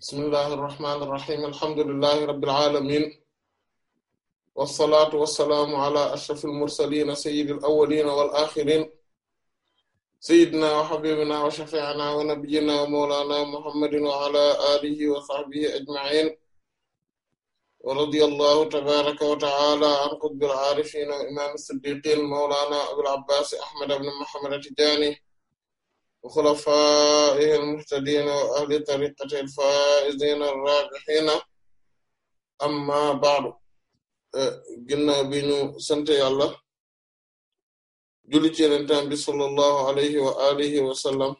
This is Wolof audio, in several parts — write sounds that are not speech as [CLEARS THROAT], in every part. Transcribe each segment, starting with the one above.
bismillahi irrahmani irrahim alhamdulilahi rabilalamin walsalaatu walsalaamu ala ashraf almursalina sayidi alawalina wal axirin sayidina wa xabibina wa shafiina wa nabiyina wa mawlana muhammadin wa ala alihi wa sahbihi ajmain wa radiya allahu tabaraka wa taala an qutbil aarifina wa imam siddiqin mawlana abul abbas ahmad ibn muhammad atijani o وخلفائه المهتدين وأهل طريقته الفائزين الراجحين أما بعد ginnaaw bi ñu sant Yàlla julli ci Yonent bi sallallahu alayhi wa alihi wa sallam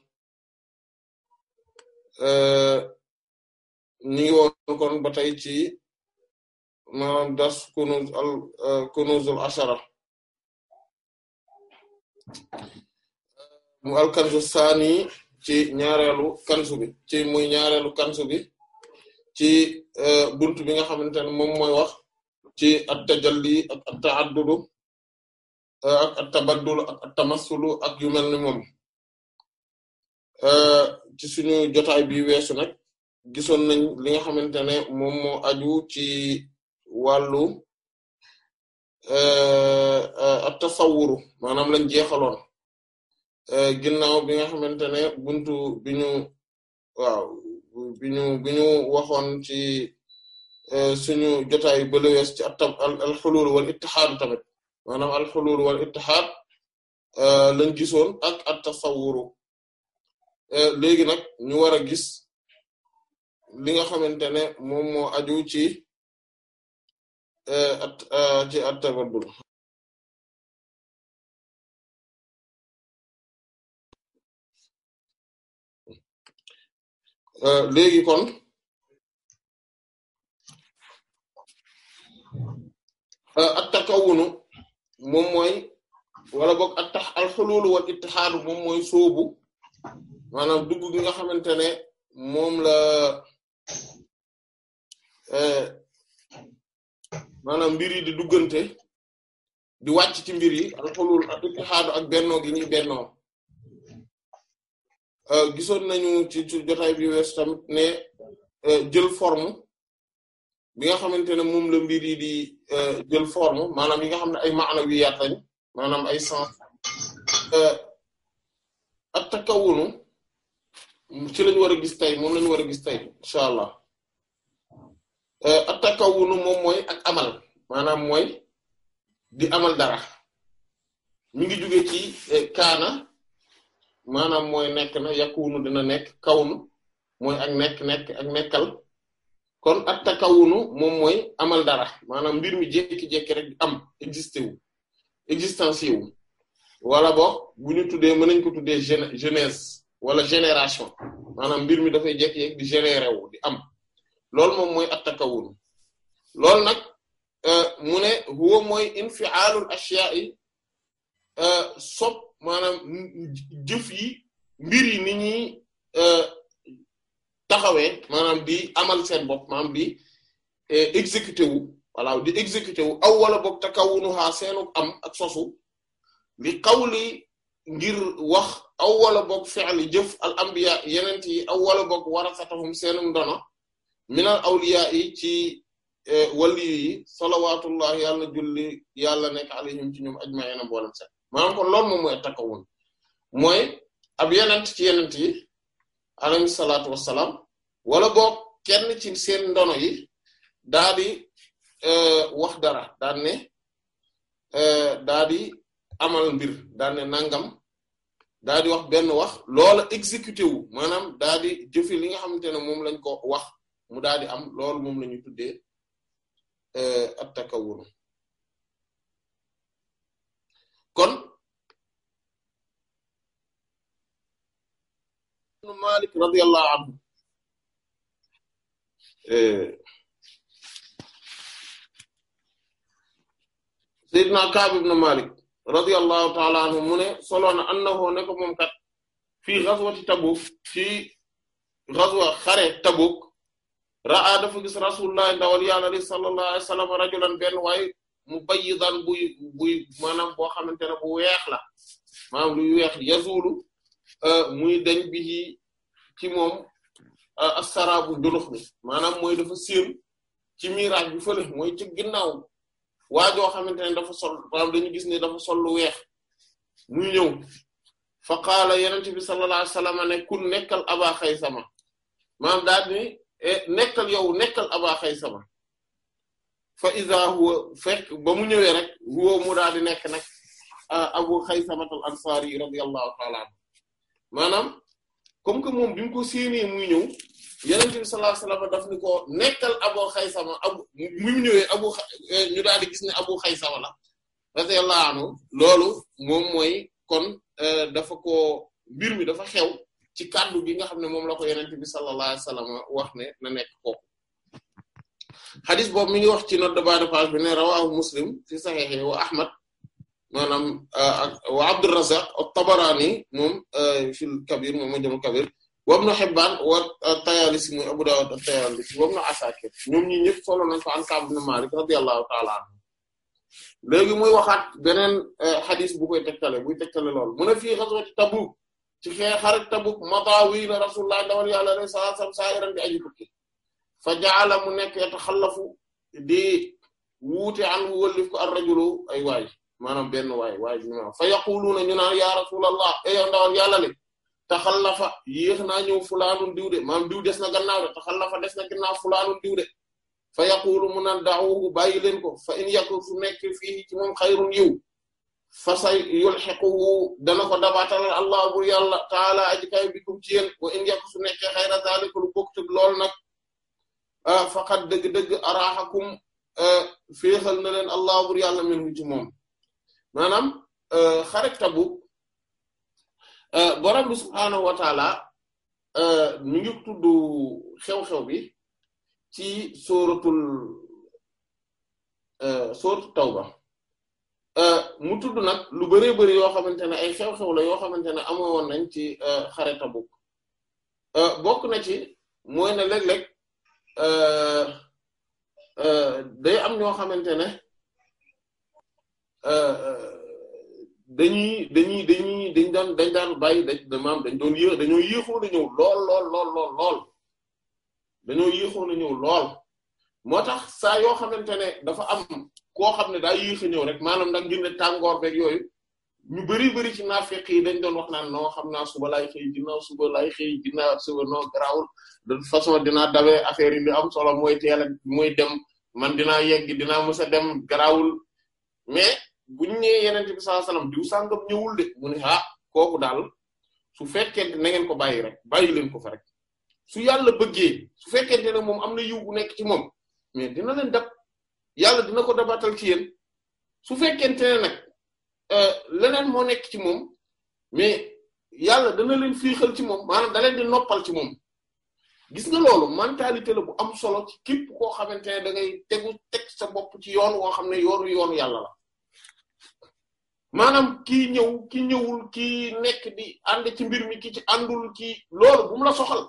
ñu ngi woon kon ba tey ci maanaam dars kunuz al kunuzul mu alkanzu saani ci ñaareelu kanzu bi ci muy ñaareelu kanzu bi ci e, buntu bi nga xamante ne moom mooy wax ci at-tajalli ak at-ta'addudu e, ak at-tabaddulu ak ak yu mel ni moom e, ci suñu jotaay bi weesu nag gisoon nañ li nga xamante ne moom moo aju ci wàllu at-tasawwuru maanaam lañ jeexaloon Euh, ginnaaw bi nga xamante ne buntu bi ñu waaw bi ñu waxoon ci euh, suñu jotaayu bële wees ci attab alxulul wal ittihaad tamit maanaam alxulul wal ittihaad euh, lañ gisoon ak at tasawuru léegi nag ñu war a gis li nga xamante ne moom moo aju ci at ci at tabaddul Euh, léegi kon euh, at takawunu moom mooy wala boog at tax al xululu wal ittixaadu moom mooy sóobu maanaam dugg gi nga xamante ne moom la euh, maanaam mbir yi di duggante di wàcc ci mbir yi al xulul ak ittixaadu ak bennoo gi Euh, gisoon nañu ci ci jotaay bi wees tamit ne euh, jël forme bi nga xamante ne moom la mbir yi di euh, jël forme maanaam yi nga xam ne ay maana wi yaat lañ maanaam ay sens ak takkawunu ci lañu war a gis tey moom lañu war a gis tey incha allah ak takkawunu moom mooy ak amal maanaam mooy di amal dara mi ngi jóge ci kaana maanaam mooy nekk na yakunu dina nekk kawnu mooy ak nekk nekk ak nekkal kon at takawunu moom mooy amal dara maanaam mbir mi jékki-jékki rek am existé wu existence wu wala boog bu ñu tuddee mën nañ ko tuddee genèse wala génération mbir mi dafay jékki-jékki di généré wu di am loolu moom mooy at takawunu loolu nag euh, mu ne huwa mooy infialul ashiya'i euh, maanaam jëf yi mbir yi ni ñuy euh, taxawee maanaam di amal sen bopp bi di euh, exécuté wu wala di exécuté wu aw wala boog takawunuha seenu am ak sosu li qawli ngir wax aw wala boog fi'li jëf al anbiya yeneen yi aw wala boog warasatahum seenu ndono minal awliya euh, yi ci wali yi salawatullahi yàlla julli yàlla nekk alayhim ci ñoom ajma'ina mboolem seen maanaam kon loolu moom mooy ak takkawun mooy ab yenent ci yenent yi alayhi salaatu wassalaam wala boog kenn ci seen ndono yi daa di euh, wax dara daan ne euh, daa di amal mbir daan ne nangam daa di wax benn wax loola exécuté wu maanaam daa di jëfe li nga xamante ne moom lañ ko wax mu daa di am loolu moom la ñu tuddee euh, at takkawun kon Malik radiyallahu anhu eh. Seydina Malik radiyallahu ta'ala anhu mu ne solo na annahu ne ko moom kat fii ghazwati Tabuk ci ghazwa xare Tabuk ra'a dafa gis Rasulullah ndawal Yàlla sallallahu alayhi wa rajulan benn waaye mu bayyidan buy buy maanaam boo xamante ne bu weex la maanaam luy weex yazulu euh, muy dañ bi ci moom euh, as-sarabu dulux bi maanaam mooy dafa séen ci miraaj bi fële mooy ci ginnaaw waajoo xamante ne dafa sol maanaam dañu gis ne dafa sol lu weex muy ñëw fa qaala yenent bi sallallahu alayhi wasallam ne nekkal aba xaysama maanaam daal di eh, nekkal yow nekkal aba xaysama fa iza huwa fekk ba mu ñëwee rek huwa mu daal di nekk nag ah, abu xay al ansari radiyallahu ta'ala anhu maanaam comme que moom bi mu ko séenee muy ñëw yeneen bi sallallahu alayhi daf ni ko nekkal abu xay abu muy ñëwee abu ñu daal di gis ne abu xaysama la radiyallahu anhu loolu moom mooy kon eh, dafa ko mbir mi dafa xew ci kandu bi nga xam ne moom la ko yeneen bi sallallahu alayhi wax ne na nekk kooku xadis boobu mi ngi wax ci no de bas de page bi ne rawahu muslim fi saxiix wa ahmad maanaam uh, wa abdurrazzaq at-tabarani moom uh, fil kabir moom majamul kabir wa ibn hibban wa at-tayalisi uh, muy abu dawud at-tayalisi wa ibn asakir ñoom ñi ñëpp solo nañ ko an ka'b ibn malik radiyallahu ta'ala anhu léegi muy waxaat beneen xadis bu koy tegtale buy tegtale lool mu ne fii ghazwat tabuk ta xeex xarit tabuk mata wi la rasulullah dawal yàlla sallallahu alayhi wasallam sa'iran bi aji tukki fa jaala mu nekk yataxallafu di wuute anhu wëllif ko ar-rajulu ay waay maanaam benn waay waay bi ma fa yaquluuna ñu naan ya rasulallah e eh, yow ndawal yàlla li taxallafa yéex naa ñëw fulaanun diw de maanaam diw des na gannaaw de taxallafa des na gannaaw fulaanun diw de fa yaqulu mu naan da'uhu bàyyi leen ko fa in yakun su nekk fii ci moom xayrun yiw fa say yulxiquhu dana ko dabaatalal allah bu yàlla taala aji kay bikum ci yéen in yakun su nekk xayra zalika lu bokk lool nag Ah, faqat dëgg-dëgg araxakum eh, féexal na leen allah bur yàlla minhu ci moom maanaam eh, xarek Tabuk eh, borom bi subhaanahu wa taala mi ngi tudd xew-xew bi ci sóoratul sóoratu tawba mu tudd nag lu bëree bëri yoo xamante ne ay xew-xew la yoo xamante ne amoon nañ ci xare Tabuk bokk na ci mooy ne léeg-léeg Euh, euh, day am ñoo xamante ne euh, dañuy dañuy dañuy dañ daan dañ daan bàyyi dañ maam dañ doon yéex dañoo yéexoon a ñëw lool lool lool lool lool dañoo yéexoon a ñëw lool moo tax saa yoo xamante ne dafa am koo xam ne daa yéex a ñëw rek maanaam ndax ngir ne tàngoor beeg yooyu ñu bari bari ci naafeq yi dañ doon wax naan non xam naa suba laay xëy ginnaaw suba laay xëy dina suba non garaawul façon dinaa dawe affaire yi li am solo mooy teel mooy dem man dinaa yegg dinaa mës dem garaawul mais buñ nee yeneen bi sallallahu alayhi wasallam diw sàngam ñëwul de mu ne ah kooku daal su fekkente na ngeen ko bàyyi bàyyi leen ko fa su yàlla bëggee su fekkente ne moom am na yiw bu nekk ci moom mais dina leen dab yàlla dina ko dabatal ci yéen su fekkente ne nag. Euh, leneen moo nekk ci moom mais yàlla dana leen fiixal ci moom maanaam da leen di noppal ci moom gis nga loolu mentalité la bu am solo ci képp koo xamante ne da ngay tegu teg sa bopp ci yoon woo xam ne yoon yoon yàlla la maanaam kii ñëw kii ñëwul ki nekk di ànd ci mbir mi ki ci àndul ki loolu bu la soxal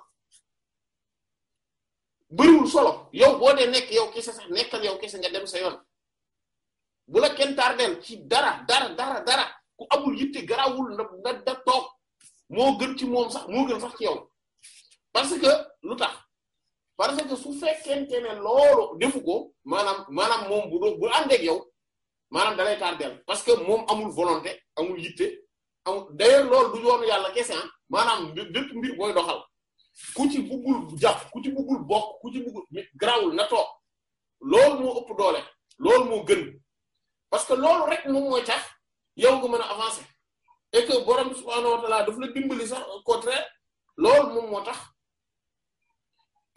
bëriwul solo yow boo dee nekk yow sa sax nekkal yow kese nga dem sa yoon bu la kenn tardeel ci dara dara dara dara ku amul yitte garawul na na da toog moo gën ci moom sax moo gën sax ci yow parce que lu tax parce que su fekkente ne loolu defu ko maanaam maanaam moom bu doon bu ànd ak yow maanaam dalay tardeel parce que moom amul volonté amul yitte amul d'ailleurs loolu du yoonu yàlla kese ah. maanaam dëpp mbir booy doxal ku ci buggul jàpp ku ci buggul bokk ku ci buggul garawul na toog loolu moo ëpp doole loolu moo gën parce que loolu rek moom mooy tax yow nga mën a et que borom subhaanahu wa ta'ala la dimbali sax au contraire loolu moom moo tax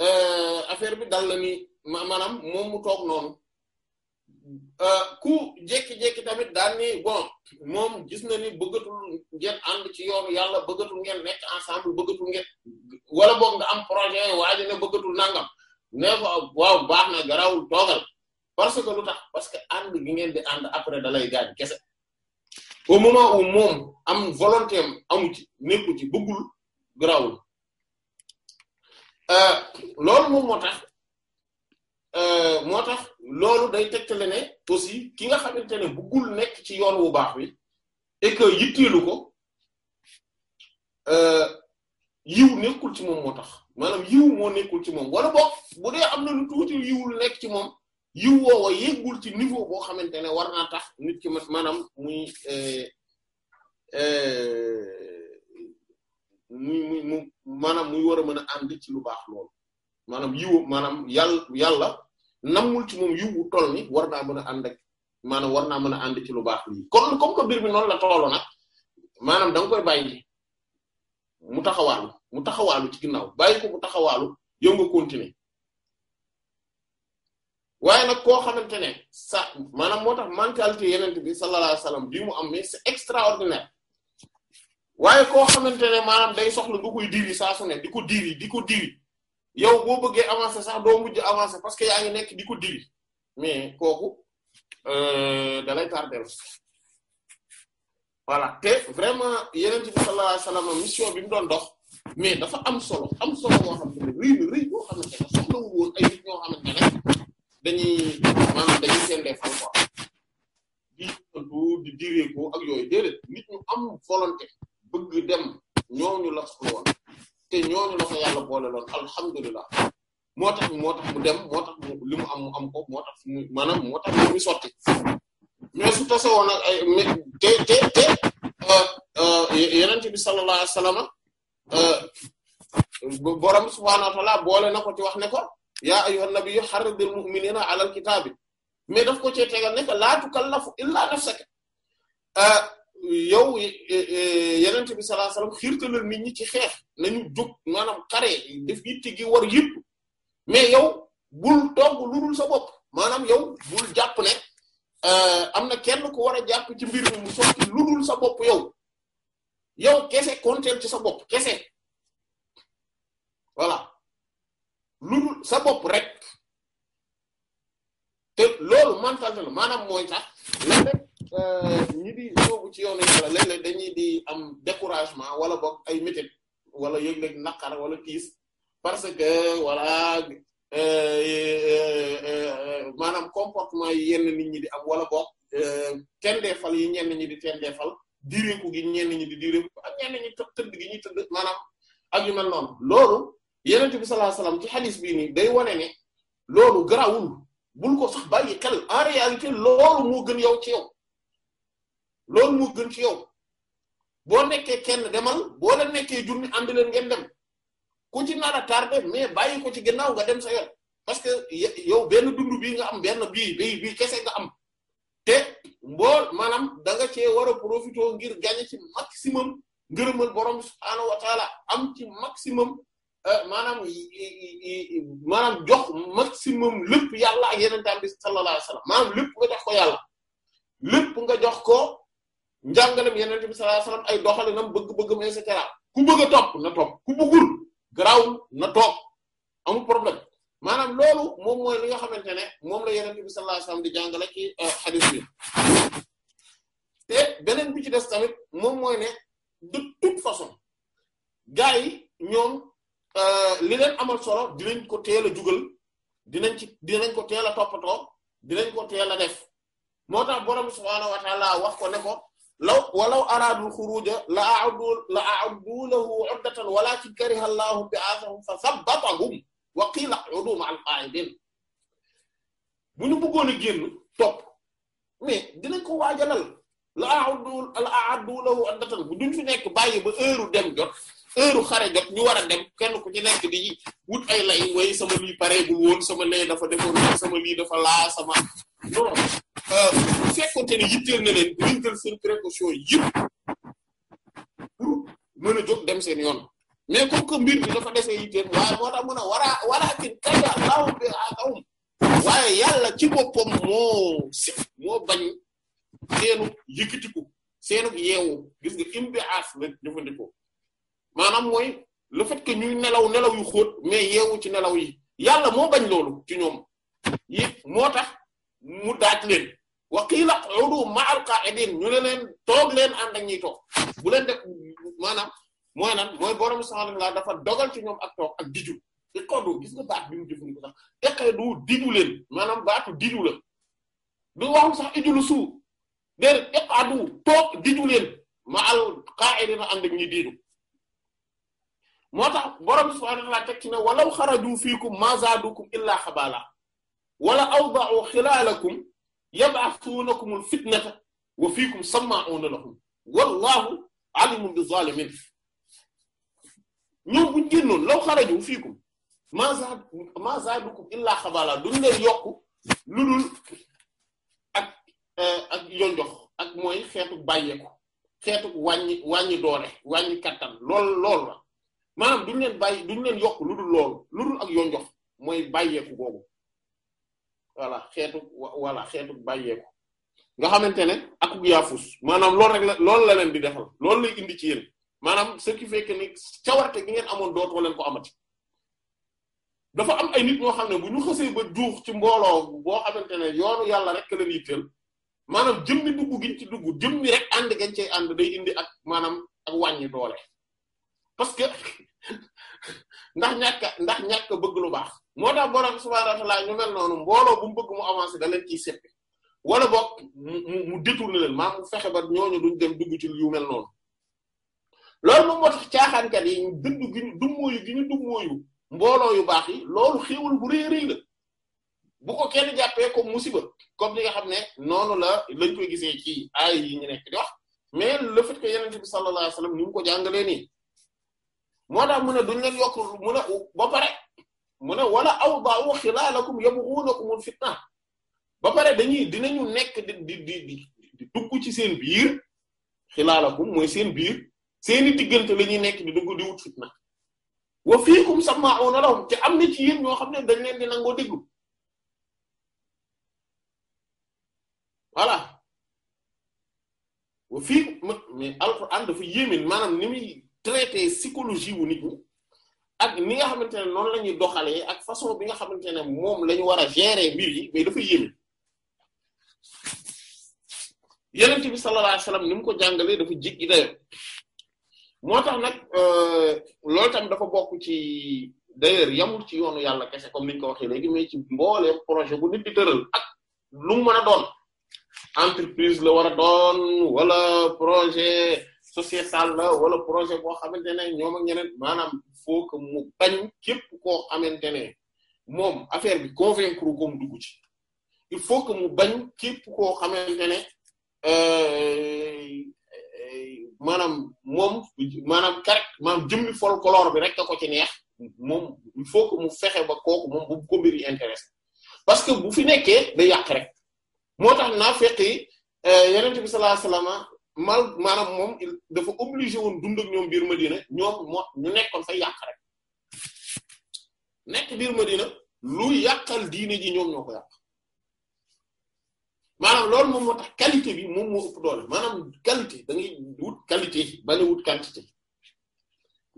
euh, affaire bi dal la ni maanaam moom mu toog noonu euh, ku jékki-jékki tamit daal ni bon moom gis na ni bëggatul ngeen ànd ci yoonu yàlla bëggatul ngeen nekk ensemble bëggatul ngeen wala boog nga am projet waaye ne bëggatul nangam ne waaw baax na garawul toogal. parce que lu tax parce que ànd gi ngeen di ànd après da gaañ kese au moment où moom am volonté amu ci nekku ci bëggul grawul euh, loolu moom moo tax euh, moo tax loolu day tegtale ne aussi ki nga xamante ne bu bëggul nekk ci yoon wu baax wi et que yitteelu ko euh, yiw nekkul ci moom moo tax maanaam yiw moo nekkul ci moom wala boog bu dee am na lu tuuti yiwul nekk ci moom yiw woowa yeggul ci niveau boo xamante ne war naa tax nit ki maanaam eh, eh, muy muy mu maanaam muy war a mën a ànd ci lu baax lool maanaam yiw maanaam yàlla yàlla mul ci moom yiw wu toll ni war naa mën a ànd ak maanaam war naa mën a ànd ci lu baax lii kon comme que mbir mi noonu la tolloo nag maanaam da nga koy bàyyi mu taxawaalu mu taxawaalu ci ginnaaw bàyyi ko mu taxawaalu yow nga continuer waaye nag koo xamante ne sa maanaam moo tax mentalité yeneen bi sallallahu alayhi wasallam bii mu am mais c'est extraordinaire waaye koo xamante ne maanaam day soxla du koy diri saa su ne di ko diri di ko diri yow boo bëggee avancer sax doo mujj avancer parce que yaa ngi nekk di ko diri mais kooku euh, da lay tardel voilà te vraiment yeneen bi sallallahu alayhi mission bi mu doon dox mais dafa am solo am solo boo xam ne rëy na boo xamante ne dañuy maanaam dañuy seen defal quoi di ko ak yooyu déedéet nit ñu am volonté bëgg dem ñooñu la soxla woon te ñooñu la ko yàlla boole loon alhamdulilah moo tax moo tax mu dem moo tax mu li mu am mu am moo tax mu maanaam moo tax mu sotti mais su tase woon ak ay te te te euh, euh, yeneen bi sallallahu alayhi wasallam euh, boole na ko ci wax ne ko. yaa ayyuhan nabiyyu harridil mu'minina alal kitaabi mais daf ko cee tegal nekk na tukallafu illaa nafsaka ah, yow eh, eh, yenente bi sallallahu alayhi wasallam xiirtalal mi ñi ci xeex nañu jóg maanaam xare def yitte gi war yëpp mais yow bul togg lu dul sa bopp maanaam yow bul jàpp ne ah, am na kenn ko war a jàpp ci mbir mi mu sotti lu dul sa bopp yow yow kese konteel ci sa bopp kese voilà lu dul sa bopp rek te loolu mentalité la maanaam mooy sax léeg-léeg euh, ñi di soobu ci yoonu yàlla léeg-léeg dañuy di am découragement wala boog ay métit wala yëg-yëg naqar wala kiis parce que voilà euh, euh, maanaam comportement yi yenn nit ñi di am wala boog tendeefal yi ñenn ñi di tendeefal diireeku gi ñenn ñi di diireeku ak ñenn ñi tëdd gi ñuy tëdd maanaam ak yu loolu. yeneen bi sallallahu alayhi wasallam ci xadis bii nii day wane ne loolu garawul bul ko sax bàyyi xel en réalité loolu moo gën yow ci yow loolu mu gën ci yow boo nekkee kenn demal boo la nekkee junni ànd leen ngeen dem ku ci nar a tardé mais bàyyi ko ci gannaaw nga dem sa yoon parce que yow benn dund bii nga am benn bi bii kese nga am te mbool maanaam da nga wara war a ngir gagner ci maximum ngërëmal borom subhaanahu wa taala am ci maximum Euh, maanaam maanaam jox maximum lépp yàlla ak yeneen taam bi sallallahu alayhi wasallam lépp nga jox ko yàlla lépp nga jox ko njàngalem yeneen bi sallallahu alayhi ay ay doxalinam bëgg-bëggam bëgg et cetera ku bëgg a topp na topp ku bëggul garaawul na topp amul problème maanaam loolu moom mooy li nga xamante ne moom la yeneen bi sallallahu alayhi di jàngale ci euh, hadith bi te beneen bi ci des tamit moom mooy ne de toute façon gars ñoom. Euh, li leen amal solo dinañ ko teel a jugal dinañ ci dinañ ko teel a toppatoo dinañ ko teel def moo tax borom subhaanahu wa ta'aala wax ko ne ko law walaw araadul xuruja la a'uddu la a'uddu lahu 'uddatan walakin kariha Allahu bi'aasahum fa sabbatahum wa qiila udu ma'al qaa'idiin bu ñu bëggoon a génn topp mais dinañ ko waajalal la a'uddu la a'uddu lahu 'uddatan bu duñ fi nekk bàyyi ba heure dem jot. heure xare jot ñu war a dem kenn ku ci nekk bi wut ay lay way sama lii pareegul woon sama lay dafa defoon sama lii dafa laa sama non euh, bu fekkonte ne yitteel mën a jóg dem seen yoon mais comme dafa desee yitteel waaye moo tax a waraa walaakin kayda Allahu bi ci boppam moo si moo bañ seenu yëkkatiku seenu gis nga imbi aas la jëfandikoo maanaam mooy le fait que ñuy nelaw nelaw yu xóot mais yeewu ci nelaw yi yàlla moo bañ loolu ci ñoom yi moo tax mu daaj leen wa qiila udu ka qa'idin ñu ne leen toog leen ànd ak ñiy toog bu leen def maanaam mooy lan borom sax wa laa dafa dogal ci ñoom ak toog ak diju iqodu gis nga baat bi mu jëfandikoo sax iqodu diju leen maanaam baatu diju la du waxul sax ijulu suu déer iqadu toog diju leen ma'al qa'idin ànd ak ñi diidu moo tax borom subhaanahu wa ta'aala ci ne walaw xaraju fiikum maa zaadukum illaa xabaala wala awda'u xilaalakum yab'athuunakumul fitnata wa fiikum sammaa'uuna lahum wallaahu aliimun bizzaalimiin ñoom buñ génnoon law xaraju fiikum maa zaadukum illaa xabaala duñ leen yokk lu dul eh, ak yonjox ak mooy xeetu bàyyeeku xeetu wàññi wàññi doole wàññi kattan lool lool la. maanaam duñ leen bàyyi duñ leen yokk lu dul loolu lu dul ak yonjox mooy bàyyeeku googu voilà xeetu voilà xeetu bàyyeeku nga xamante ne ak yaafus maanaam loolu rek la loolu la leen di defal loolu lay indi ci yéen maanaam ce qui fait cawarte gi ngeen amoon dootoo leen ko amati dafa am ay nit ñoo xam ne bu ñu xësee ba juux ci mbooloo boo xamante ne yoonu yàlla rek leen yitteel maanaam jëm ni dugg giñ ci dugg jëm ni rek ànd gañ cey ànd day indi ak maanaam ak wàññi parce que [LAUGHS] ndax ñàkk ndax ñàkk bëgg lu baax moo tax borom subhaanahu laa ta'aala noonu mbooloo bu mu bëgg mu avancer da leen ciy seppi wala boog mu mu détourner leen maam mu fexe ba ñooñu duñ dem dugg ci yu mel noonu loolu moom moo tax caaxaankat yi dund gi ñu dummóoyu gi ñu dummóoyu mbooloo yu baax yi loolu xéewal bu rëy la bu ko kenn jàppee comme musiba comme li nga xam ne noonu la lañ koy gisee ci aay yi ñu nekk di wax mais le fait que yonent bi sallallahu ni mu ko jàngalee nii. moo tax mu ne duñ leen yokk mu ne ba pare mu ne wala awda'u xilaalakum yabghunakumul fitna ba pare dañuy dinañu nekk di di di di dugg ci seen biir xilaalakum mooy seen biir seeni diggante la ñuy nekk di dugg di wut fitna wa fiikum sama'una lahum te am na ci yéen ñoo xam ne dañ leen di nangoo déglu voilà wa fii mais alquran dafa yéeme maanaam ni traité psychologie wu nit ñi ak ni nga xamante ne noonu la ñuy doxalee ak façon bi nga xamante ne moom la ñu war a gérer mbir yi mais dafa yéeme yenent bi sallallahu alayhi wasallam ni mu ko jàngalee dafa jéggi dayo moo tax nag euh, loolu tamit dafa bokk ci d'ailleurs yamul ci yoonu yàlla kese comme ni ñu ko waxee léegi mais ci mboole projet bu nit di tëral ak lu mu mën a doon entreprise la war doon wala projet sociétal la wala projet boo xamante ne ñoom ak ñeneen maanaam il faut que mu bañ képp koo xamante ne moom affaire bi convaincre ko mu dugg ci il faut que mu bañ képp koo xamante ne euh, maanaam moom maanaam karek maanaam jëmmi folklore bi rek a ko ci neex moom il faut que mu fexe ba kooku moom bu ko mbiri intéressé parce que bu fi nekkee day yàq moo tax naa fekk yi euh, yenente bi sallallahu mal maanaam moom dafa obligé woon dund ak ñoom biir Madina ñoom moo ñu nekkoon fay yàq rek nekk biir Madina lu yàqal diine ji ñoom ñoo ko yàq maanaam loolu moom moo tax qualité bi moom moo ëpp doole maanaam qualité da ngay wut qualité ba a wut quantité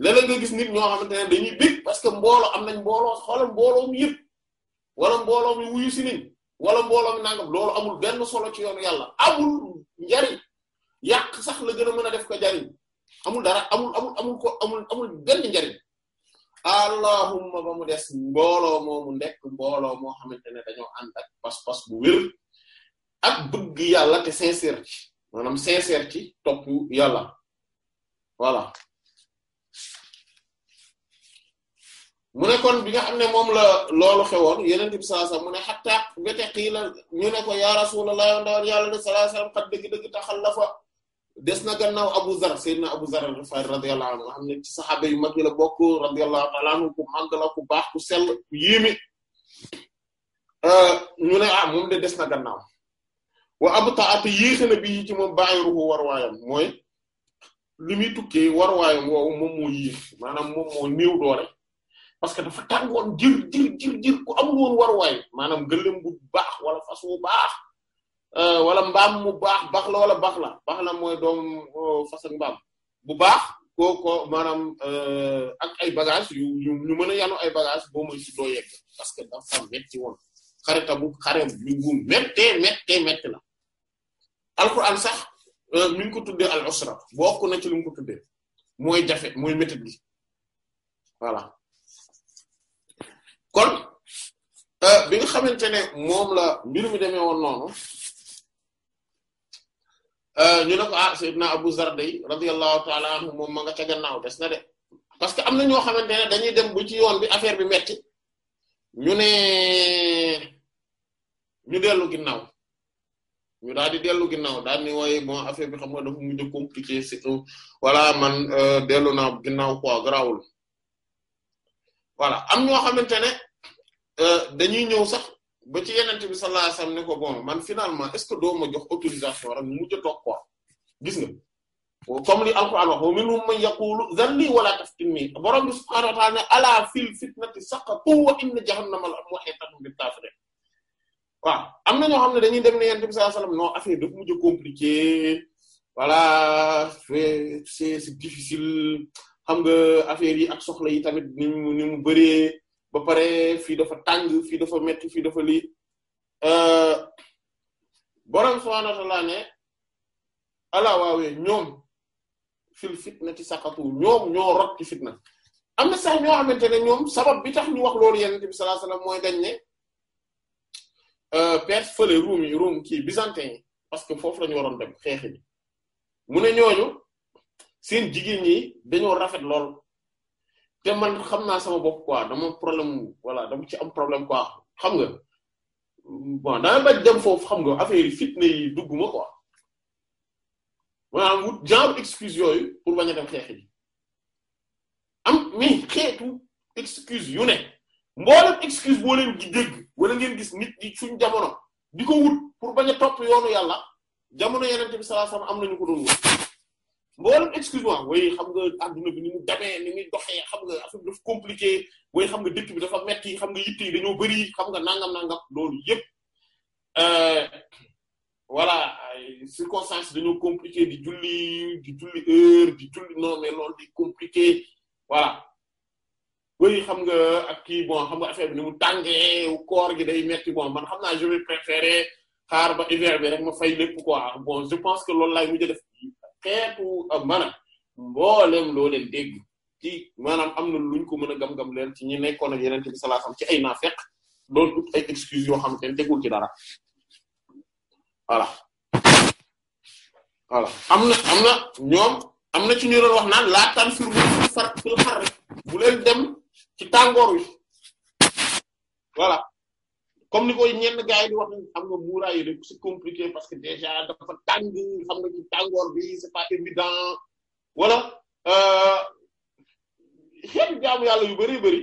léeg nga gis nit ñoo xamante ne dañuy bég parce que mbooloo am nañ mbooloo xoolal mbooloo mu yëpp wala mbooloo mi wuyu si nañ wala mbooloo mi nangam loolu amul benn solo ci yoonu yàlla amul njariñ yàq sax la gën a mën a def ko jariñ amul dara amul amul amul ko amul amul benn njariñ allahumma ba mu des mbooloo moomu nekk mbooloo moo xamante ne dañoo ànd ak pas-pas bu wér ak bëgg yàlla te sincère ci maanaam sincère ci topp yàlla voilà mu ne kon bi nga xam ne moom la loolu xewoon yeneen bi saa sax mu ne xa xataa bete xiila ñu ne ko ya rasulullah ndawal yàlla de sallallahu alayhi wasallam xat dëgg-dëgg taxallafa des na gannaaw Abu Zar Seydina Abu Zar al-Ghifari radiyallahu anhu nga xam yu mag la bokk radiyallahu ta'ala ku màgg la ku baax ku sel ku yéeme euh, ñu ne ah moom de des na gannaaw wa abta'at yéexe na bi ci moom bàyyiruhu warwaayam mooy li muy tukkee warwaayam woowu moom doole parce que dafa tàngoon jir jir jir jir ku amul woon warwaay maanaam gëléem bu baax wala fas wu baax Euh, wala mbaam mu baax baax la wala baax la baax la mooy doom oh, fas ak mbaam bu baax koo ko maanaam euh, ak ay bagage yu ñu mën a yanu ay bagage boo moy si doo yegg parce que dafa metti woon xarita bu xare bu bu méttee méttee métti la alquran sax mi euh, ngi ko tuddee al usra bokk na ci lu ngi ko mooy jafe mooy métit gi voilà kon bi nga xamante ne moom la mbir mi demee woon noonu Euh, ñu ne a ah sayyidna Abu Zar day radiyallahu ta'ala anhu moom ma nga ca gannaaw des na de parce que am na ñoo xamante ne dañuy dem bu ci yoon bi affaire bi metti ñu ne ñu dellu ginnaaw ñu daal di dellu ginnaaw daal ni wooye bon affaire bi xam nga dafa mujj compliqué surtout voilà man euh, dellu na ginnaaw quoi garaawul voilà am ñoo xamante ne euh, dañuy ñëw sax ba ci yenente bi sallallahu alayhi wasallam ne ko bon man finalement est que doo ma jox autorisation rek mu mujj toog gis nga comme li alquran wax wa minhum man yaqulu zarni wala taftinni borom bi subhanahu wa ta'ala ne ala fil fitnati saqatu wa inna jahannama muhitatun bil kafirin waaw am na ñoo xam ne dañuy dem ne yenente bi sallallahu alayhi wasallam non affaire dafa mujj compliqué voilà c'est c'est difficile xam nga affaire yi ak soxla yi tamit ni mu ba pare fii dafa tàng fii dafa metti fii dafa lii euh, borom subhaanahu wa ta'aala ne ala waawee ñoom fil fitnati saqatu ñoom ñoo rot fitna am na sax ñoo xamante ne ñoom sabab bi tax ñu wax loolu yonent bi sallallahu alayhi mooy dañ ne euh, Perse fële Room yi Room kii byzantin yi parce que foofu lañu waroon dem xeex mu ne ñooñu seen jigéen ñi dañoo rafet lool. te man xam naa sama bopp quoi dama problème voilà dama ci am problème quoi xam nga bon dama bañ dem foofu xam nga affaire yi fitne yi dugg ma quoi maanaam wut genre excuse yooyu pour bañ a dem xeex ji am mais xeetu excuse yu ne mboolem excuse boo leen di dégg wala ngeen gis nit ñi suñ jamono di ko wut pour bañ a topp yoonu yàlla jamono yeneen bi sallallahu am na ko doon wut. mboolem excuse-moi way xam nga adduna bi ni mu demee ni muy doxee xam nga affaire bi dafa compliqué way xam nga dëkk bi dafa metti xam nga yitte yi dañoo bëri xam nga nangam nangam loolu yëpp euh, voilà circonstances dañoo compliqué di julli julli heure di loolu di compliqué voilà xam nga ak kii bon xam nga bi ni mu tàngee koor gi day metti bon man xam naa je vais préférer xaar ba hiver bi rek ma fay lépp quoi bon je pense que loolu laay mujj def. xeetu ak maanaam mbooleem loo leen dégg ci maanaam am na luñ ko mën a gam-gam leen ci ñi nekkoon ak yeneen bi sallallahu alayhi ci ay naafeq doon ut ay excuse yoo xamante ne tegul ci dara voilà voilà am na am na ñoom am na ci ñu doon wax naan laataan fir far fil xar bu leen dem ci tàngoor wi voilà comme ni koy ñenn gars yi di wax xam nga muuraay yi rek c'est compliqué parce que déjà dafa tàng xam nga ci tàngoor bi c'est pas évident wala euh, xeetu jaamu yàlla yu bari bari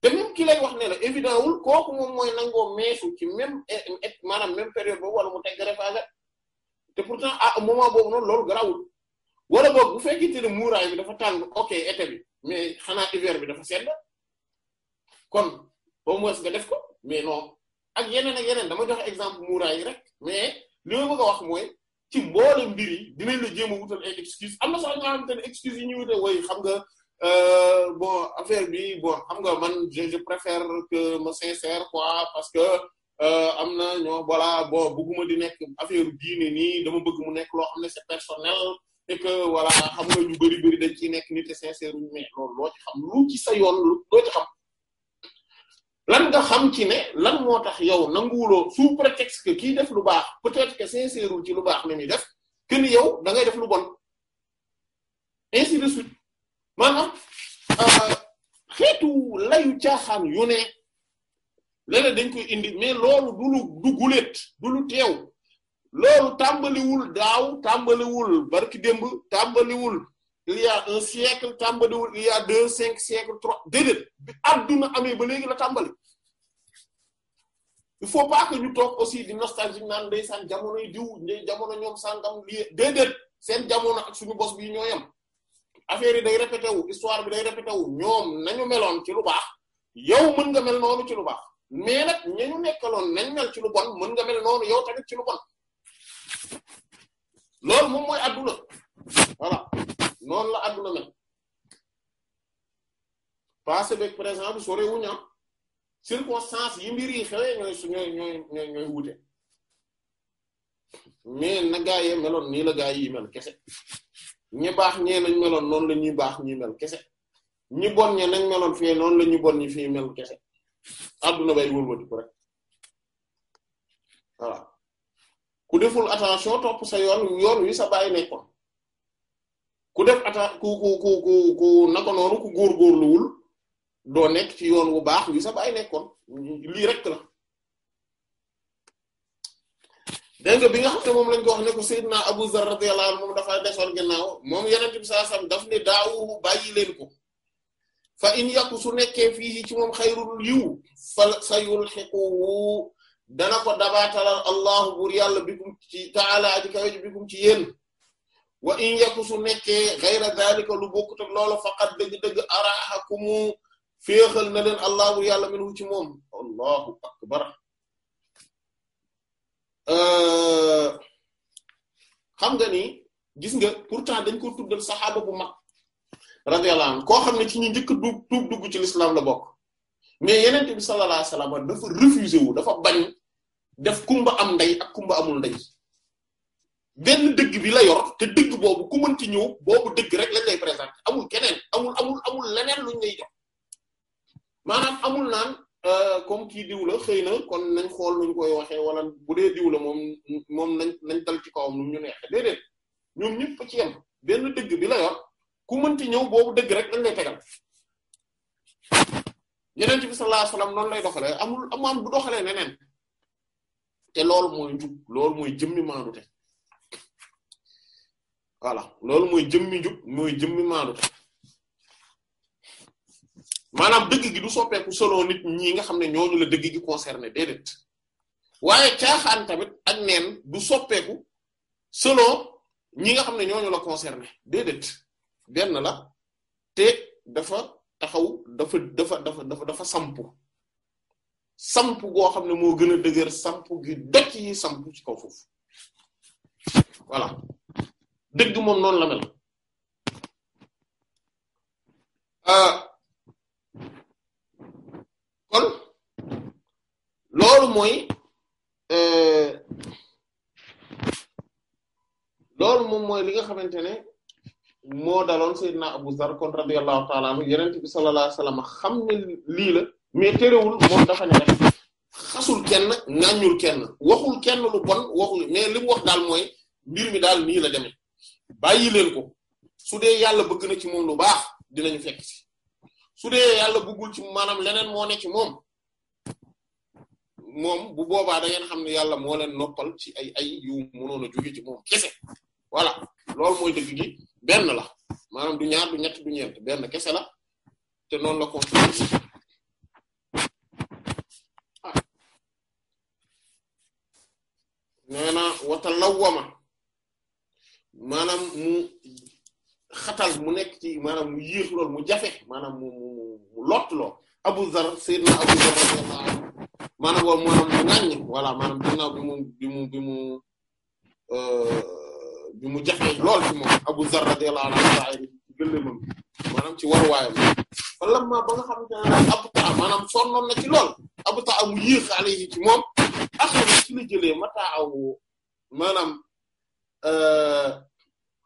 te même ki wax ne la évident wul kooku moom mooy nangoo meesu ci même et maanaam même période wala mu teg refaga te pourtant à ah, moment boobu noonu loolu garawul wala boog bu fekkente ne muuraay bi dafa tàng ok été bi mais xanaa hiver bi dafa sedd kon au moins nga def ko mais non ak yeneen ak yeneen dama joxe exemple muuraay yi rek mais li ma bëgg wax mooy ci mboolem mbir dina dinañ la jéem a wutal excuse am na sax ñoo xamante ne excuse yi ñuy wute woy xam nga euh, bo affaire bi bo xam nga man je je préfère que ma sincère quoi parce que euh, am na ñoo voilà bon bëgguma di nekk affaire diine nii dama bëgg mu nekk loo xam ne c'est personnel e que voilà xam nga ñu bëri bari dañ ciy nekk nit te sincère mais loolu loo ci xam lu ci sa yoon loo xam lan nga xam ci ne lan moo tax yow nanguwuloo sous prétexte que kii def lu baax peut-être que sincèrewul ci lu baax la muy def que ni yow da ngay def lu bon ainsi de suite maanaam euh, xeetu layu caaxaan yu ne léeg dañ koy indi mais loolu du lu du guléet du lu teew loolu tàmbaliwul daaw tàmbaliwul barki démb tàmbaliwul il y a un siècle tàmbaliwul y a deux cinq siècles trois déedéet bi adduna amee ba léegi la tàmbali il faut pas que ñu toog aussi di nostalgique naan ndeysaan jamono yi diw jamono ñoom sangam lii déedéet seen jamono ak suñu bos bi ñoo yem affaire yi day répété wu histoire bi day répété wu ñoom nañu meloon ci lu baax yow mën nga mel noonu ci lu baax mais nag ñañu nekkaloon nañu mel ci lu bon mën nga mel noonu yow tamit ci lu bon loolu moom mooy adduna voilà noonu la adduna mel passé beeg présent bi sore wuñu am ah. circonstance yi mbir yi xewee ñooy su ñooy wute mais na gaa yee meloon nii la gaa yi mel kese ñi baax ñee nañ meloon noonu la ñi baax ñi mel kese ñi bon ñe nañ meloon fi noonu la ñu boon ñi fi mel kese adduna bay wëlbati ko rek voilà ku deful attention topp sa yoon yoon wi sa bàyyi nekkoon ku def atta ku ku ku ku naka noonu ku góorgóorluwul doo nekk ci yoon wu baax wi sa baay nekkoon lii rek la. dégg nga bi nga xam moom lañ ko wax ne ko Abu Zar radiyallahu anhu moom dafa desoon ginnaaw moom Yonent bi sallallahu alayhi wasallam daf ne daawu bàyyi leen ko. fa in yàqu su nekkee fii ci moom xayrul yiw fa sayulxiquhu dana ko dabaatalal allahu buur yàlla bikum ci taala aji kawe ji bikum ci yéen. wa in yaku su nekkee xayra daalika lu bokkut ak loola faqat dëgg-dëgg araaxakumu féexal na leen allahu yàlla minhu ci moom allahu akbar euh, xam nga ni gis nga pourtant dañ ko tuddal saxaaba bu mag radiyallahu anhu koo xam ne ci ñu njëkk a dugg tuub dugg ci l'islam la bokk mais yeneen bi sallallahu alayhi wasallam dafa refusé wu dafa bañ def kumba am ndey ak kumba amul ndey benn dëgg bi la yor te dëgg boobu ku mën ci ñëw boobu dëgg rek lañ lay présenter amul keneen amul amul amul leneen luñ lay jox amul naan euh, comme kii diw la xëy na kon nañ xool ñu koy waxee wala bu dee diw la moom moom nañ nañ dal ci kawam nu ñu neexee déedéet ñoom ñëpp ci yem benn dëgg bi la yor ku mënti ñëw boobu dëgg rek lañ lay tegal yeneen bi sallallahu alayhi wasallam noonu lay doxalee amul am bu doxalee neneen te loolu mooy njub loolu mooy jëmmi maandu te voilà loolu mooy jëmmi njub mooy jëmmi maandu maanaam dëgg gi du soppeeku selon nit ñi nga xam ne ñooñu la dëgg gi concerné déedéet waaye caaxaan tamit ak neen du soppeeku selon ñi nga xam ne ñooñu la concerné déedéet benn la te dafa taxaw dafa dafa dafa dafa dafa sampu sampu goo xam ne moo gën a dëgër sampu gi dëkk yi sampu ci kaw foofu voilà dëgg moom noonu la mel ah. kon lool mooy euh, loolu moom mooy li nga xamante ne moo daloon Seydina Abu Zar kon radiyallahu ta'ala anhu yeneen bi sallallahu alayhi wasallam xam ne lii la mais terewul moom dafa ne rek xasul kenn ŋàññul kenn waxul kenn lu bon waxul mais li mu wax daal mooy mbir mi daal nii la demee. bàyyi leen ko su dee yàlla bëgg na ci moom lu baax dinañu fekk su dee yàlla bëggul ci maanaam leneen moo ne ci moom moom bu boobaa da ngeen xam ne yàlla moo leen noppal ci ay ay yu mënoon a jóge ci moom kese voilà loolu mooy dëgg gi benn la maanaam du ñaar du ñett du ñeent benn kese la te noonu la continuer ah. nee na wata lawwama maanaam mu xatal mu nekk ci maanaam mu yéex lool mu jafe maanaam mu mu mu lott loo Abu Zar Seydina Abu Zar radiyallahu anhu maanaam wala maanaam mu ŋàññ voilà maanaam ginnaaw bi mu bi mu bi mu euh, bi mu jafe lool ci moom Abu Zar radiyallahu anhu waaye ci gëlléemam maanaam ci waruwaayam fa lamma ba nga xamante ne daal Abu Taa maanaam sonnoon na ci lool Abu Taa mu yéex alayhi ci moom axara ci la jëlee mataawu maanaam euh,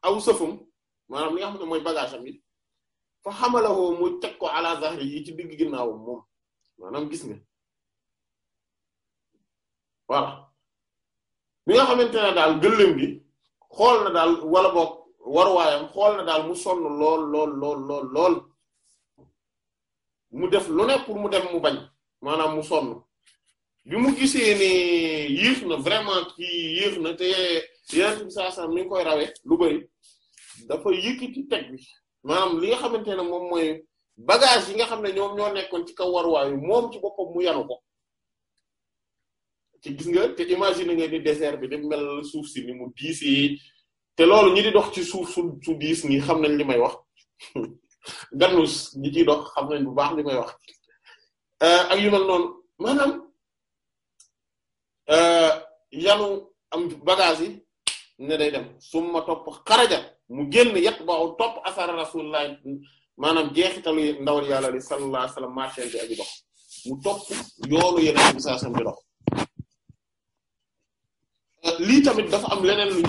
aw sëfam maanaam li nga xam ne mooy bagage am yi fa xamalawoo mu teg ko ala zahri yi ci digg ginnaawam moom maanaam gis nga voilà li nga xamante ne daal gëléem gi xool na daal wala boog waruwaayam xool na daal mu sonn lool lool lool mu def lu ne pour mu dem mu bañ maanaam mu sonn bi mu gisee ne yéex na vraiment kii yéex na te. yonent bi sallallahu alayhi wasallam koy rawee lu bari dafa yi teg bi maanaam li nga xamante ne moom mooy bagage yi nga xam ne ñoom ñoo nekkoon ci kaw waruwaayu moom ci boppam mu yanu ko ci gis nga te imagine nga ni désert bi di mel suuf si ni mu diis yi te loolu ñi di dox ci suuf su su diis nii xam nañ li may wax [LAUGHS] gannus ñi ciy dox xam nañ bu baax li may wax euh, ak yu mel noonu maanaam euh, yanu am bagage yi ne day dem summa topp xaraja mu génn yat baaw topp asara rasulullah maanaam jeexitalu ndawal yàlla li sallallahu alayhi wasallam bi aji mu topp yoonu yeneen bi tamit dafa am leneen mu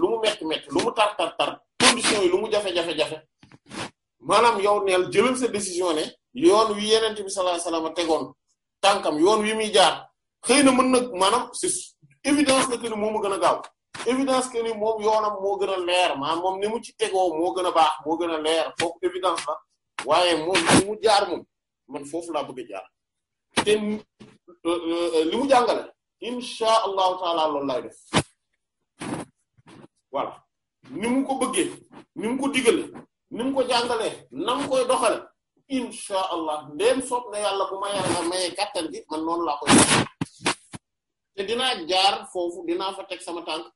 lu mu metti metti mu tar tar tar condition yi lu mu jafe-jafe-jafe maanaam yow neel jëlal sa décision ne yoon wi yeneen ti sallallahu alayhi wasallam tegoon tànkam yoon wi muy jaar xëy na mën nag maanaam si évidence na que ni moom a gën a gaaw évidence que ni moom yoonam moo gën a leer maanaam moom ni mu ci tegoo moo gën a baax moo gën a leer foofu évidence la waaye moom li mu jaar moom man foofu laa bëgg a jaar te euh, euh, li mu jàngale incha allahu taala loolu laay def voilà ko bëggee ni ko digale ni ko jàngalee na mu koy doxale incha allah ndéem soob na yàlla bu ma yàlla maye kàttan man noonu laa koy te dinaa jaar foofu dinaa fa teg sama tànk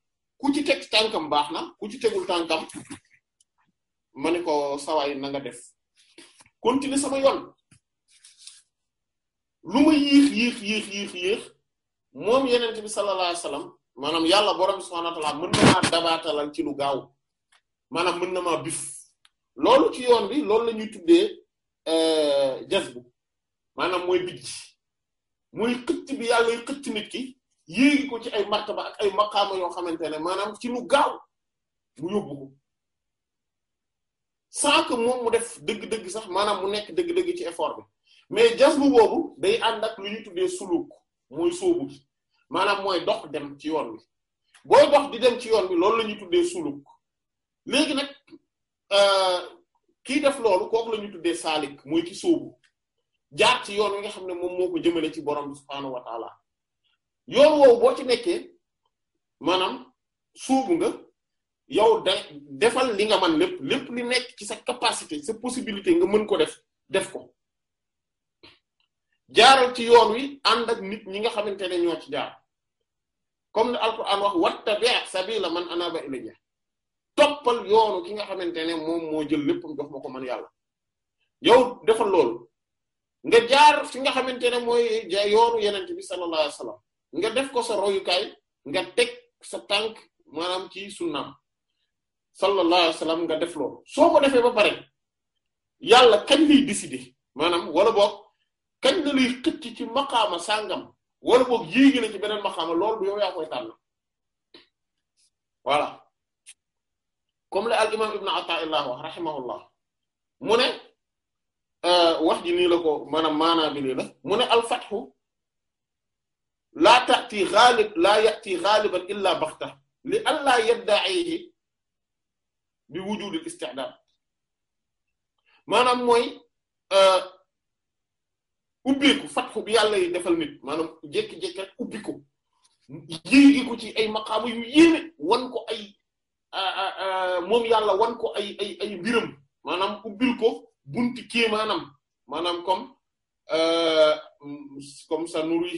ku ci teg tànkam baax na ku ci tegul tànkam ma ne ko sawaay na nga def sama yoon lu ma yéex yéex yéex yéex moom yenent bi sallallahu alayhi wasallam maanaam yàlla borom soxna wa ta'ala mën na maa dabaatalal ci lu gaaw maanaam mën na ma bif loolu ci yoon bi loolu lañuy ñuy tuddee euh, jazbu maanaam mooy bijj mooy xëcc bi yàlla xëcc nit ki yéegi ko ci ay martaba ak ay maqaama yoo xamante ne maanaam ci lu gaaw mu yóbbu ko sans moom mu def dëgg-dëgg sax maanaam mu nekk dëgg-dëgg ci effort bi mais jas bu day ànd ak lu ñu tuddee suluk mooy sóobu maanaam mooy dox dem ci yoon bi booy dox di dem ci yoon bi loolu lañuy ñuy tuddee suluk léegi nag euh, ki def loolu kooku la ñuy tuddee saalik muy ki sóobu jaar ci yoon wi nga xam ne moom moo ko jëmale ci borom bi subhaanahu yoon woowu boo ci nekkee maanaam suubu nga yow da defal li nga man lépp lépp li nekk ci sa capacité sa possibilité nga mën ko def def ko jaaral ci yoon wi ànd ak nit ñi nga xamante ne ñoo ci jaar comme ne alquran wax wattabi' sabila man anaba ilayya toppal yoonu ki nga xamante ne moom moo jël lépp jox ma ko man yàlla yow defal loolu nga jaar fi nga xamante ne mooy yoonu yenent bi sallallahu alayhi wasallam nga def ko sa royukaay nga teg sa tànk maanaam ci sunnaam sallallahu alayhi wa sallam nga def loolu soo ko defee ba pare yàlla kañ lay décider maanaam wala boog kañ la lay xëcc ci maqaama sàngam wala boog yéegi la ci beneen maqaama loolu du yow yaa koy tànn voilà comme le al imam ibn Ata'illah wax rahimahullah mu ne euh, wax ji nii la ko maanaam maanaa bi la mu ne al fathu laa tati xaalib laa yati xaaliban illa baxta li allah yadda'ihi bi wujudil isti'dad maanaam mooy ubbiku fatxu bi yàlla yi defal nit maanaam jékki-jékki ubbiku yéegi ko ci ay maqaama yu yéeme wan ko ay moom yàlla wan ko ay ay mbiram maanaam ubbil ko bunti kii maanaam maanaam comme comme sa nuru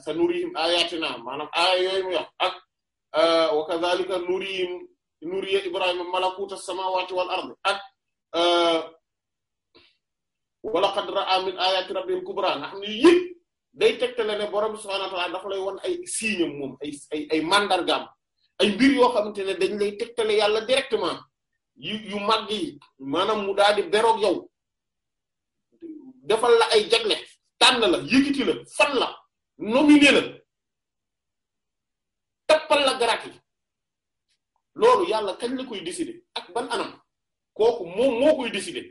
sa nurihim ayatina maanaam aaya yooyu muy wax ak wa kadhalika nurihim nuriya ibrahima samawati wal ard ak wa laqad ra'a min ayati rabbil kubra nga xam ne yëpp day tegtale ne borom subhanahu wa ta'ala lay won ay signe moom ay ay ay mandargaam ay mbir yoo xamante ne dañ lay tegtale yàlla directement yu yu mag yi maanaam mu daal di beroog yow defal la ay jagle tànn la yëkkati la fan la nominé la tappal la garati loolu yàlla kañ la koy décider ak ban anam kooku moom moo koy décider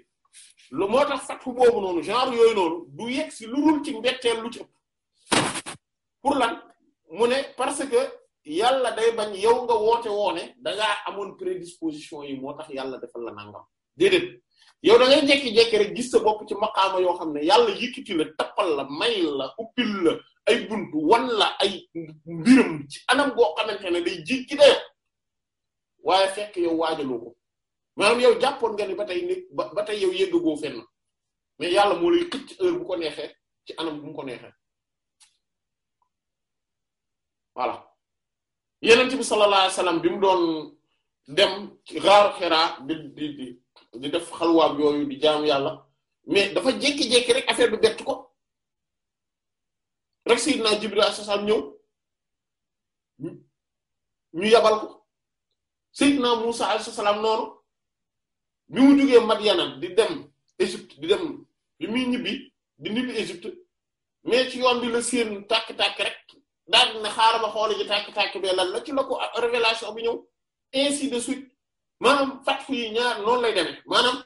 lu moo tax fatfu boobu noonu genre yooyu noonu du yegg si lu dul ci mbetteel lu ci ëpp pour lan mu ne parce que yàlla day bañ yow nga woote woone dangaa amoon prédisposition yi moo tax yàlla defal la nangam déedéet yow da ngay jekki-jekki rek gis sa bopp ci maqaama yoo xam ne yàlla yëkkati la tappal la may la uppil la ay buntu wan la ay mbiram ci anam goo xamante ne day ji ci waaye fekk yow waajaloo ko maanaam yow jàppoon nga ni ba tey ni ba tey yow yeggagoo fenn mais yàlla moo lay xëcc heure bu ko neexee ci anam bu ko neexee voilà yenent bi sallallahu alayhi wasallam bi mu doon dem ci xaaru Xiraa di di di di def xalwaab yooyu di jaamu yàlla mais dafa jékki-jékki rek affaire bi bett ko rek Seydina Jibril alayhi salaam ñëw ñu yabal ko Seydina Musa alayhi salaam noonu bi mu jugee Madyan di dem Égypte di dem li muy ñibbi di nibbi Égypte mais ci yoon bi la seen tàkk-tàkk rek daal na xaaral ma xool ji tàkk-tàkk bee lan la ci la a révélation bi ñëw ainsi de suite maanaam fatfu yi ñaar noonu lay demee maanaam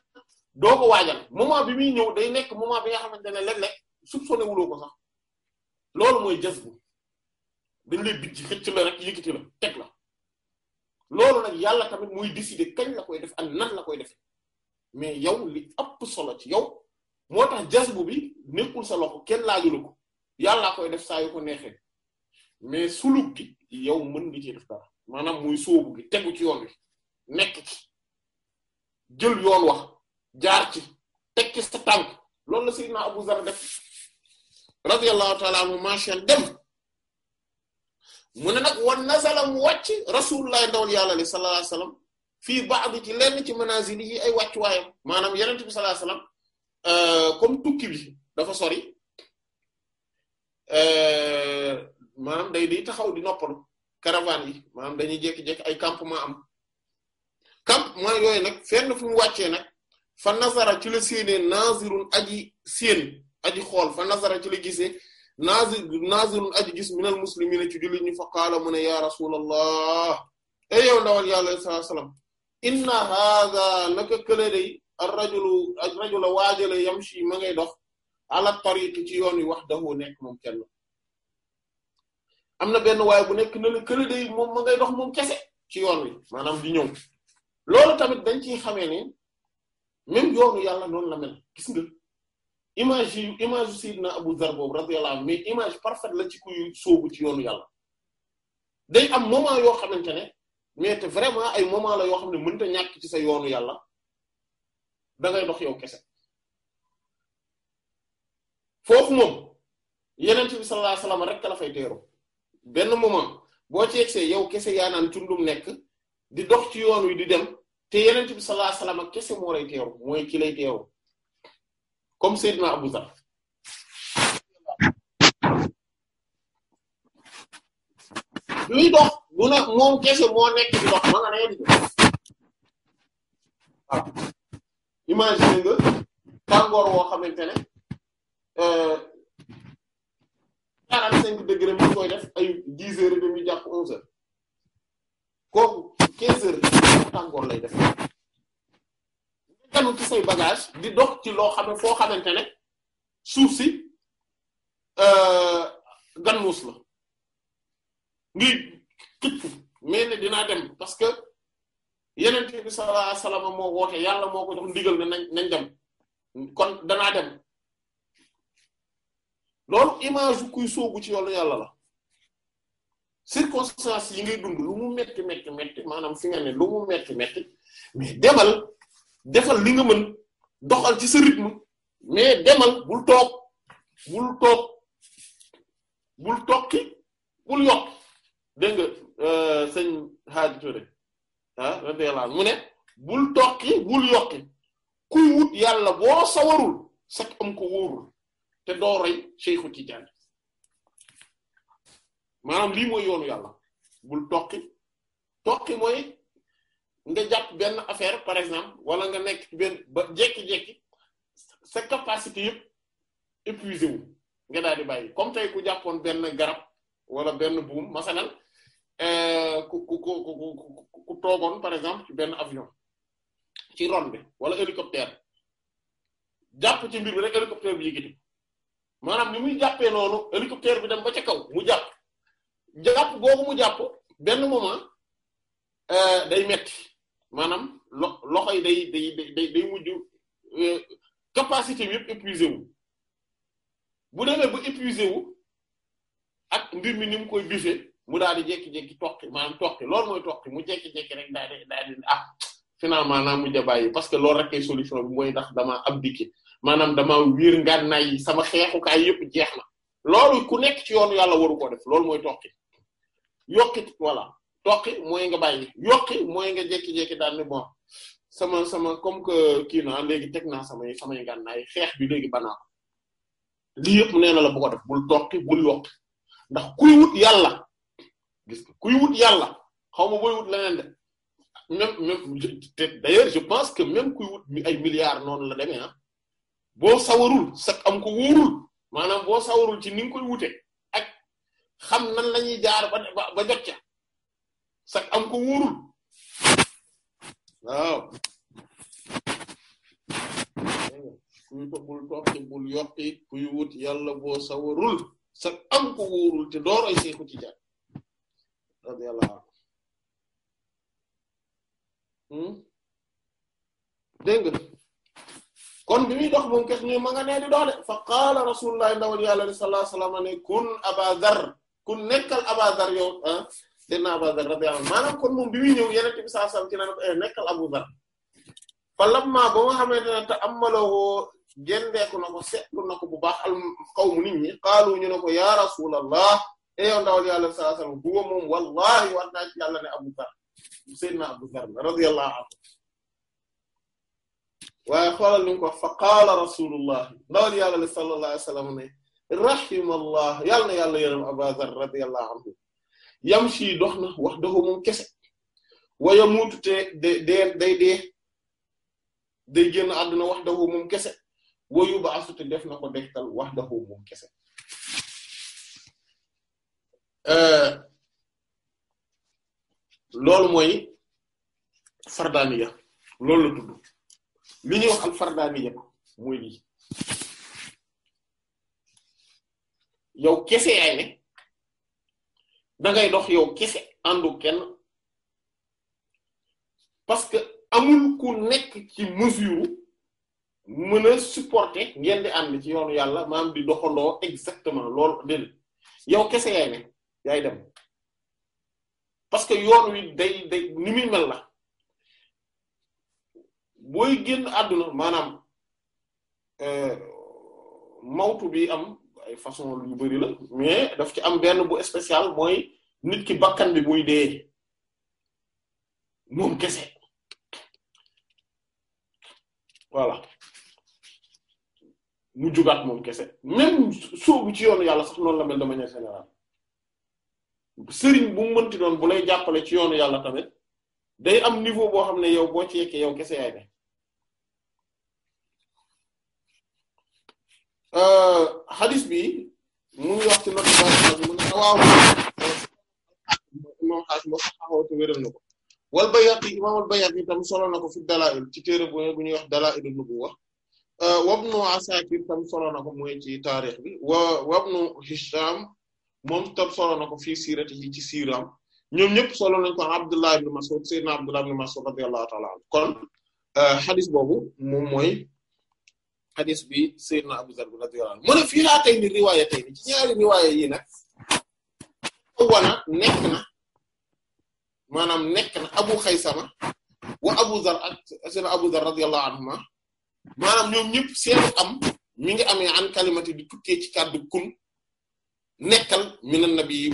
doo ko waajal moment bi muy ñëw day nekk moment bi nga xamante ne léeg-léeg soupçonné wuloo ko sax. loolu mooy jas bu dañ ci bijji xëcc la rek yëkkati la teg la loolu nag yàlla tamit muy décider kañ la koy def ak nan la koy defee mais yow li ëpp solo ci yow moo tax jas bi nekkul sa loxo kenn laajula ko yàllaa koy def saa yu ko neexee mais suluk gi yow mën ngi ci def dara maanaam muy sóobu gi tegu ci yoon wi nekk ci jël yoon wax jaar ci teg ci sa tànk loolu la Seydina Abu Zar def radiyallahu ta'ala anhu marchel dem mu ne nag wan nazala mu wàcc rasulullah ndawal yàlla li sallallahu alayhi wasallam fii ba'du ci lenn ci manazili yi ay wàccuwaayam maanaam yeneen bi sallallahu alayhi wasallam euh, comme tukki bi dafa sori euh, maanaam day day taxaw di noppalu caravane yi maanaam dañuy jékki-jékki ay campement am kam campement yooyu nag fenn fu mu wàccee nag fa nazara ci la séenee nazirun aji séen aji xool fa nasara ci la gisee naazir naazirun aji gis minal muslimina ci jullit ñu fa qaala mu ne yaa rasulallah ey yow ndawal yàlla sallallahu alayhi wasallam inna haadha naka kële day ar rajulu ar rajula waajale yamshi ngay dox ala tariqi ci yoon wi wahdahu nekk moom kenn am na benn waaye bu nekk na la kële day ma ngay dox moom kese ci yoon wi maanaam di ñëw loolu tamit dañ ciy xamee ne même yoonu yàlla noonu la mel image yi image Seydina Abu Zar boobu radiyallahu anhu mais image parfaite la ci kuy sóobu ci yoonu yàlla day am moment yoo xamante ne mais te vraiment ay moment la yoo xam ne mënta ñàkk ci sa yoonu yàlla dangay dox yow kese foofu moom yeneen bi sallallahu alayhi wasallam rek la fay teeru benn moment boo ci yegsee yow kese yaa naan tundum nekk di dox ci yoon wi di dem te yeneen bi sallallahu alayhi wasallam kese moo lay teeru mooy ki lay teeru comme Seydina Abu Zar luy dox mu ne moom kese moo nekk di dox ma nga nee di dox waaw imagine nga tàngoor woo xamante ne euh, quarante cinq degré mu koy def ay dix heures et demi jàpp onze heures kooku quinze heures tàngoor lay def kanu ci say bagage di dox ci loo xam ne foo xamante ne suuf si euh, gannuus la ngi këpp mais ne dinaa dem parce que yeneen bi sallallahu alayhi wasallam moo woote yàlla moo ko jox ndigal ne nañ nañ dem kon danaa dem loolu image kuy soogu ci yoonu yàlla la circonstance yi ngay dund lu mu metti metti metti maanaam fi nga ne lu mu metti metti mais demal defal li nga mën doxal ci sa rythme mais demal bul toog bul toog bul tokki bul yokk dégg nga euh, sëñ Hadi Touré ah mu ne bul tokki bul yokki kuy wut yàlla boo sawarul sax am ko wóorul te doo roy Cheikhu Tidiane maanaam lii mooy yoonu yàlla bul tokki tokki mooy nga jàpp benn affaire par exemple wala nga nekk ci benn ba jekki-jekki sa capacité yëpp épuisé wu nga daal di bàyyi comme tey ku jàppoon benn garab wala benn buum masalan euh, ku ku ku ku ku toogoon par exemple ci benn avion ci ron bi wala hélicoptère jàpp ci mbir bi rek hélicoptère bi yëkkati maanaam ni muy jàppee noonu hélicoptère bi dem ba ca kaw mu jàpp jàpp googu mu jàpp benn moment euh, day metti maanaam lo loxo yi day day day day mujj euh, capacité yëpp épuisé wu bu demee ba épuisé wu ak mbir mi ni mu koy bifee mu daal di jékki-jékki toqi maanaam toqi loolu mooy toqi mu jékki-jékki rek daal di daal di ah finalement naa mujj a bàyyi parce que loolu rekk solution bi mooy ndax damaa abdiqué maanaam dama wiir ngànnaay yi sama xeexukaay yëpp jeex na loolu ku nekk ci yoonu yàlla waru ko def loolu mooy toqi yokkit voilà toqi mooy nga bàyyi yokki mooy nga jekki-jekki daal ne bon sama sama comme que kii na léegi teg naa samay samay gànnaay xeex bi léegi banaa ko nee na la bu ko def bul toqi bul yokki ndax kuy yàlla gis kuy wut yàlla xaw ma booy wut pense que même kuy wut ay milliards noonu la demee ah boo sawarul sax am ko maanaam boo sawarul ci ni nga koy wute ak xam nan lañuy jaar ba ba sax am ko wóorul waaw kuy to bul toxti bul yoxti kuy wut yàlla boo sawarul sax am ko wóorul te dooroy Seexu Tijaan radiyallahu anhu hmm? dégg nga kon bi muy dox moom kes ni ma nga nee di de fa qaala rasulullah ndawal yàlla sallallahu alayhi wasallam kun Abaa kun nekkal Abaa Zarr ah Seydina Abu Zarr radiyallahu anhu maanaam kon moom bi muy ñëw yeneen bi saa sam ci naan eh, nekkal Abu Zarr fa lamma ba nga xamante ne te ammaloo gendeeku na ko seetlu na ko bu baax al xaw mu nit ñi xaalu ñu ne ko ya rasulallah e eh, yow ndawal yàlla sallallahu alayhi wasallam huwa moom wallahi war naa ci yàlla ne Abu Zarr Seydina Abu Zarr radiyallahu anhu waaye xoolal ni ko fa qaala rasulullah ndawal yàlla sallallahu alayhi wasallam ne rahimallah yàlla na yàlla yërëm Abu Zarr radiyallahu anhu yam sii dox na wax dafa moom kese waya muutu te day day dee day génn àdduna wax dafa moom kese wayu ba asute def na ko dektal wax dafa moom kese eh, loolu mooy fardaniya loolu la tudd li ñuy wax al fardaniya mooy lii yow kese yaay ne da ngay dox yow kese àndu kenn parce que amul ku nekk ci mesure mën a supporter ngeen di ànd ci yoonu yàlla maam di doxandoo exactement lool déedéet yow kese yaay ne yaay dem parce que yoon wi day day ni muy mel la booy génn àdduna maanaam euh, mawtu bi am ay façon lu bari la mais daf ci am benn bu spécial mooy nit ki bakkan bi muy dee moom kese voilà mu jugaat moom kese même soobu ci yoonu yàlla sax noonu la mel de manière générale sëriñ bu mu mënti doon bu lay jàppale ci yoonu yàlla tamit day am niveau boo xam ne yow boo ci yekkee yow kese yaay ne Euh, hadith bi mu ngi wax ci note bi mu ne waaw imam Hakim ba saxaxoo te wéral na ko wal Bayhaqi imam al Bayhaqi tam solo na ko fi Dalaa'il ci téere bu ñuy wax a Nubuwwa euh, wabnu Asakir tam solo na ko mooy ci taarix bi wa wabnu Hisham moom tam solo na ko fii siiratihi ci siiram ñoom ñëpp solo nañ ko Abdullah ibn Mas'ud sayyidina Abdullah ibn Mas'ud radiyallahu ta'ala anhu kon euh, hadith boobu moom mooy xadis bi Seydina Abu Zarr radiyallahu anhu mu ne fii laa tey ni riwaaya tey ni ci ñaari riwaaya yi nag wana nekk na maanaam nekk na Abu Xaysama wa Abu Zarr ak Seydina Abu Zarr radiyallahu anhuma maanaam ñoom ñëpp seenu am mi ngi ame an kalimati di tukkee ci kàddu kun nekkal minan nabi yi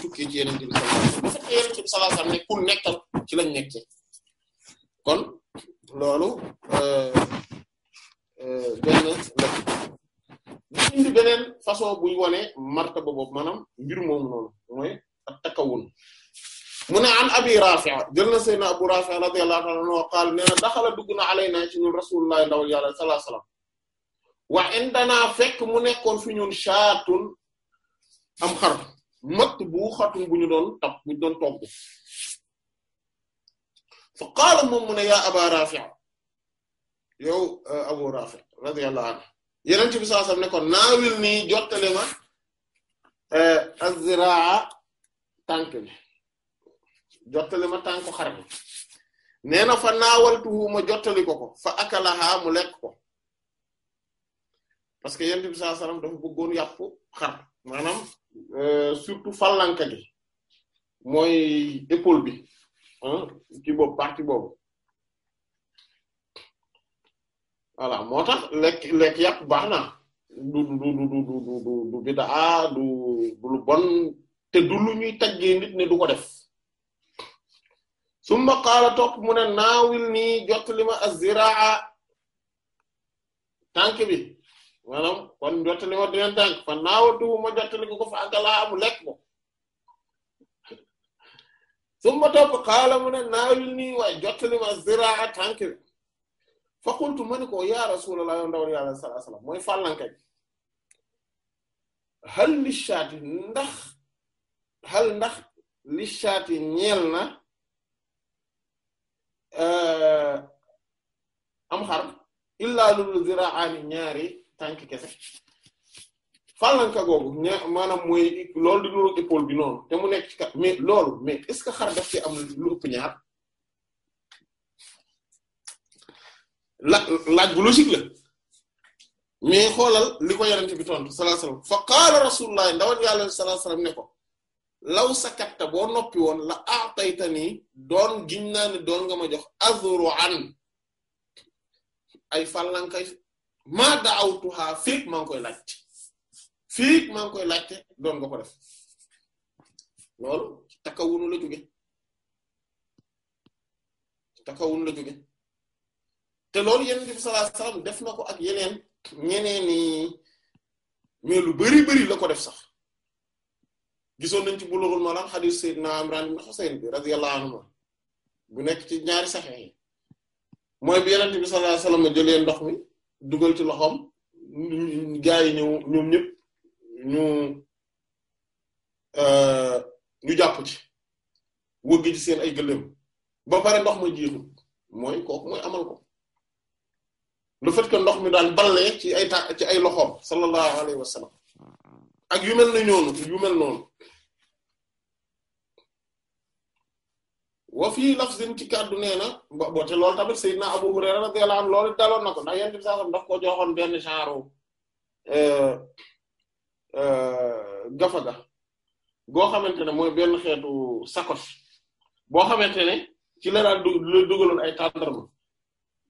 tukkee ci bi sallallahu alayhi wasallam bu fekkee yeneen bi sallallahu alayhi wasallam ne ci lañ nekkee kon loolu euh, benn ñu indi beneen façon buy wane martaba boobu maanaam mbir moomu noonu mooy ak takkawun mu an abi rafi' jël na seydna abu rafi' radiyallahu ta'ala anhu wa qaala nee na dugg na alaynaa ci ñun rasulullah ndawal yàlla sallallahu wa indanaa fekk mu nekkoon fi ñun shaatun am xar matt bu xatun bu ñu doon tab bu ñu doon togg fa qaala yaa aba rafi' yow euh, Abu Rafi radiyallahu anhu yeneen bi sallallahu alayhi wasallam ne ko naawil nii jottale ma euh, azraa tànk bi jottale ma tànku xar bi nee na fa naawaltuhu ma jottali ko ko fa akalaha mu lekk ko parce que yeneen bi sallallahu alayhi wasallam dafa bëggoon yàpp xar maanaam euh, surtout fallanka gi mooy épaule bi ci bopp partie boobu voilà moo tax lekk lekk yàpp baax na du du du du du du bidaa du du lu bon te du lu ñuy ne du ko def summa qaala topp mu ne naawil nii jot li ma aziraa tànk bi maanaam kon jot li ma dina tànk fa naawatuhu ma jot li ko fa akalaa mu lekk ko summa topp qaala mu ne naawil nii waaye jot li ma aziraa tànk bi fa qultu ma ni ko ya rasulallah yow ndawal yàlla sallallahu alayhi wasallam mooy fàllankañ li shaati ndax hal ndax li shaati ñeel na eh, am xar illaa lulu ziraani ñaari tànk kese fàllanka googu ña maanaam mooy loolu di nuroog épaule bi noonu te mu nekk ci kat mais loolu mais est ce que xar daf ci am lu ëpp ñaar la laaj bu logique la mais xoolal li ko yonent bi tontu sallallahu fa qaala rasulullah ndawal yàlla sallallahu ne ko law sakatta boo noppi woon la a'taytani doon giñ naa ne doon nga ma jox azru'an ay fàllankay ma da'awtuha fiik maa ngi koy laajte fiik maa ngi koy laajte doon nga ko def loolu takawunu la jóge takawunu la jóge te loolu yeneen bi sallallahu def na ko ak yeneen ñeneeni mais lu bari bari la ko def sax gisoon nañ ci Bulughul Maram hadith Seydina Imran ibn Husayn bi radiyallahu anhu bu nekk ci ñaari saxex yi mooy bi yeneen bi sallallahu alayhi wasallam jëlee ndox mi dugal ci loxoom gaa ñëw ñoom ñëpp ñu euh, ñu jàpp ci wëgg ci seen ay gëléem ba pare ndox ma jiitu mooy kooku mooy amal ko lu fait que ndox mi daal ballee ci ay ta ci ay loxoom sallallahu alayhi wa ak yu mel ne ñoonu yu mel noonu wa fii lafzin ci kàddu nee na bo boo te lool tamit Seydina Abu Hurayra radiyallahu anhu loolu daloon na ko ndax yent bi saasam ko joxoon benn genre euh, euh, gafa ga goo xamante ne mooy benn xeetu sacoche boo xamante ne ci la daal du la dugaloon ay tàndarma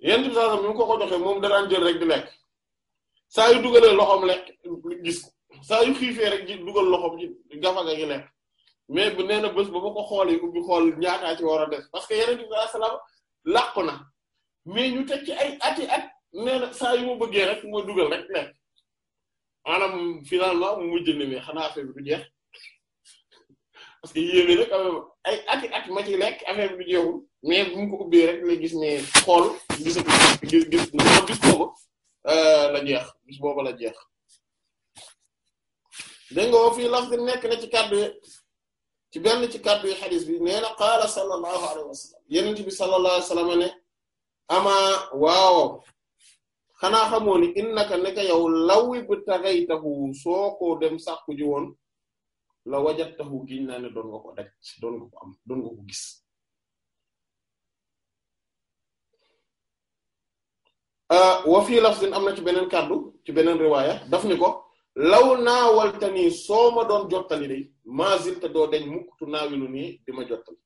yent bi saasam mu ko ko joxee moom danaan jël rek di lekk saa yu dugalee loxoom lekk gis ko saa rek ji dugal loxoom ci gafaga gi lekk mais bu nee na bés ba ma ko xoolee ubbi xool ñaataa ci war a des parce que yent bi saa salaam làqu na mais ñu teg ci ay ati at nee na saa bëggee rek ma dugal rek lekk maanaam finalement mu mujj ne mais xanaa affaire bi jeex parce que yéeme nag ay ati at ma ci lekk affaire bi jeexul mais bu mu ko ubbee rek la gis ne xool gisatu gis euh, la jeex gis boobu la jeex dégg nga fii laf di nekk na ci kàddu yi ci benn ci kàddu yi xadis bi nee na qaala sallallahu alayhi wa sallam yenent bi sallallahu alayhi wa sallam ne ama waaw xanaa xamoo ni innaka naka yow lawi bu taxaytahu soo ko dem sàkku ji woon la wajatahu giñ naa ne doon nga ko daj doon nga am doon nga ko gis euh, wa fii lafzin am na ci beneen kàddu ci beneen riwaaya daf ni ko law naawaltanii soo ma doon jottali day maa zilta doo deñ mukkutu naawilu nii di ma jottali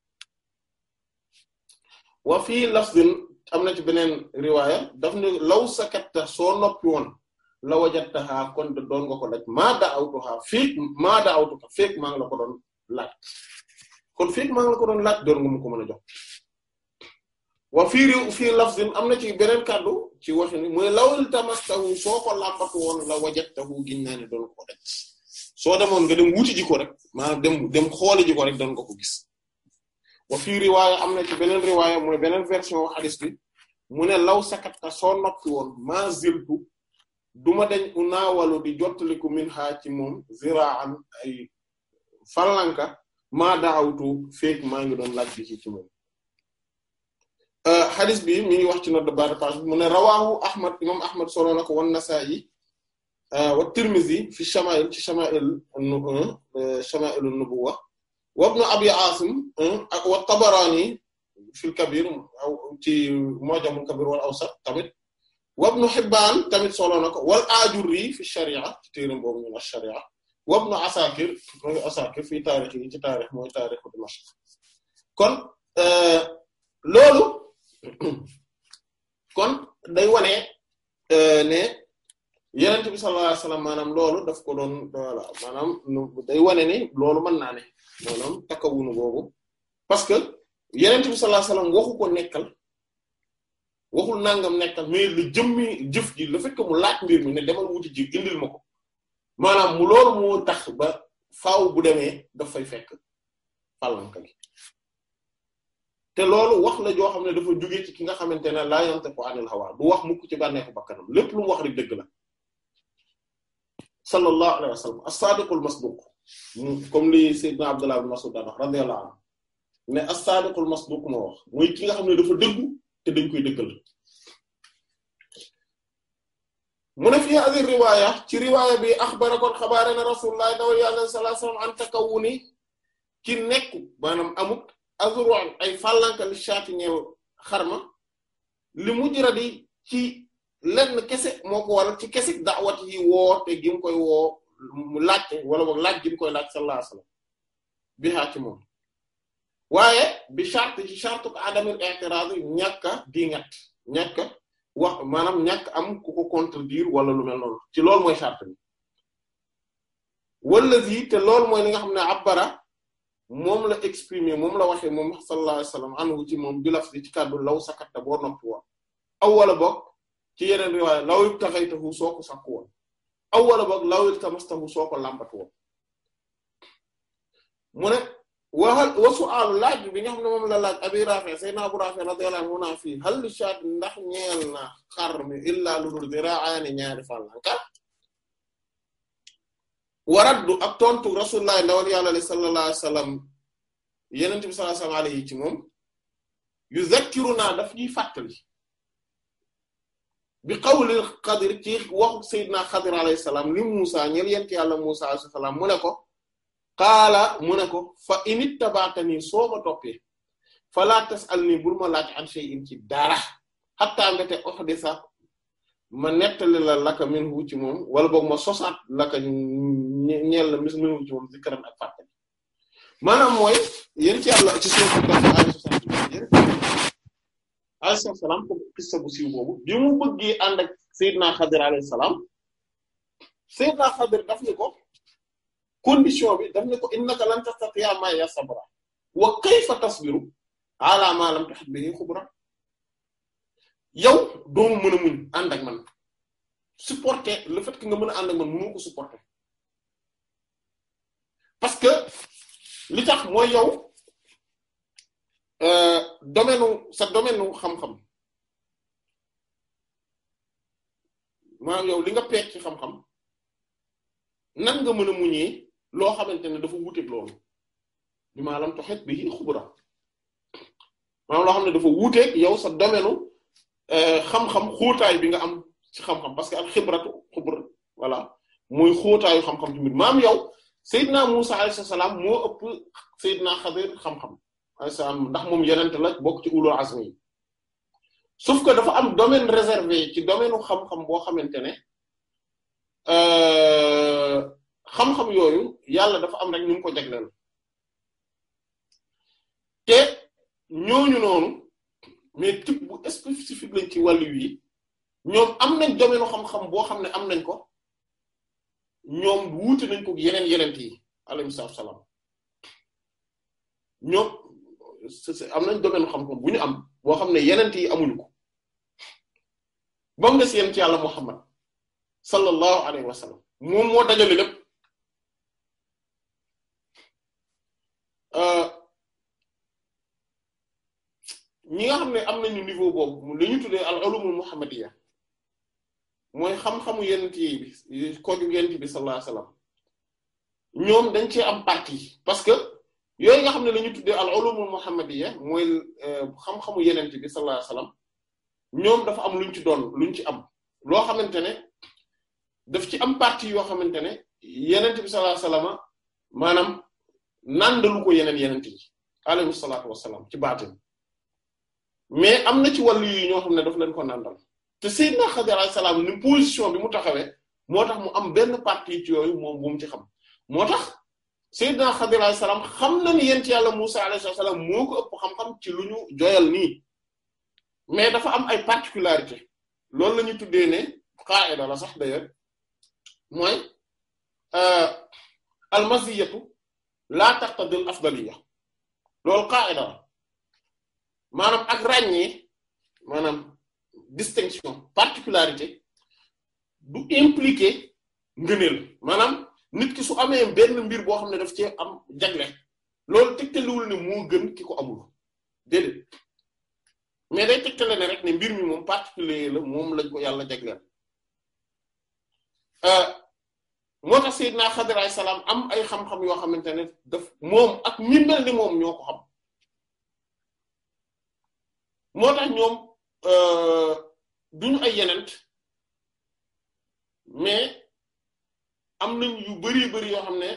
wa fii lafzin am na ci beneen riwaaya daf ni law sakatta soo noppi woon la wajadtahaa kon de doon nga ko laaj maa da'awtuhaa feek maa da'awtuka feek maa ngi la ko doon laaj kon feek maa ngi ko doon laaj doon nga ko mën a jox. wa fii réew fii am na ci beneen kàddu ci wax ni mooy lawul tamastahu soo ko làppatu woon la ne doon soo demoon nga dem wuti ko rek maanaam dem dem xooli ko rek doon ko ko gis fii riwaaya am ci beneen riwaaya mooy beneen version hadis bi mu ne law sakatta soo noppi woon ma ziltu duma dañ unaawalu di jottaliku min xaa ci moom ziraan ay fallanka maa daawtu feek maa ngi doon laaj bi ci ci moom xadis euh, bi mi ngi wax ci note de bas de page bi mu ne rawaahu ahmad imam ahmad solo na ko wan nasaa'i euh, wa tirmizi fi shama'il ci shama'il nu euh, shama'il nubuwa wa ibn abi asim ak wa tabaraani fil kabir ci mu'jamul kabir wal awsat tamit wabnu Hibbaan tamit solo na ko wal Aajurri fi shari'a ci téeram boobu ñu na shari'a wabnu Asaakir mooy Asaakir fii taarix ci taarix mooy taarixu Dimashq kon euh, loolu [COUGHS] kon day wane euh, ne Yonent bi sallallahu alayhi wasallam maanaam loolu daf ko doon voilà maanaam day wane ne loolu mën naa ne maanaam takkawunu boobu parce que Yonent bi sallallahu alayhi wasallam ko nekkal. waxul nangam nekka mais lu jëmmi jëf ji le fekk mu laaj mbir mi ne demal wuti ji indil ma ko maanaam mu loolu moo tax ba faw bu demee daf fekk palanka gi te loolu wax la joo xam ne dafa jóge ci ki nga xamante ne laa yantiqu anil hawa du wax mukk ci bànneexu bakkanam lépp lu mu wax rek dëgg la sallallahu alayhi wa sallam as-sadiqul masduq comme li sayyidna Abdullah ibn Mas'ud daan wax radiyallahu anhu ne as-sadiqul masduq moo wax mooy ki nga xam ne te dañ koy dëggal mu ne fi hadi riwaya ci riwaya bi axbara kon xabaare na rasulullah dawal yàlla sallallahu alayhi wasallam an takawuni maanaam amuk ay fàllanka li shaati ñeew xarma li mujra di ci lenn kese moo ko waral ci kese da'wat yi woo te gi koy woo mu laajte wala boog laaj gi mu koy laaj sallallahu bi haa moom waaye bi charte ci charte ko adamul i'tirad ñàkk a dingat ñàkk wax maanaam ñàkk am ku ko contredire wala lu mel lool ci loolu mooy charte bi wallazi te loolu mooy li nga xam ne abbara moom la exprimer moom la waxee moom sallallahu alayhi wasallam anhu ci moom bi laf di ci kàddu law sakatta boo noppi woon aw wala boog ci yeneen riwaaya law ibtaghaytahu soo ko sakku woon aw wala boog law iltamastahu soo ko làmbatu woon mu ne waxal wasu àllu laaj bi nga xam ne moom la laaj abi rafi sayna abu rafi radiyallahu anhu naa fii xal li ndax ñeel na xar mi illaa lu dul zira'ani ñaari fàllanka waraddu ak tontu rasulullahi ndawal yàlla li sallallahu alayhi wasallam bi sallallahu alayhi wasallam ci moom yu zakkiru naa daf ñuy fàttali bi qawlil xadir ci waxu sayyidina xadir alayhi salaam li Musa ñeel yent yàlla Musa alayhi salaam mu ne ko qaala mu ne ko fa init tabaatanii soo ma toppee falaa tas'alnii bul ma laaj an shay'in ci dara xattaa nga te ox di sax ma nettali la laka minhu ci moom wala boog ma sosaat laka ñeel la mis minhu ci moom zikran ak fàttali maanaam mooy yéen ci yàlla ci soo ko def alayhi salaam boobu bi mu bëggee ànd ak Seydina Xadir alayhi salaam Seydina Xadir daf ni ko condition bi daf ne ko innaka lan tastati'a ma'iya sabra wa kayfa tasbiru ala ma lam tahit bihi xubra yow doomu mën a muñ ànd ak man supporter le fait que nga mën a ànd ak man mënoo ko supporter parce que li tax mooy yow euh, domaine sa domaine xam-xam maanaam yow li nga peek ci xam-xam nan nga mën a muñee loo xamante ne dafa wuuteeg loolu bi maanaam toxet bi yi xubura maanaam loo xam ne dafa wuuteeg yow sa domaine euh, xam-xam xóotaay bi nga am ci xam-xam parce que ak xibratu xubur voilà muy xóotaayu xam-xam ci mbir maam yow Seydina Musa alayhi salaam moo ëpp Seydina Xadir xam-xam alayhi salaam ndax moom yenente la bokk ci ulul azmi sauf que dafa am domaine réservé ci domaine xam-xam boo xamante ne. Euh, xam-xam yooyu yàlla dafa am rek ñu mu ko jagleel te ñooñu noonu mais type bu spécifique lañ ci wàllu yi ñoom am nañ domaine xam-xam boo xam ne am nañ ko ñoom wuute nañ ko yeneen yeneen yi alayhi salaam ñoom am nañ domaine xam-xam bu ñu am boo xam ne yeneen yi amuñu ko ba mu des ci yàlla Muhammad sallallahu alayhi wa sallam moom moo dajale lépp. Euh, ñi nga xam ne am nañu niveau boobu li ñu tuddee al ulumul muhammadiyya mooy xam-xamu yonent yi bi kooju yonent bi ñoom dañ cee am partie parce que yooyu nga xam ne la tuddee al ulumul muhammadiyya mooy euh, xam-xamu yonent bi sallallahu alayhi ñoom dafa am luñ ci doon luñ ci am loo xamante ne daf ci am partie yoo xamante ne yonent bi sallallahu alayhi maanaam nandalu ko yeneen yeneen yi alayhi salaatu wassalaam ci baatin mais am ci wàllu yi ñoo xam ne daf leen ko nandal te Seydina Xadir alayhi ni position bi mu taxawee moo tax mu am benn ci yooyu moom bu mu ci xam moo tax Seydina Xadir alayhi salaam xam na ni yent yàlla Musa alayhi salaam moo ko xam-xam ci lu ñu joyal nii mais dafa am ay particularité loolu la ñu tuddee ne qaida la sax d'ailleurs mooy euh, almasiyatu laa taqtadil afdaliya loolu qaa'ida la maanaam ak ràññee maanaam distinction particularité du impliquer ngëneel maanaam nit ki su amee benn mbir boo xam ne daf cee am jagle loolu tegtaluwul ne moo gën ki ko amul déedéet mais day tegtale ne rek ne mbir mi moom particulier la moom lañ ko yàlla jagleel. Euh, moo tax Seydina Xadir alayhi salaam am ay xam-xam yoo xamante ne daf moom ak ñi mel ni moom ñoo ko xam moo tax ñoom euh, duñu ay yenent mais am nañ yu bëri bari yoo xam ne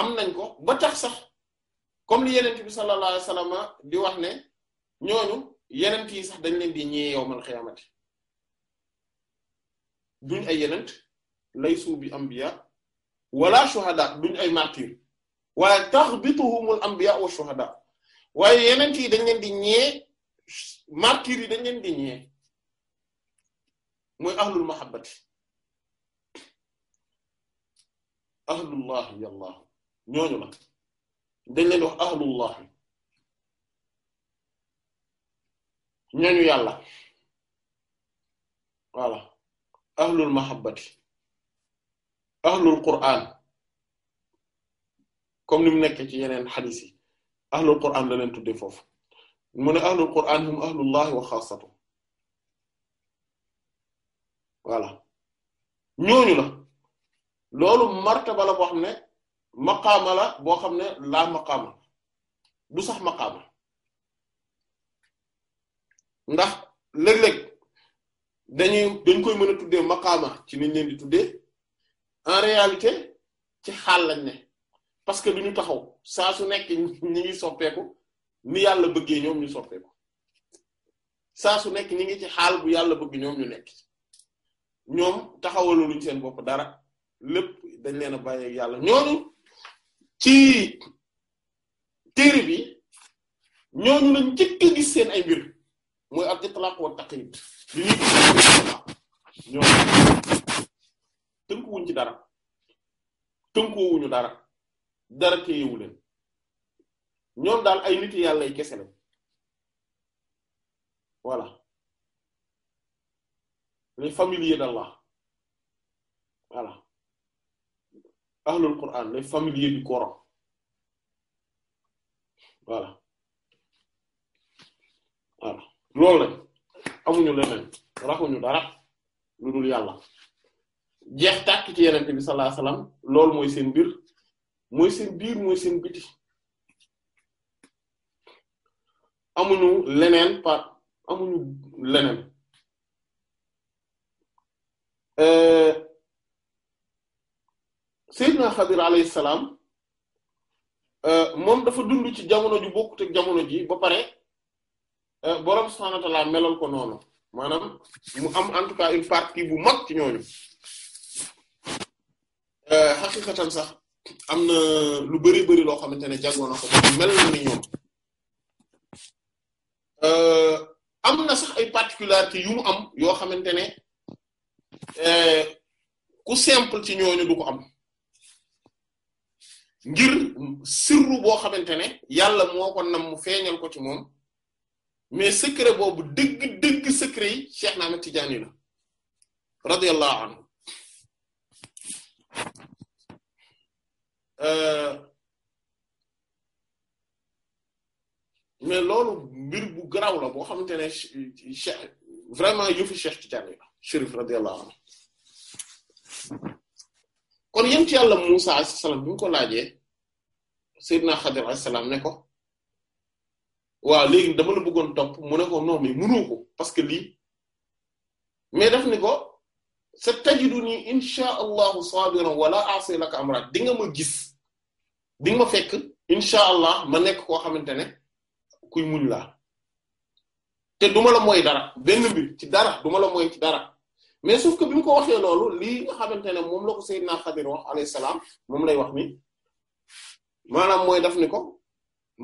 am nañ ko ba tax sax comme li yenent bi sallallahu alayhi wasallam di wax ne ñooñu yenent yi sax dañ lay di ñee yawmal xiyaamati duñ ay yenent laysu bi ambiya wala shuhada duñ ay martyr waaye taxbituhumul anbiya wa shuhada waaye yeneen yi dañ leen di ñee martyr yi dañ leen di ñee mooy ahlul mahabbati ahlullahi yàllaahu ñooñu la dañ leen di wax ahlullahi ñooñu yàlla voilà ahlul mahabbati ahlul qur'an comme ni mu nekk ci yeneen xadis yi ahlul qur'an la leen tuddee foofu mu ne ahlul qur'an hum ahlullahi wa xaasatu voilà ñooñu la loolu martaba bala boo xam ne maqaama boo xam ne laa maqaama du sax maqaama ndax léeg-léeg dañuy dañ koy mën tuddee maqaama ci niñ leen di tuddee en réalité ci xaal lañ ne parce que du ñu taxaw saa su nekk ñi ngi soppeeku ni yàlla bëggee ñoom ñu soppeeku saa su nekk ñi ngi ci xaal bu yàlla bëgg ñoom ñu nekk ñoom taxawaloo seen bopp dara lépp dañ leen a bàyyi yàlla ñooñu ci téere bi ñooñu lañ njëkk a seen ay mbir mooy ak itlaq wa taqyid li ñuy ñoom tënkuwuñ ci dara tënkoowuñu dara dara téyewu leen ñoom daal ay nit yàlla yi kese lañ voilà les familiers d'Allah voilà ahlul Qur'an les familiers du Coran voilà voilà loolu lañ amuñu leneen raxuñu dara lu dul yàlla jeex tàkk ci yeneen bi mi alayhi wasallam loolu mooy seen mbir mooy seen biir mooy seen biti amuñu leneen par amuñu leneen euh, Seydina Xadir alayhi salaam euh, moom dafa dund ci jamono ju bokkut ak jamono ji ba pare euh, borom subhaanahu wa ta'aala melal ko noonu maanaam mu am en tout cas une partie bu mag ci ñooñu Euh, xaqiqatan sax am na lu bari bari loo xamante ne jagoo na mel na ni ñoom euh, am na sax ay particularités yu mu am yoo xamante ne euh, ku simple ci ñooñu du ko am ngir sirru boo xamante ne yàlla moo kon nam mu feeñal ko ci moom mais secret boobu dëgg dëgg secret yi Cheikh na Ahmed Tidiane la radiyallahu anhu Euh, mais loolu mbir bu garaaw la boo xamante ne cheikh vraiment yëfu cheikh Tidiane la Chérif radiyallahu anhu kon yéen ci yàlla Musa alayhi salaam bi ñu ko laajee Seydina Xadir alayhi salaam ne ko waaw léegi dama la bëggoon topp mu ne ko non mais mënoo ko parce que lii mais daf ni ko sa tajiduni insha allahu sabiran wala asi laka amra di nga ma gis di ma fekk incha allah ma nekk koo xamante ne kuy muñ la te duma la mooy dara benn bi ci dara duma la mooy ci dara mais sauf ko bi mu ko waxee loolu lii nga xamante ne moom la ko Seydina Xadir wax salaam moom lay wax ni maanaam mooy daf ni ko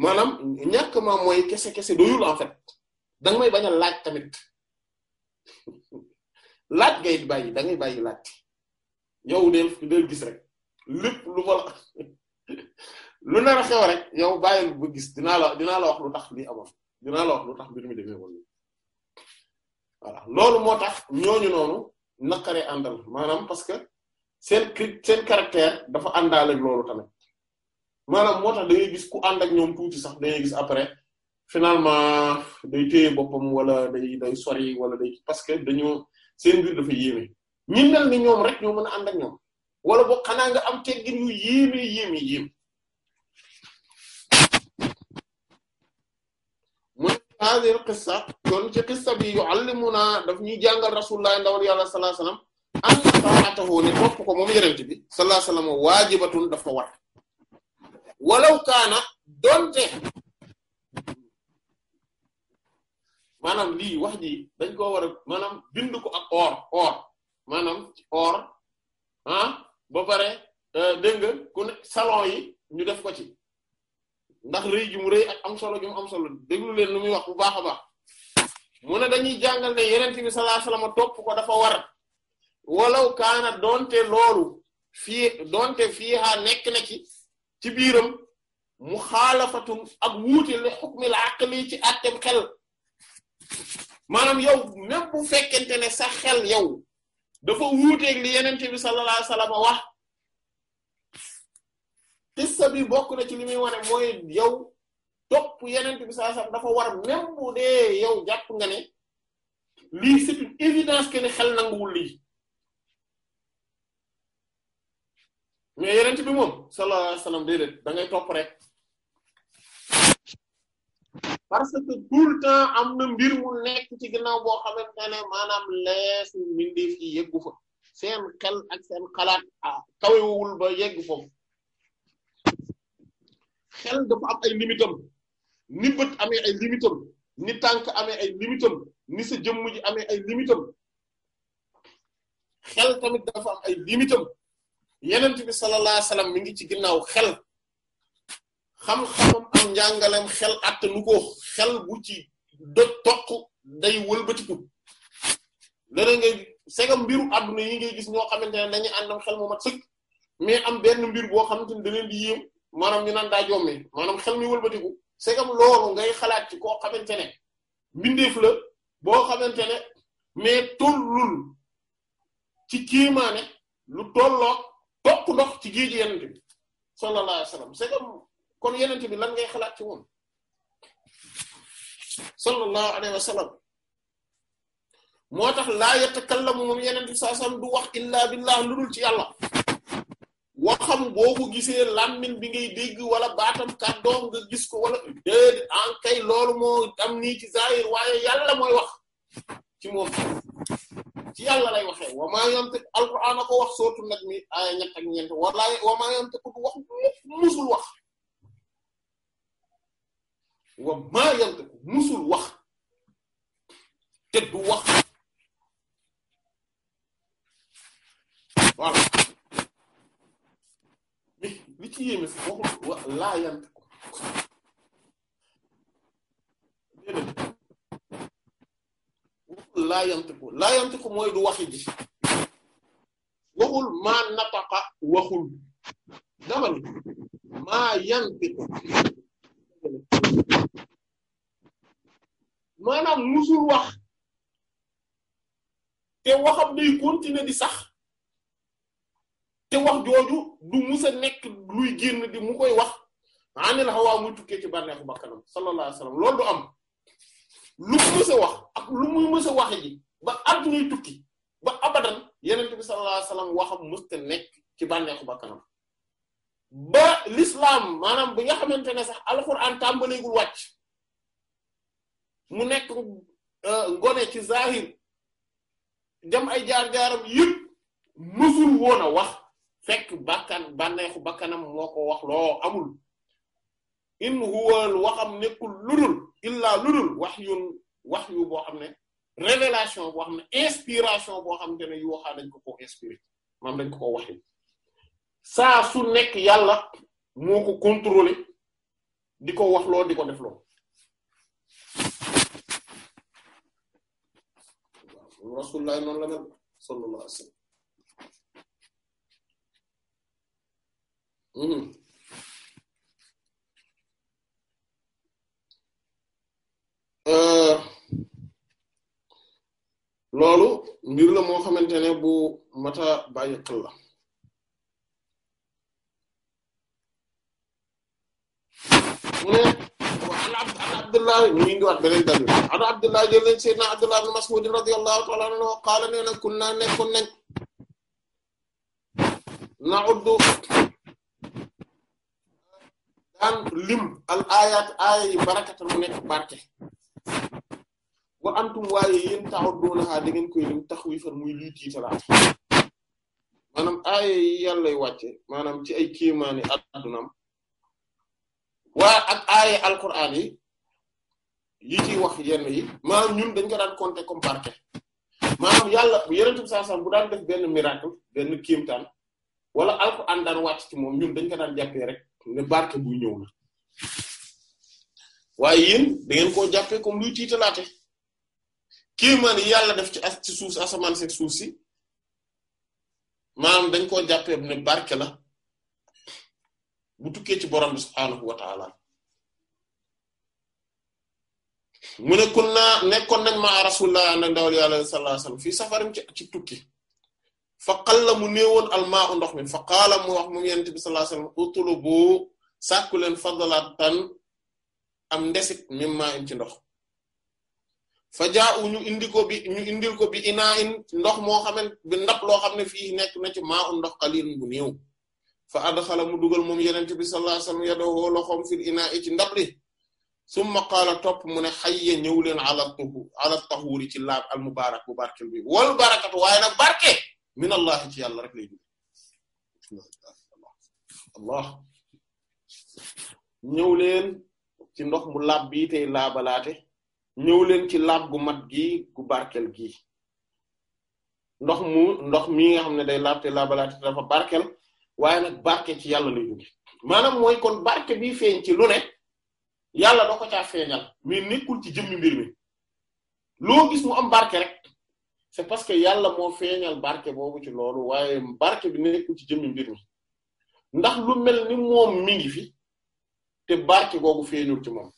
maanaam ñàkk ma mooy kese kese doyul en fait danga may bañ a laaj tamit [LAUGHS] laaj ngay bàyyi dangay bàyyi laaj yow del del gis rek lépp lu la [LAUGHS] lu nar a xew rek yow bàyyil ba gis dinaa la dinaa la wax lu tax lii amoon dinaa la wax lu tax mbir mi demee woon voilà loolu moo tax ñooñu noonu naqaree àndal maanaam parce que seen seen caractère dafa àndaale ak loolu tamit maanaam moo tax da ngay ku ànd ak ñoom tuuti sax da ngay après finalement day téye boppam wala day day sori wala day parce que dañoo seen mbir dafa yéeme ñi mel ni ñoom rek ñoo mën àndak ànd ñoom. wala boo xanaa nga am teggin yu yéeme yéeme yéem mu ne haazihil qissa kon ci qissa bi yu'allimuna daf ñuy jàngal rasulullah ndawal yàlla sallallahu alayhi wasallam anna ta'atahu ne topp ko moom yonent bi sallallahu alayhi wasallam waajibatun dafa war walaw kaana donte maanaam lii wax ji dañ koo war a maanaam bind ko ak or or maanaam ba pare euh, dégg nga ku salon yi ñu def ko ci ndax rëy gi mu rëy ak am solo gi am solo déglu leen lu muy wax bu baax a baax mu ne dañuy jàngal ne yenent bi sallallahu alayhi wasallam topp ko dafa war walaw kaana donte loolu fii donte fiihaa nekk na ci ci biiram mu xaalafatum ak wuute li xukmil aqli ci àttem xel maanaam yow même bu fekkente ne sa xel yow dafa wuuteeg li yenente bi sallallahu alayhi wasallam wax xissa bi bokk na ci li muy wane mooy yow topp yenente bi sallallahu alayhi wasallam dafa war même bu dee yow jàpp nga ne li c'est une évidence que ne xel nanguwul lii mais yenente bi moom sallallahu alayhi wasallam déedéet da ngay topp rek parce que tout le temps am na mbir mu nekk ci ginnaaw boo xamante ne maanaam leesu mbindeef yi yeggu fa seen xel ak seen xalaat ah kawewul ba yegg foofu xel dafa am ay limitam ni bët amee ay limitam ni tànk amee ay limitam ni sa jëmm ji amee ay limitam xel tamit dafa am ay limitam yenent bi sallallahu alayhi wasallam mi ngi ci ginnaaw xel xam-xamam am njàngaleem xel attanu ko xel bu ci do toq day wëlbatiku leneen nga segam mbiru adduna yi ngay gis ñoo xamante ne dañuy àndam xel mu mat sëkk mais am benn mbir boo xamante ne da leen di yéem maanaam ñu naan daa jomme maanaam xel mi wëlbatiku segam loolu ngay xalaat ci koo xamante ne mbindeef la boo xamante ne mais tollul ci kiimaane lu tolloo toq ndox ci géej yenante bi sallallahu alayhi wasallam segam kon yenente bi lan ngay xalaat ci moom moo tax laa yatakallamu moom yenente bi sallallahu alayhi wa du wax illa billah lu dul ci yàlla waxam boo gisee làmmin bi ngay dégg wala baatam kàddoom nga gis ko wala déed en kay loolu moo am nii ci waaye yàlla mooy wax ci moom ci yàlla lay waxee wa maa yantiq alquran a ko wax sootu nag mi aaya ñett ak ñeent wa maa yantiq du wax musul wax wa maa yantiqu musul wax te wax voilà li li ci yéeme si waxul wa laa yantiqu waxul laa yantiqu mooy du waxi waxul maa nataqa waxul dama ni maa yantiqu tamit maanaam musul wax te waxam day continuer di sax te wax jooju du musa nekk luy génn di mu koy wax anil hawa muy tukkee ci bànneexu bàkkanam sallallahu alayhi lool du am lu mu mës a wax ak lu muy mës a waxe ji ba at ñuy tukki ba abadan yeneen bi sallallahu alayhi wasallam waxam mësta nekk ci bànneexu bakkanam ba l'islam maanaam bi nga xamante ne sax alxuraan tàmbaleegul wàcc mu nekk euh, ngone ci zahir dem ay jaar-jaaram yëpp mësul woon wax fekk bakkan bànneexu bakkanam moo ko wax loo amul in huwa waxam nekkul ludul illaa ludul wahyun wahyu boo xam ne révélation boo xam ne inspiration boo xam te ne yu waxaa dañ ko ko inspiré maanaam dañ ko ko waxi saa su nekk yàlla moo ko contrôler di ko wax loo di ko def loo rasulullah noonu la mel sallallahu alayhi wasallam mhm. euh, loolu mbir moo xamante ne bu mata bàyyi xel mu ne an abdullah ñu ngi indiwaat beneen dalil an abdullah jël nañ sayyidna abdullah ibn mas'ud radiyallahu ta'ala anhu qaala kunna nekkoon nañ na'uddu daan lim al ayat aaya yi barakatan mu nekk barke wa antum waaye yéen ta'uddunaha da ngeen koy lim taxwifan muy lii tiitalaat maanaam aaya yi yàllay wàcce maanaam ci ay kéemaani addunaam waa ak aaye alquran yi yi wax yenn yi maanaam ñun dañ ko daan compter comme parquet maanaam yàlla yeneen tub saasam bu daan def benn miracle benn kéemtaan wala alquran daan wàcc moom ñun dañ ko daan jàppee rek ne barke buy ñëw na waaye yéen da ngeen koo jàppee comme luy tiitalaate kéemaan yi yàlla def ci as ci suuf asamaan seen suuf si maanaam dañ ko jàppee ne barke la bu ci borom bi subhaanahu wa ta'ala mu ne kun nekkoon nañ ma rasulullah nag ndawal yàlla sallallahu alayhi wasallam fii safarim ci ci tukki fa qalla mu néewoon almaa u ndox mi fa qaala mu wax moom yonent bi sallallahu alayhi wasallam utlubu sàkku leen am ndesit mimma in ci ndox fa jaa u ñu indi bi ñu indil ko bi inaa in ndox moo xamante bi ndab loo xam ne fii nekk na ci maa u ndox qalil bu néew fa adxala mu dugal moom yenente bi sallallahu alayhi wasallam yadoo loxoom fil inaa'i ci ndab li summa topp mu ne xayya ñëw leen ala tuhu ci laab al mubaarak bu barkel bi wal barakatu waaye nag barke min allah ci yàlla rek lay dugg allah ñëw ci ndox mu laab bi tey laabalaate ñëw leen ci laab gu mat gi gu barkel gi ndox mu ndox mii nga xam ne day laab te laabalaate dafa barkel waaye nag barke ci yàlla lay jóge maanaam mooy kon barke bi feeñ ci lu ne yàlla doo ko caa feeñal mais nekkul ci jëmmi mbir mi loo gis mu am barke rek c'est parce que yàlla moo feeñal barke boobu ci loolu waaye barke bi nekkul ci jëmmi mbir mi ndax lu mel ni moom mi ngi fi te barke googu feeñul ci moom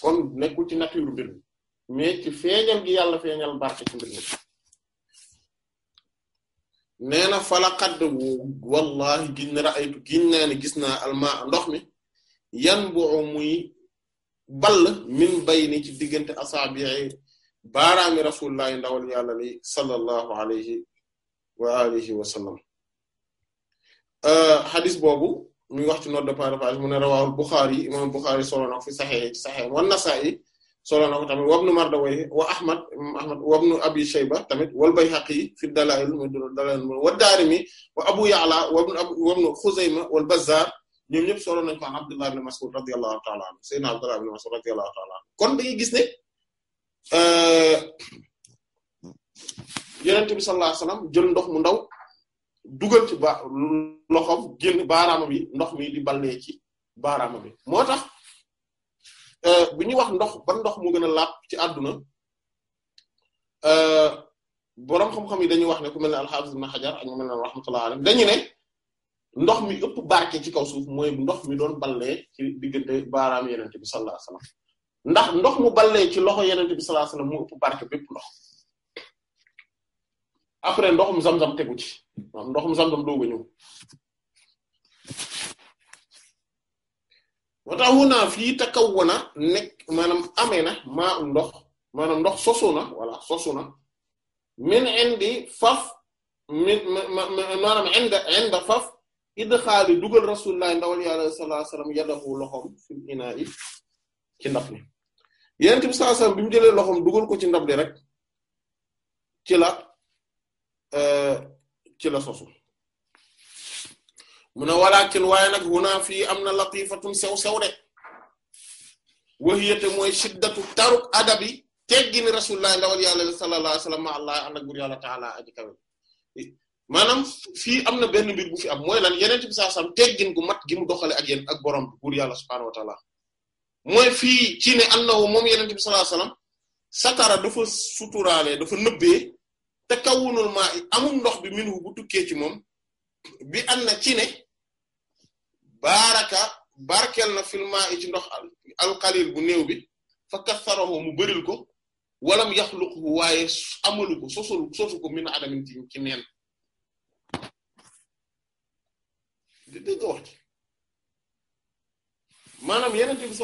kon nekkul ci nature mbir mi mais ci feeñal gi yàlla feeñal barke ci mbir mi nee na fala xadd wallahi giñ na ra'aytu giñ naa ne gis naa almaa ndox mi yan boo muy ball min bay ci diggante asaabi'i baaraami rasulullahi ndawal yàlla li sallallahu alayhi wa alihi wa sallam xadis euh, boobu muy wax ci note de page mu ne rawaahu Bukhari imam solo na fi saxee ci saxee wan Nasa'i solo na ko tamit wabnu Mardawayh wa Ahmad Ahmad wabnu Abi Shayba tamit wal Bayhaqi fi dalaa'il mu dalaa'il mu wa Daarimi wa Abu Ya'la wabnu wabnu Khuzayma wal Bazzaar ñoom ñëpp solo nañ ko an Abdullah ibn Mas'ud radiyallahu ta'ala anhu Sayyidina kon da gis ne euh, Yonent bi sallallahu alayhi jël ndox mu ndaw dugal ci ba loxoom génn baaraama bi ndox mi di ballee ci baaraama bi moo tax. Euh, bu ñuy wax ndox ban ndox moo gën a laab ci àdduna euh, boroom xam-xam yi dañuy wax ne ku mel ne al-Hafiz Ibn Hajar ak ñu mel ne rahmatullah alayhi dañu ndox mi ëpp barke ci kaw suuf mooy ndox mi doon ballee ci diggante baaraam Yonent bi sallallahu ndax ndox mu ballee ci loxo Yonent bi sallallahu alayhi wasallam mu ëpp barke bépp ndox après ndoxum zam tegu ci ndoxum zam-zam dooga ñëw wa tax wu naa fii takkawu na nekk maanaam amee na maa um ndox maanaam ndox sosu na wala sosu na min indi faf min maanaam inda inda faf idxaali dugal rasulullah ndawal yàlla sallallahu alayhi wasallam yadahu loxoom fil inaa'i ci ndab li yonent bi sallallahu alayhi loxoom dugal ko ci ndab li rek ci la euh, ci la sosu mu ne walakin waaye nag wunaa fii am na latifatun sew-sew de waxiyate mooy shiddatu taruk adabi teggi ni rasulullah ndawal yàlla sallallahu alayhi wasallam ma allah ànd ak bur taala aji kawe maanaam fii am na benn mbir bu fi am mooy lan yeneen bi saa sam teggin gu mat gi mu doxale ak yéen ak borom bur yàlla subhaanahu mooy fi ci ne annahu moom yeneen bi satara dafa suturaale dafa nëbbee te kawunul maa amul ndox bi minhu bu tukkee ci moom bi am na ci baaraka barkeel na fil maa'i ci ndox alqalil bu néew bi fa kassarahu mu bëril ko walam yaxluqhu waaye amalu ko sosalu sosu ko min adamin ci ci neen di dégg wax ci maanaam yenente bi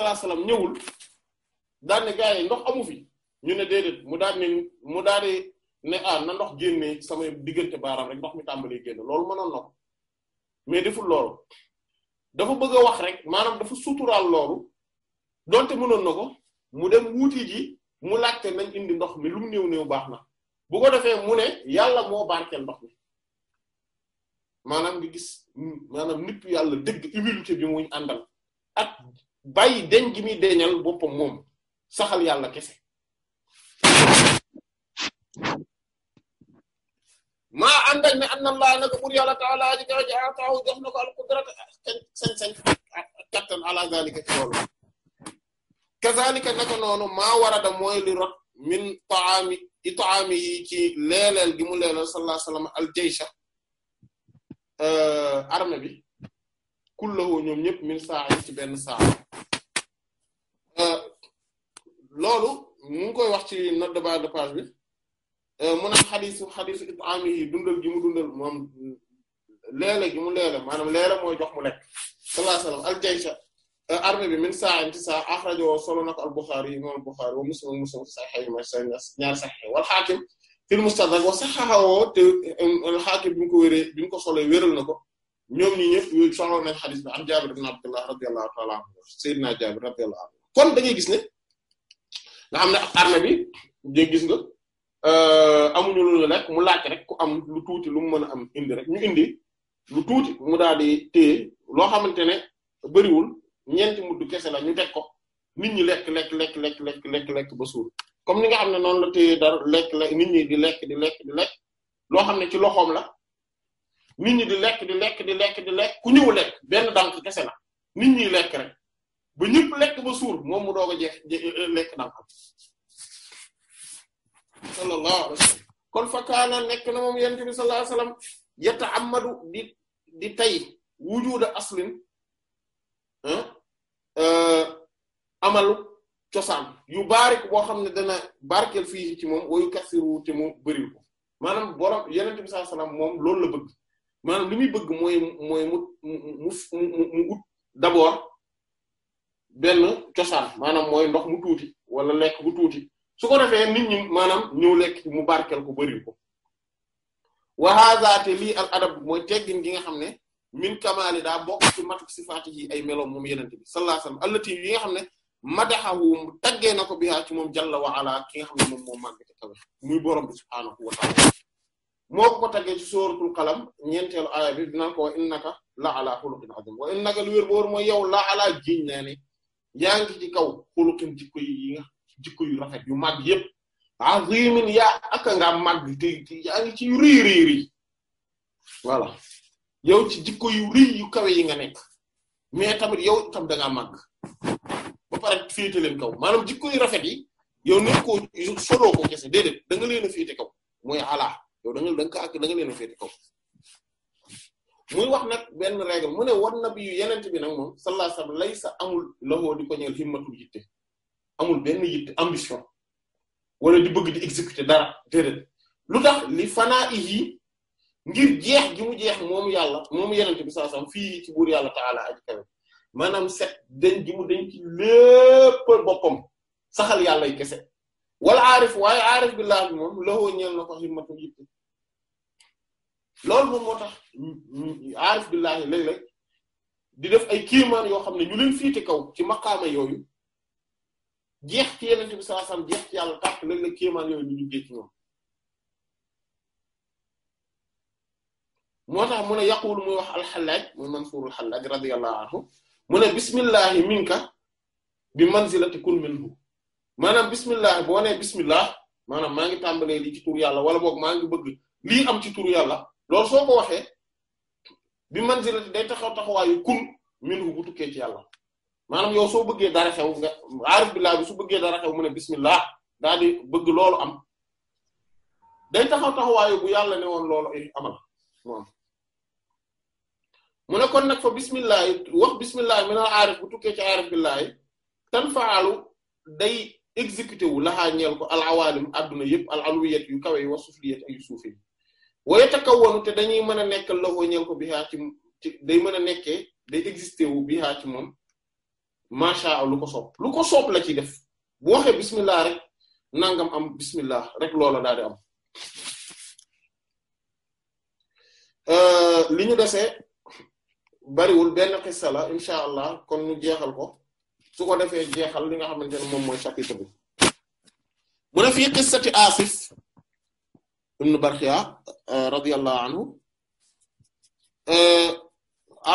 ñëwul daal ne gars yi ndox amu fi ñu ne déedéet mu daan ne mu daan ne ah na ndox génnee samay diggante baaraam rek ndox mi tàmbalee génn loolu mënoon na ko mais deful lool dafa bëgg a wax rek maanaam dafa suturaal loolu donte mënoon na ko mu dem wuuti ji mu laajte nañ indi ndox mi lu mu néew néew baax na bu ko defee mu ne yàlla moo barkeel ndox mi maanaam nga gis maanaam nit yàlla dëgg humilité bi muy àndal ak bàyyi deñ gi muy deñal boppam moom saxal yàlla kese maa ànd ak ne anna allah naka bur yàlla jox na ko al qudrata sañ-sañ ak kattan ala zalika ci loolu kazalika naka noonu maa warada mooy li min taami itaami yi ci leeleel gi mu leeleel sallallahu alayhi wasallam al jaysha euh, armée bi kullahoo ñoom ñëpp min saa ci benn saa euh, loolu mu koy wax ci note de bas de bi Euh, mu ne xadisu xadisu it'amihi dundal gi mu dundal moom leele gi mu leele maanaam leele mooy jox mu lekk sallallahu alayhi wa sallam al-jaysha euh, armée bi min sa'in ci saa axrajo solo nako al-Bukhari imam al-Bukhari wa Muslim Muslim saxiix yi ma sa ñaari saxiix wal Hakim fil Mustadrak wa saxaxawoo te um, al-Hakim bi mu ko wéree bi mu ko solo wéral na ko ñoom ñi ñëpp solo nañ xadis bi am Jaabir ibn Abdullah radiyallahu ta'ala anhu Seydina Jaabir radiyallahu anhu kon da ngay gis ne nga xam ne armée bi dégg gis nga Euh, amuñu lu lekk mu laaj rek ku am lu tuuti lu mu mën a am indi rek ñu indi lu tuuti mu daal di téye loo xamante ne bariwul ñeenti mudd kese la ñu teg ko nit ñi lekk lekk lekk lekk lekk lekk lekk ba suur comme ni nga xam ne noonu la téye dara lekk lekk nit ñi di lekk di lekk di loo xam ne ci loxoom la nit ñi di lekk di lekk di lekk di lekk ku ñëw lekk benn dànk kese la nit ñi lekk rek ba ñëpp lekk ba suur moom mu doog a jeex lekk dànk sallallahu alayhi wa kon fa kaana nekk na moom yonent bi sallallahu alayhi wa sallam yata'ammadu di di tey wujuda aslin euh, amalu cosaan yu baarik boo xam ne dana barkeel fii ci moom wayu kasiru te mu bëriw ko maanaam borom yonent bi sallallahu moom loolu la bëgg maanaam li muy bëgg mooy mooy mu mu mu mu ut d'abord benn cosaan maanaam mooy ndox mu tuuti wala lekk mu tuuti su ko defee nit ñi maanaam ñëw lekk mu barkel ko bëri ko wa hadha te lii al adab mooy teggin gi nga xam ne min kamaali daa bo ci matuk sifaati yi ay melo moom yenente bi sallallahu alayhi wasallam allati yi nga xam ne madaxawu taggee na ko bihaa ci moom jalla wa ala ki nga xam ne moom moom màgg te tawe muy borom bi subhaanahu wa ta'ala moo ko taggee ci sóoratul qalam ñeenteelu bi dinañ ko wa innaka la ala xuluqin azim wa innaka lu wér boor mooy yow la ala jiñ naa ne yaa kaw jikko yu rafet yu màgg yëpp azimin yaa ak nga màgg te yaa ngi ci yu rëy rëy yow ci jikko yu rëy yu kawe yi nga nekk mais tamit yow itam da ngaa màgg ba pare féete leen kaw maanaam jikko yu rafet yi yow nekk ko sodoo ko kese déedéet da nga leen a féete kaw mooy alaa yow da nga da nga da leen a féete wax nag benn règle mu ne wan nabi yu bi nag moom sallallahu alayhi wasallam sa amul loxoo di ko ñeel himmatul yitte amul benn yitte ambition wala di bëgg di exécuter dara déedéet lu tax li fanaa yi ngir jeex gi mu jeex moomu yàlla moomu yenente bi sallallahu fii ci buur yàlla ta'ala aji kawe maanaam set den ji mu dañ ci lépp boppam saxal yàlla y kese wala aarif waaye aarif billahi bi moom lawoo ñeel na ko himmatu yitte loolu moom moo tax aarif billahi léeg-léeg di def ay kiimaan yoo xam ne ñu leen fiite kaw ci maqaama yooyu jeex ci yenente bi sallallahu jeex ci yàlla tàkk lan la kéemaan yooyu ñu duggee ci ñoom moo tax mu ne yaqul muy wax alxallaaj muy mansuurul xallaaj radiyallahu anhu mu ne bismillahi minka bi manzilati kun minhu maanaam bismillah boo nee bismillah maanaam maa ngi tàmbalee lii ci tur yàlla wala boog maa ngi bëgg lii am ci tur yàlla loolu soo ko waxee bi manzilati day taxaw taxawaayu kun minhu bu tukkee ci yàlla maanaam yow soo bëggee dara xew nga aarif su bëggee dara xew mu ne bismillah daal di bëgg loolu am day taxaw taxawaayu bu yàlla ne woon loolu ay amal mu ne kon nag fa bismillah wax bismillah mi naan aarif bu tukkee ci aarif billah tan faalu day exécuté wu laxaa ñeel ko al awalim adduna yëpp al alwiyat yu kawe yi wa sufliyat ay suufe yi waaye takawwanu te dañuy mën a nekkal loxoo ñeel ko bihaa ci ci day mën a nekkee day existé wu bihaa ci moom macha lu ko soob lu ko soob la ciy def bu waxee bismillah rek nangam am bismillah rek loola daal di am euh, li ñu desee bariwul benn xissa la incha allah kon ñu jeexal ko su ko defee jeexal li nga xamante ne moom mooy chapitre bi mu ne nu qissati asif ibn barxiya euh, anhu euh,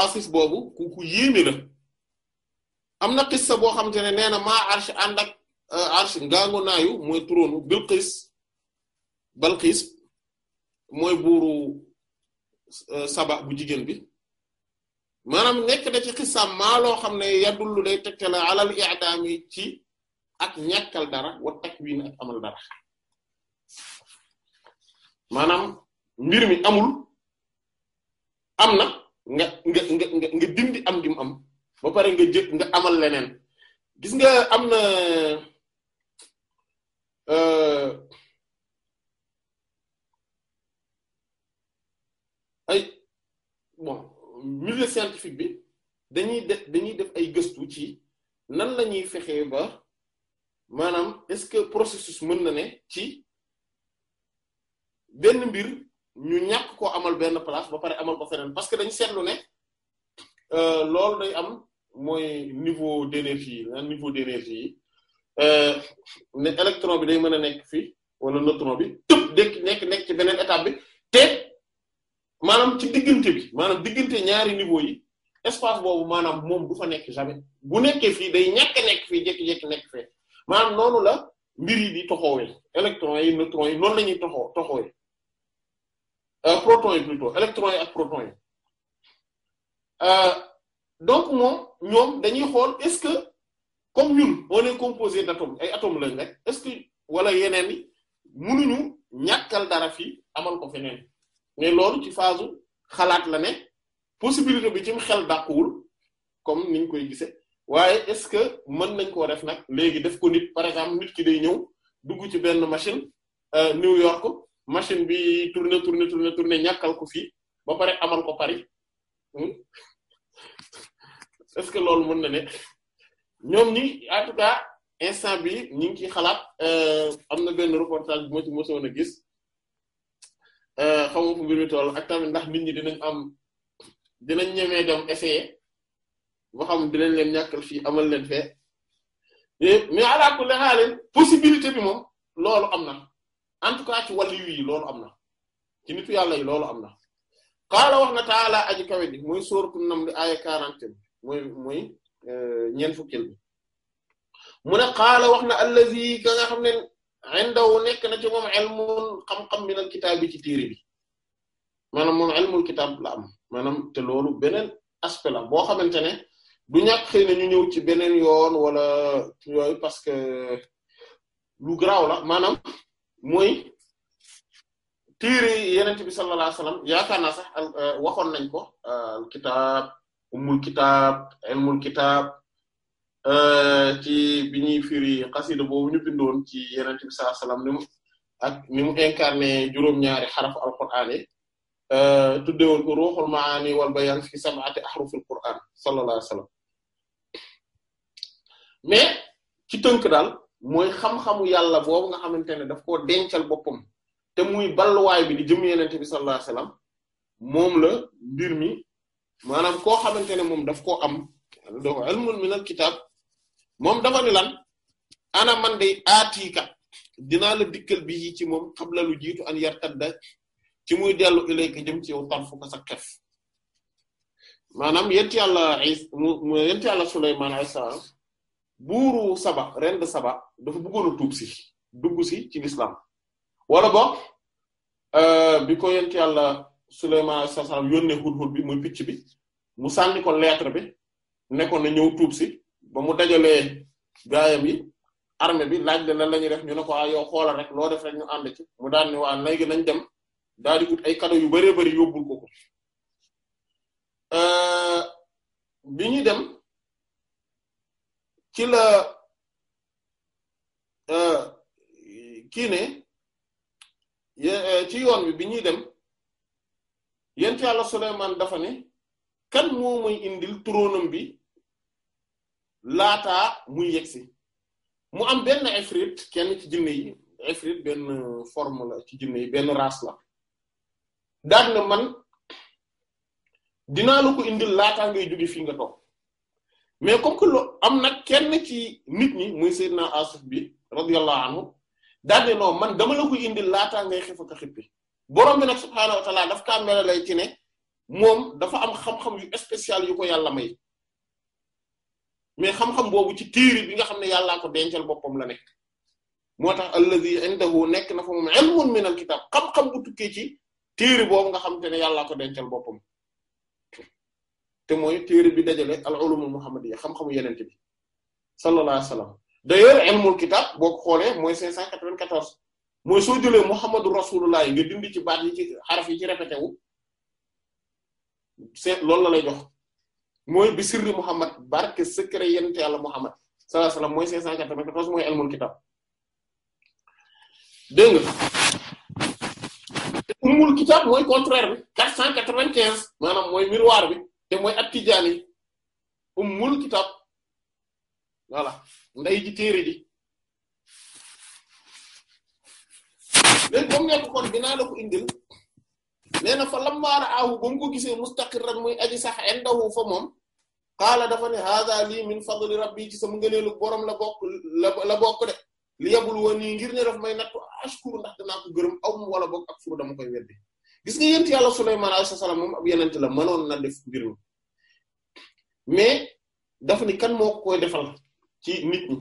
asif boobu ku ku am na xissa boo xam te ne nee na maa arsh ànd ak euh, arsh ngaango naayu mooy trône Bilqis Balqis mooy buuru euh, saba bu jigéen bi maanaam nekk na ci xissaam maa loo xam ne yadullu day tegtale alal i'dami ci ak ñàkkal dara wa takwin ak amal dara maanaam mbir mi amul am na nga nga nga nga ba pare nga jë nga amal leneen gis nga am na euh, ay bon milieu centifique bi dañuy def dañuy def ay gëstu ci nan la ñuy fexee ba maanaam est-ce que processus mën na ne ci benn mbir ñu ñàkk ko amal benn place ba pare amal ko feneen parce que dañu seetlu ne euh, loolu day am mooy niveau d'énergie lan niveau d'énergie euh, ne électron bi day mën a nekk fii wala neutron bi tëb dëkk nekk nekk ci beneen étape bi te maanaam ci diggante bi maanaam diggante ñaari niveau yi espace boobu maanaam moom du fa nekk jamais bu nekkee fii day ñàkk nekk fii jékki-jékki nekk fee maanaam noonu la mbir yi di toxoowee électron yi neutron yi noonu la ñuy toxoo toxoowee euh, proton yi plutôt électron yi ak proton yi. Euh, donc moom ñoom dañuy xool est-ce que comme ñun on est composé d'atomes ay atomes lañ rek est-ce que wala yeneen yi mënuñu ñàkkal dara fii amal ko feneen mais loolu ci phase xalaat la ne possibilité bi ci xel dàquwul comme niñ koy gisee waaye est-ce que mën nañ koo def nag léegi def ko nit par exemple nit ki day ñëw dugg ci benn machine euh, New York machine bi tourner tourner tourner tourner ñàkkal ko fii ba pare amal ko pari hmm? est-ce que loolu mën na ne ñoom ñi en tout cas instant bi ñi ngi ciy xalaat euh, am na benn reportage bu ma ci mosoon a gis euh, xamoo fu mbir mi toll ak tamit ndax nit ñi dinañ am dinañ ñemee dem essayer ba xam dinañ leen ñàkkal fii amal leen fee mais ala kulli haal possibilité bi moom loolu am na en tout cas ci wàllu loolu am na ci nitu yàlla yi loolu am na qaala wax na taala aji kawe ji mooy nam li aaya quarante muy moy euh, ñeent fukkil bi mu ne qaala wax na allazi ka xam ne indahu nekk na ci moom ilmun xam-xam bi nag kitaab bi ci téere bi maanaam moom ilmul kitaab la am maanaam te loolu beneen aspect la boo xamante ne du ñàkk xëy na ñëw ci beneen yoon wala yooyu parce que lu garaaw la maanaam mooy téere yeneen bi sallallahu alayhi wasallam yaakaar naa sax euh, waxoon nañ ko euh, al kitaab ummul kitaab ilmul kitaab euh, ci bi ñuy firi xasida boobu ñu bindoon ci yenente bi sallallahu alayhi wasallam ni mu ak ni mu incarné juróom-ñaari xaraf alquraan yi euh, tuddewoon ko ruuxul maani wal bayaan fi sab'ati qur'an sallallahu alayhi wasallam ci tënk daal mooy xam-xamu yàlla boobu nga xamante ne daf ko dencal boppam te muy balluwaay bi di jëm yenente bi sallallahu alayhi moom la mbir mi maanaam koo xamante ne moom daf koo am do ilmun minal kitaab moom dafa ni ana man day aatika dinaa la dikkal bi ci moom xabla lu jiitu an yartadda ci muy dellu ilayka jëm ci yow tarfu ko sa xef maanaam yent yàlla is mu yent yàlla Sulaymaan alayhi salaam saba ren de saba dafa bëggoon tuub si dugg si ci lislaam wala boog euh, bi ko yent yàlla Souleymane sa sam yónnee Hudhud bi muy picc bi mu sànni ko lettre bi nekkoon na ñëw tuub si ba mu dajalee gaayam yi armée bi laaj la lan la ñuy def ñu ne ko ah yow xoolal rek loo def rek ñu ànd ci mu daal ni waa léegi nañ dem daal di ay cadeau yu bëree bëri yóbbul ko ko euh, bi dem ci la euh, kii ne euh, ci yoon bi bi ñuy dem yent yàlla Souleymane dafa ne kan moo mooy indil tróonam bi laata muy yegsi mu am benn ifrit kenn ci jinne yi ifrit benn forme la ci jinne yi benn race la daan na man dinaa la ko indil laataa ngay jóge fii nga toog mais comme que lu am na kenn ci nit ñi muy Seydina Asuf bi radiyallahu anhu daan na man dama la ko indil laataa ngay xef ak xippi borom bi nag subhaanahu wa taala daf kaa mela lay ci ne moom dafa am xam-xam yu spécial yu ko yàlla may mais xam-xam boobu ci téere bi nga xam ne yàllaa ko dencal boppam la nekk moo tax allazi indahu nekk na fa moom ilmun min al kitab xam-xam ci téere boobu nga xam te ne yàllaa ko dencal boppam te mooy téere bi dajale al ulumul muhammadiyya xam-xamu yenente bi sallallahu alayhi wasallam d'ailleurs ilmul kitab boo ko xoolee mooy cinq cent quatre-vingt-quatorze mooy soo jëlee Muhammadu Rasulullah nga dindi ci baat yi ci xaraf yi ci répété wu c'est loolu la lay jox mooy bi sirri Muhammad barke secret yent yàlla Muhammad sallallahu alayhi wasallam mooy 594 mooy elmul kitab dégg nga umul kitab mooy contraire bi 495 maanaam mooy miroir bi te mooy at tijaani umul kitab voilà nday ji téere ji léegi ba mu nekk kon dinaa la ko indil nee na fa lammaara a ba mu ko gisee mustaqirran muy aji sax indahu fa moom qaala dafa ne haada lii min fadli rabbi ci sam ngëneelu borom la bokk la bokk de li yabul woon nii ngir ne daf may nattu ashkuru ndax danaa ko gërëm aw mu wala bokk ak furu dama koy weddi gis nga yent yàlla Sulaymaan alayhi salaam moom a ab yenent la manoon na def mbir mais dafa ni kan moo koy defal ci nit ñi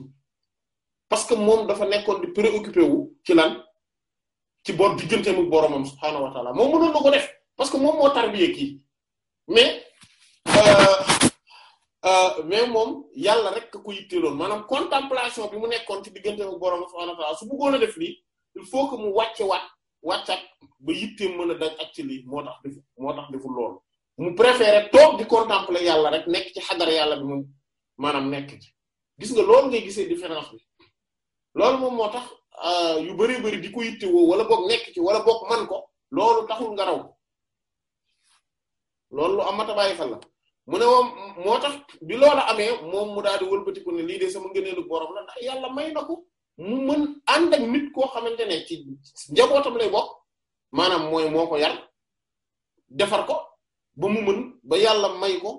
parce que moom dafa nekkoon di préoccupé ci bor digganteem ak boromam subhaanahu wa taala moom mënoon na ko def parce que moom moo tarbiyee kii mais euh, euh, mais moom yàlla rek ko yitteeloon maanaam contemplation bi mu nekkoon ci digganteem ak boromam subhaanahu su bëggoon a def lii il faut que mu wàcce waat wàccaat ba yitteem mën a daj ak ci lii moo tax moo tax deful loolu mu préférer toog di contempler yàlla rek nekk ci xadar yàlla bi moom maanaam nekk ci gis nga loolu ngay gisee différence bi loolu moom moo tax. Ah, yu bari bari di ko yittewoo wala boog nekk ci wala boog man ko loolu taxul nga raw loolu lu amata bàyyi xel la mu ne moom moo tax bi loola amee moom mu daal di wëlbatiku ne lii sama ngëneelu borom la ndax yàlla may na ko mu mën ànd ak nit koo xamante ne ci njabootam lay bokk maanaam mooy moo ko yar defar ko ba mu mën ba yàlla may ko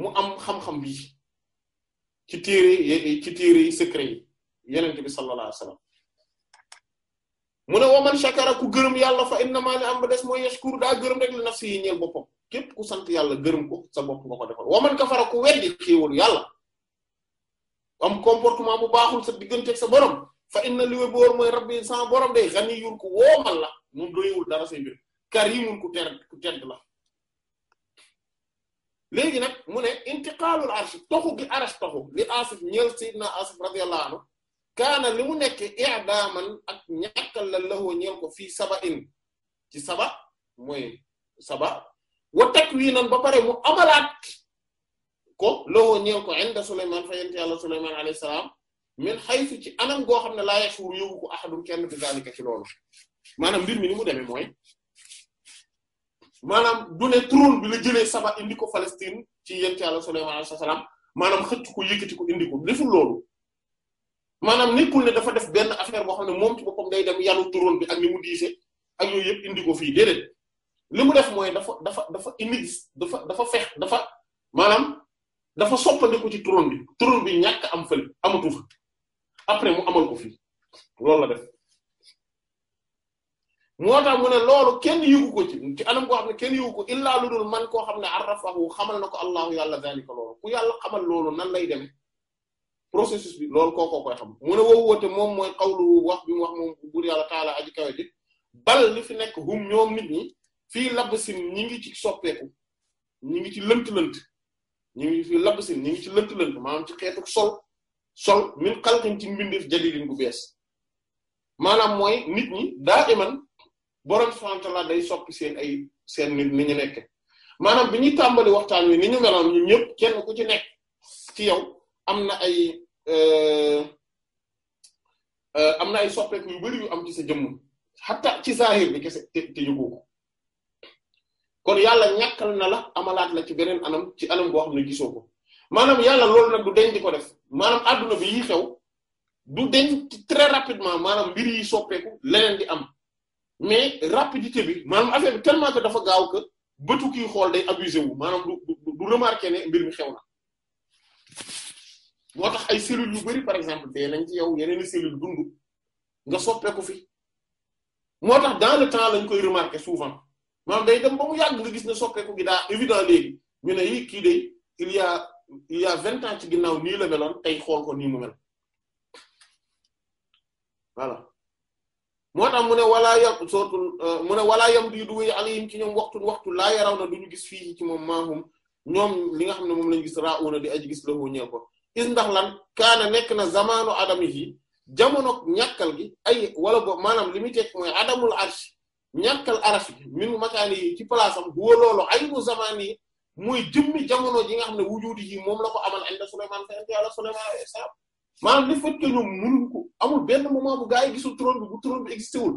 mu am xam-xam bii ci téere yi ci téere yi secret yi yenent bi sallallahu alayhi mu ne waman shakara ku gërëm yàlla fa innama li am ba des mooy yashkur daa gërëm rek li nafsi yi ñeel boppam képp ku sant yàlla gërëm ko sa bopp nga ko defal waman fara ku weddi xéewalu yàlla am comportement bu baaxul sa digganteeg sa borom fa inna li wéboor mooy rabbi sans borom day ganiyul ku woomal la moom doyewul dara say mbir karimul ku ter ku tedd la léegi nag mu ne intiqaalul arsh toxu gi arsh kaana li mu nekk i'daman ak ñàkkal la lahoo ñeel ko fii saba in ci saba mooy saba wa takwiinan ba pare mu amalaat ko lahoo ñeel ko yàlla Sulaymaan alayhi salaam min haythu anam goo xam ne laa yashuru yógu ko ahadum kenn bi zalika ci loolu maanaam mbir mi ni mu demee mooy maanaam du ne trône bi la jëlee saba indi ko Palestine ci yent yàlla Sulaymaan alayhi salaam maanaam xëcc ko yëkkati ko indi ko deful loolu maanaam nekkul ne dafa def benn affaire boo xam ne moom ci boppam day dem yanu turon bi ak ni mu diise ak yooyu yëpp indi ko fii déedéet li mu def mooy dafa dafa dafa indi dafa dafa fex dafa maanaam dafa soppandiku ci turon bi turon bi ñàkk am fële amatu fa après mu amal ko fii loolu la def moo tax mu ne loolu kenn yëgu ko ci ci anam koo xam ne kenn yëgu ko illaa lu dul man koo xam ne arrafahu xamal na ko allahu yàlla zalika loolu ku yàlla xamal loolu nan lay demee processus bi loolu kookoo koy xam mu ne woo woote moom mooy xawlu wax bi mu wax moom buur la taala aji kawe ji bal li fi nekk hum ñoom nit ñi fii labb sin ñi ngi ci soppeeku ñi ngi ci lënt-lënt ñi ngi fii labb sin ñi ngi ci lënt-lënt maanaam ci xeetu sol sol min xalqin ci mbindeef jadidin gu bees maanaam mooy nit ñi daa iman boroom subhanahu wa day soppi seen ay seen nit ni ñu nekk maanaam bi ñuy tàmbali waxtaan wi ni ñu meloon ñun ñëpp kenn ku ci nekk ci yow am na ay Euh, euh, am na ay soppeeku yu bari yu am ci sa jëmm xataa ci saahir bi kese te te yëgoo ko kon yàlla ñàkkal na la amalaat la ci beneen anam ci anam boo xam ne gisoo ko maanaam yàlla loolu nag du deñ di ko def maanaam adduna bi yi xew du deñ très rapidement maanaam mbir yi soppeeku leneen di am mais rapidité bi maanaam affaire bi tellement que dafa gaaw que bëtu kii xool de abusé wu maanaam du du remarqué ne mbir mi xew na. moo tax ay cellules yu bari par exemple dee nañ ci yow yeneen cellule dund nga soppeeku fi moo tax dans le temps lañ koy remarquer souvent maam day dem ba mu yàgg nga gis ne soppeeku gi daa évident léegi ñu ne yi kii day il y a il y a vingt ans ci ginnaaw nii la meloon tey xool ko nii mu mel voilà moo tax mu ne walaa yam sortu euh, mu ne walaa yam di du wéy alayhim ci ñoom waxtu waxtu laa yaraw na duñu gis fii ci moom maahum ñoom li nga xam ne moom lañu gis raa una di aji gis la ñee ko is ndax lan kaana nekk na zamaanu adami yi jamono ñàkkal gi ay wala bo maanaam li muy teg mooy adamul arsh ñàkkal arsh bi min makaani yi ci place am bu loolu aynu zamaan yi muy jëmmi jamono ji nga xam ne wujuudi yi moom la ko amal inda Sulaymaan fa inda yàlla Sulaymaan alayhi salaam maanaam li fekk ñoom mënuñ ko amul benn moment bu gaa yi gisul trône bi bu trône bi existé wul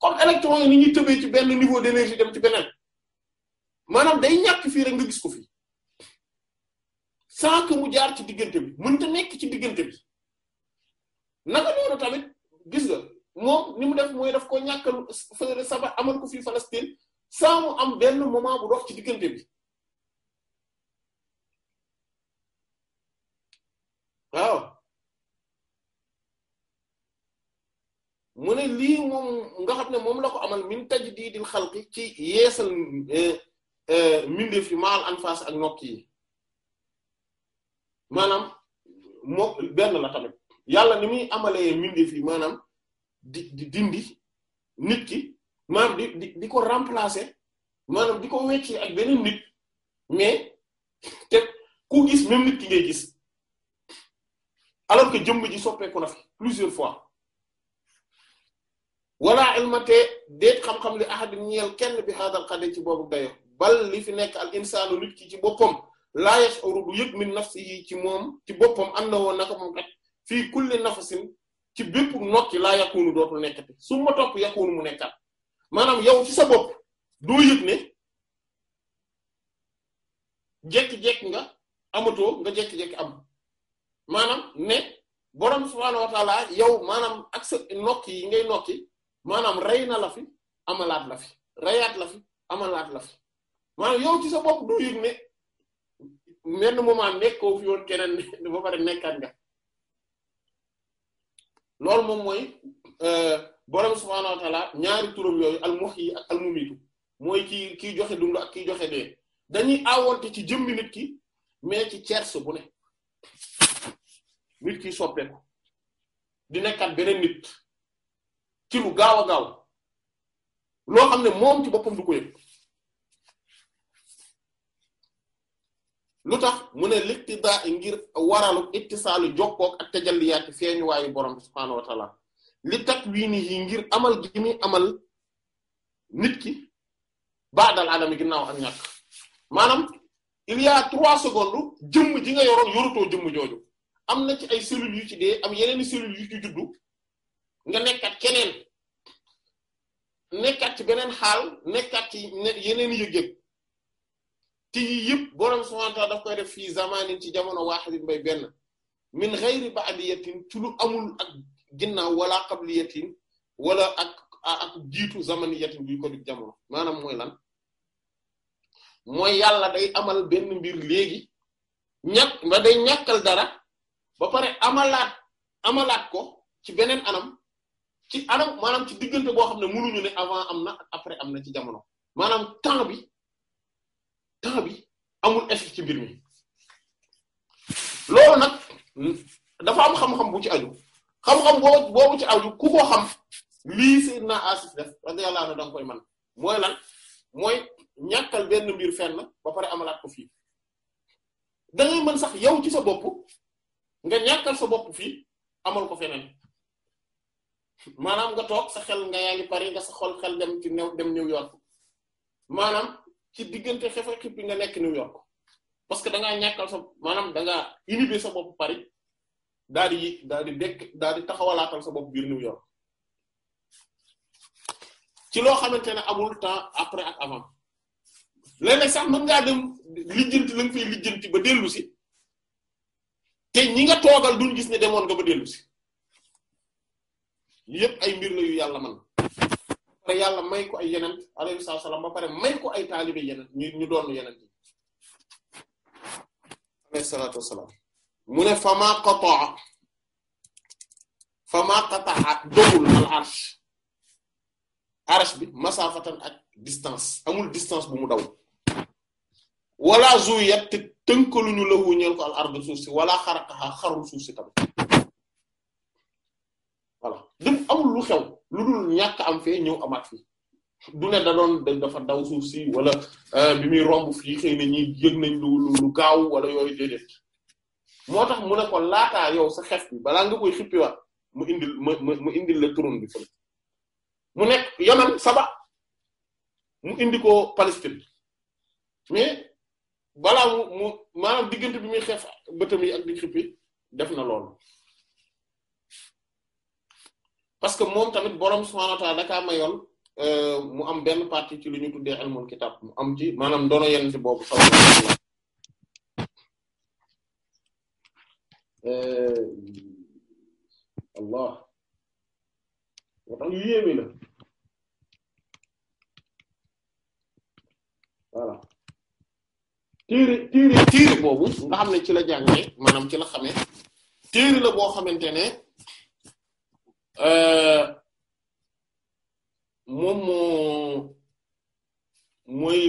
comme électron yi ni ñuy tëbee ci benn niveau d'énergie dem ci beneen maanaam day ñàkk fii rek nga gis ko fii sans que mu jaar ci diggante bi mënta nekk ci diggante bi naka noonu tamit gis nga moom ni mu def mooy daf ko ñàkkal fële saba amal ko fii Palestine sans mu am benn moment bu dox ci diggante waaw mu ne lii moom nga xam ne moom la ko amal min tajdiidil xalqi ci yeesal eh, eh, mbindeef yi maal anfaas ak nokk yi maanaam moo benn la yàlla ni muy amalee mbindeef yi maanaam di di dindi nit ki maanaam di di di ko remplacer maanaam di ko wecci ak beneen nit mais te ku gis même nit ki ngay gis alors que jëmb ji soppeeku na fi plusieurs fois wala ilmatee déet xam-xam li ahadin ñeel kenn bi xaadal xade ci boobu gayo bal li fi nekk al insaanu nit ki ci boppam laa yash'uru mi yëg si yi ci moom ci boppam annahu naka moom kat fii kulli nafsin ci bépp nokki laa yakunu dootul nekkati su ma topp yakunu mu nekkaat maanaam yow ci sa bopp doo yëg ne jékki-jékki nga amatoo nga jekki jékki am maanaam ne borom subhaanahu wa ta'ala yow maanaam ak sa nokki yi ngay nokki maanaam rey na la fi amalaat la fi reyaat la fi amalaat lafi fi maanaam ci sa bopp doo yëg ne menn moment nekkoo fi woon keneen ba pare nekkaat nga loolu moom mooy euh, borom subhaanahu wa taala ñaari turam yooyu al muhyi ak al mumitu mooy ki kii joxe dund ak kii joxe dee dañuy awonte ci jëmmi nit ki mais ci cerce bu ne nit ki soppeeku di nekkat beneen nit ci lu gaaw a gaaw loo xam ne moom ci boppam du ko lu tax mu ne liqtidaa ngir waralu ittisaalu jokkoog ak tajalliyaati feeñuwaayu borom subhaanahu wa taala li takwiini yi ngir amal gi amal nit ki baadal adami ginnaaw ak ñàkk maanaam il y a trois secondes jëmm ji nga yoroon yorutoo jëmm jooju am na ci ay cellules yu ci dee am yeneen cellules yi ci juddu nga nekkaat keneen nekkat ci beneen xaal nekkat ci yeneen yëg-yëg te yii yëpp borom subhaanahu wa ta'aala daf koy def fii zamaanin ci jamono waahidin bay benn min ghayri ba'diyatin ci lu amul ak ginnaaw wala qabliyatin wala ak jiitu zamaniyatin buy ko dig jamono maanaam mooy lan mooy yàlla day amal benn mbir léegi ñàkk ba day ñàkkal dara ba pare amalaat amalaat ko ci beneen anam ci anam maanaam ci diggante boo xam ne mënuñu ne avant am na après am na ci jamono maanaam temps temps bi amul effet ci mbir mi loolu nag dafa am xam-xam bu ci aju xam-xam boobu ci aju ku ko xam lii na Asis def radiyallahu anhu da koy man mooy lan mooy ñàkkal benn mbir fenn ba pare amalaat ko fii da ngay sax yow ci sa bopp nga ñàkkal sa bopp fii amal ko feneen maanaam nga toog sa xel nga yaa ngi pare nga sa xol xel dem ci new dem New York maanaam ci diggante xef ak xippi nga nekk New York parce que da ngaa ñàkkal sa maanaam da ngaa inhiber sa bopp Paris daal di daal di dekk daal di taxawalaatal sa bopp biir New York ci loo xamante ne amul temps après ak avant léeg-léeg sax mën ngaa dem lijjanti la nga fay ba dellu si te ñi nga toogal duñ gis ne demoon nga ba dellu si yépp ay mbir la yu yàlla man pare yàlla may ko ay yeneen alayhi salaam ba pare may ko ay taalibe yeneen ñu ñu doon yeneen yi alayhi salaatu wassalaam mu ne fama qataa fama qataa dogul al arsh arsh bi masafatan ak distance amul distance bu mu daw wala zuyat te tënkaluñu lawu ñeel ko al ardu suuf si wala xaraqaha xarul suuf si tamit voilà du amul lu xew lu dul ñàkk am fee ñëw amaat fi du ne da doon dañ dafa daw suuf si wala euh, bi muy romb fii xëy na ñi yëg nañ lu lu gaaw wala yooyu déedéet moo tax mu ne ko laataa yow sa xef balaa nga koy xippiwaat mu indil mu indil la turon bi fële mu nekk Yaman Saba mu indi ko Palestine mais balaa mu mu maanaam diggante bi muy xef bëtam yi ak di xippi def na loolu parce que moom tamit borom subhaanahu wa ta'aala mayoon euh, mu am benn parti ci lu ñu tuddee ilmul kitab mu ci yenn ci boobu euh, la voilà téere nga xam ne ci la jàngee maanaam ci la xamee téere la boo xamante ne Euh, moom moo mooy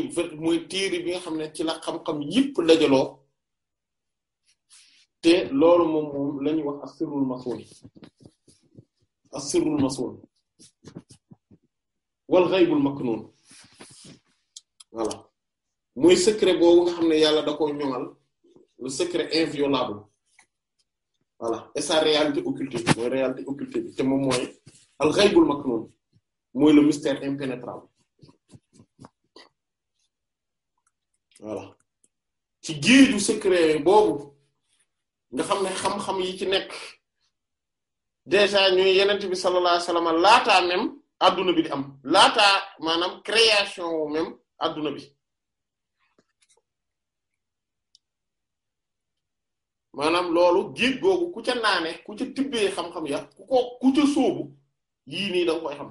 mooy téere bi nga xam ne ci la xam-xam yëpp dajaloo te loolu moom moom la wax as-sirrul masuul as-sirrul masuul wal ghaybul maknuun voilà mooy secret boobu xam ne yàlla da ko ñoŋal le secret inviolable voilà et sa réalité occultée bi mooy réalité occultée bi te moom mooy al ghaybul maknun mooy le mystère impénétrable voilà ci géeju secret boobu nga xam ne xam-xam yi ci nekk déjà ñuy yenent bi sallallahu alayhi wasallam laataa même adduna bi di am laata maanaam création même adduna bi maanaam loolu géej googu ku ca naane ku ca tibbee xam-xam ya ku ko ku ca sóobu yii nii da nga xam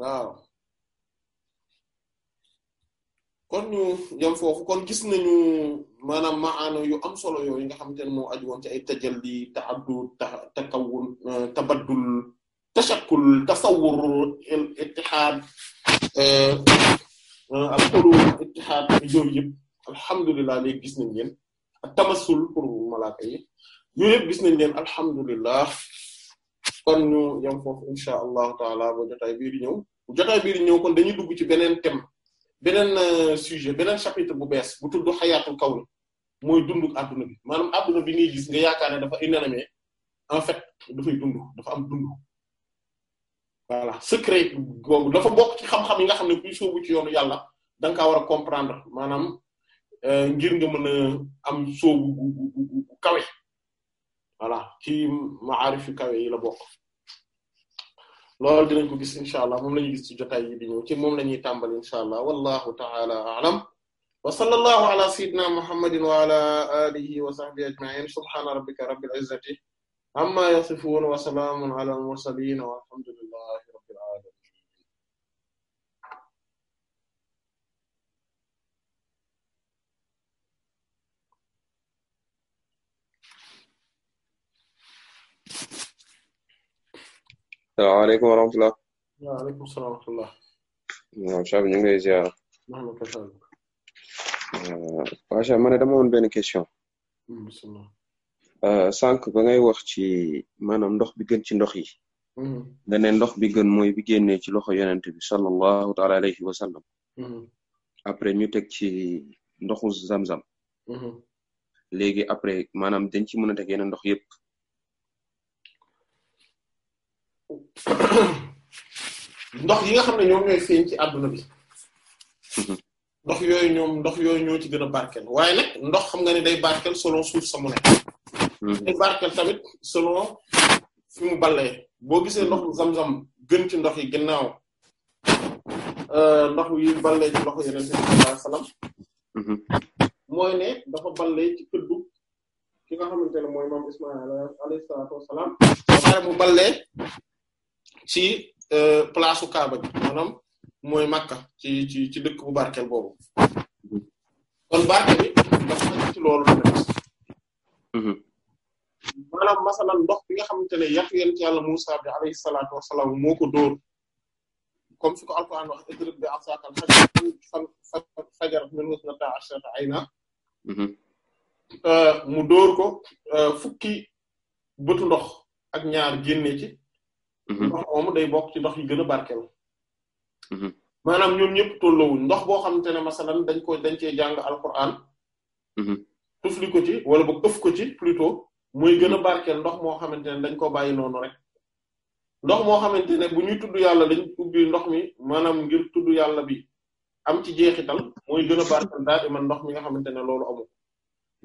waaw kon ñu foofu kon gis nañu maanaam maano yo am solo yooyu nga xamante ne moo aju woon ci ay tajalli ta'addud takawun euh, tabaddul tashakkul tasawwur ittihad euh, euh, al-qulub ittihad yooyu yëpp alhamdulilah léegi gis nañ leen ak tabasul pour malaaka yi yooyu yëpp gis nañ leen alhamdulilah kon ñu yem foofu jotaay bii di ñëw jotaay bii di ñëw kon dañuy dugg ci beneen thème beneen euh, sujet beneen chapitre bu bees bu tudd xayaatu kaw mooy dundu adduna bi maanaam adduna bi ngay gis nga yaakaar ne dafa inanimé en fait dafay dund dafa am dund voilà secret dafa bokk ci xam-xam nga xam ne kuy sóobu ci yoonu yàlla da nga kaa comprendre maanaam Euh, ngir nga mën a am soobu gu gu gu kawe voilà ci maarif kawe yi la bokk loolu dinañ ko gis incha allah moom la ñu gis ci jotaay yi di ci moom la ñuy tàmbali incha allah wallahu ta'ala a'lam wa sallallahu ala sayyidina muhammadin wa ala alihi wa sahbihi ajma'in subhana rabbika rabbil izzati amma yasifun wa salamun ala al mursalin walhamdulillah salaamu aleykum wa rahmatullah waaleykum salaam wa rahmatullah waaw dama woon benn question sànq ba ngay wax ci maanaam ndox bi gën ci ndox yi nga ne ndox bi gën mooy bi génnee ci loxo yonent bi sallallahu taala alayhi wa sallam après ñu teg ci ndoxu zamzam léegi après maanaam dañ ci mën a teg yeneen ndox yëpp [COUGHS] ndox yi nga xam ne ñoom ñooy feeñ ci àdduna bi mm-hmm. ndox yooyu ñoom ndox yooyu ñoo ci gën a barkeel waaye nag ndox xam nga ne day barkeel solo suuf sa mu mm-hmm. tamit solo fi mu ballee boo gisee ndox mu zam-zam gën ci ndox yi gannaaw euh, ndox yi ballee ci ndox yeneen mm-hmm. ne dafa ballee ci këddu ki nga xamante ne mooy moom mu ballee ci euh, place su Kaaba mooy maka ci ci ci dëkk bu barkeel boobu kon barke bi dafa nekk ci loolu la mhm. maanaam masalan ndox bi nga xamante ne yàq yent yàlla Musa bi alayhi salaatu wassalaam moo ko dóor comme fi ko alquran wax idrib bi absakal fajar min husnata ashrata mhm. euh, mu dóor ko euh, fukki bëtu ndox ak ñaar génne ci Mm-hmm. ndox moomu bokk ci ndox yi gën a barkeel. Mm-hmm. maanaam ñoom ñëpp tolloowuñ ndox boo xamante ne masalan dañ ko dañ cee jàng alquran. Mm-hmm. tufli ko ci wala boog ëf ko ci plutôt muy gën a barkeel ndox moo xamante ne dañ ko bàyyi noonu rek. ndox moo xamante ne bu ñuy tudd yàlla dañ ubbi ndox mi maanaam ngir tudd yàlla bi am ci jeexital mooy gën a barkeel daal di man ndox mi nga xamante ne loolu amul.